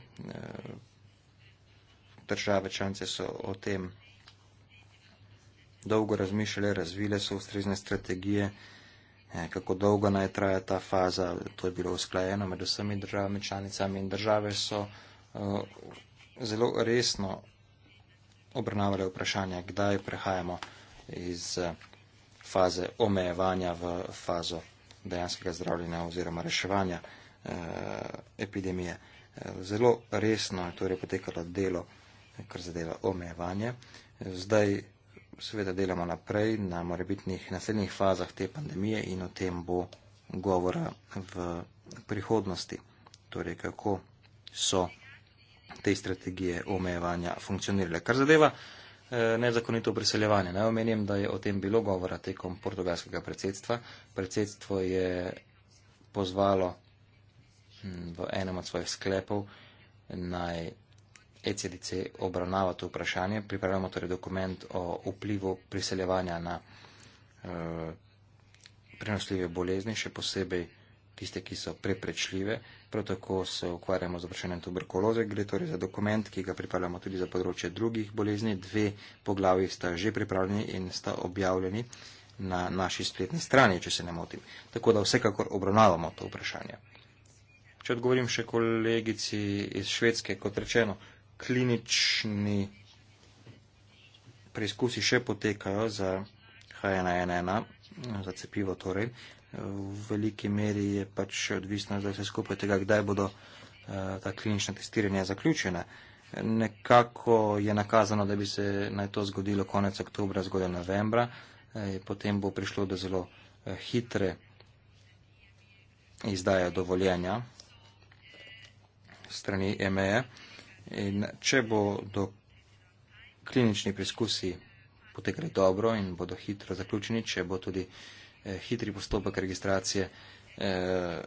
države članice so o tem dolgo razmišljali, razvile so ustrezne strategije, eh, kako dolgo naj traja ta faza, to je bilo usklajeno med vsemi državami članicami in države so eh, zelo resno obrnavale vprašanje, kdaj prehajamo iz eh, faze omejevanja v fazo dejanskega zdravljenja oziroma reševanja epidemije. Zelo resno je torej potekalo delo kar zadeva omejevanje. Zdaj seveda delamo naprej na morebitnih naslednjih fazah te pandemije in o tem bo govora v prihodnosti. Torej, kako so te strategije omejevanja funkcionirale. Kar zadeva eh, nezakonito priseljevanje. Naj omenjem, da je o tem bilo govora tekom portugalskega predsedstva. Predsedstvo je pozvalo hm, v enem od svojih sklepov naj ECDC obravnava to vprašanje, pripravljamo torej dokument o vplivu priseljevanja na uh, prenosljive bolezni, še posebej tiste, ki so preprečljive. Prav tako se ukvarjamo z vprašanjem tuberkuloze, gre torej za dokument, ki ga pripravljamo tudi za področje drugih bolezni. Dve poglavji sta že pripravljeni in sta objavljeni na naši spletni strani, če se ne motim. Tako da vsekakor obravnavamo to vprašanje. Če odgovorim še kolegici iz Švedske, kot rečeno, klinični preizkusi še potekajo za HN1, za cepivo torej. V veliki meri je pač odvisno zdaj vse skupaj tega, kdaj bodo eh, ta klinična testiranja zaključena. Nekako je nakazano, da bi se naj to zgodilo konec oktobra, zgodaj novembra. Eh, potem bo prišlo do zelo eh, hitre izdaje dovoljenja strani EMEA. In če bo do klinični preskusi potekali dobro in bodo hitro zaključeni, če bo tudi eh, hitri postopek registracije eh,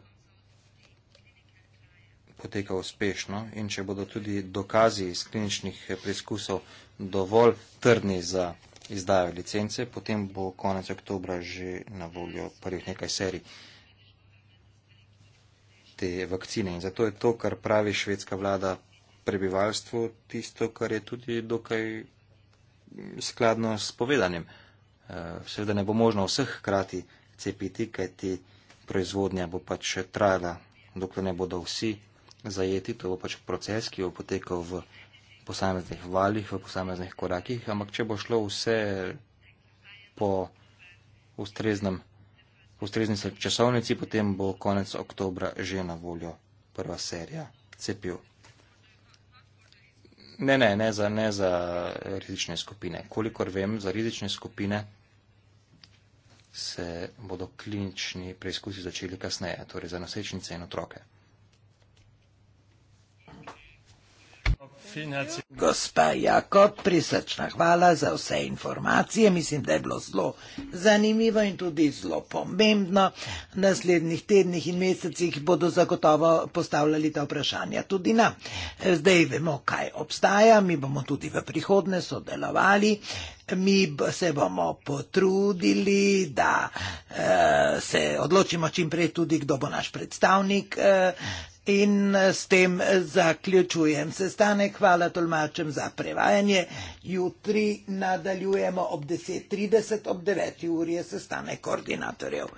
potekal uspešno in če bodo tudi dokazi iz kliničnih eh, preskusov dovolj trdni za izdajo licence, potem bo konec oktobra že na voljo prvih nekaj serij te vakcine. In zato je to, kar pravi švedska vlada, prebivalstvu tisto, kar je tudi dokaj skladno s povedanjem. Eh, seveda ne bo možno vseh krati cepiti, kaj ti proizvodnja bo pač trajala, dokler ne bodo vsi zajeti. To bo pač proces, ki bo potekal v posameznih valjih, v posameznih korakih, ampak če bo šlo vse po ustreznem, ustrezni časovnici, potem bo konec oktobra že na voljo prva serija cepiv. Ne, ne, ne za, ne za rizične skupine. Kolikor vem, za rizične skupine se bodo klinični preizkusi začeli kasneje, torej za nosečnice in otroke. Gospa Jakob, prisrčna hvala za vse informacije. Mislim, da je bilo zelo zanimivo in tudi zelo pomembno. V naslednjih tednih in mesecih bodo zagotovo postavljali ta vprašanja tudi nam. Zdaj vemo, kaj obstaja, mi bomo tudi v prihodne sodelovali. Mi se bomo potrudili, da eh, se odločimo čim prej tudi, kdo bo naš predstavnik eh, In eh, s tem eh, zaključujem sestanek. Hvala tolmačem za prevajanje. Jutri nadaljujemo ob 10.30, ob 9. uri je sestanek koordinatorjev.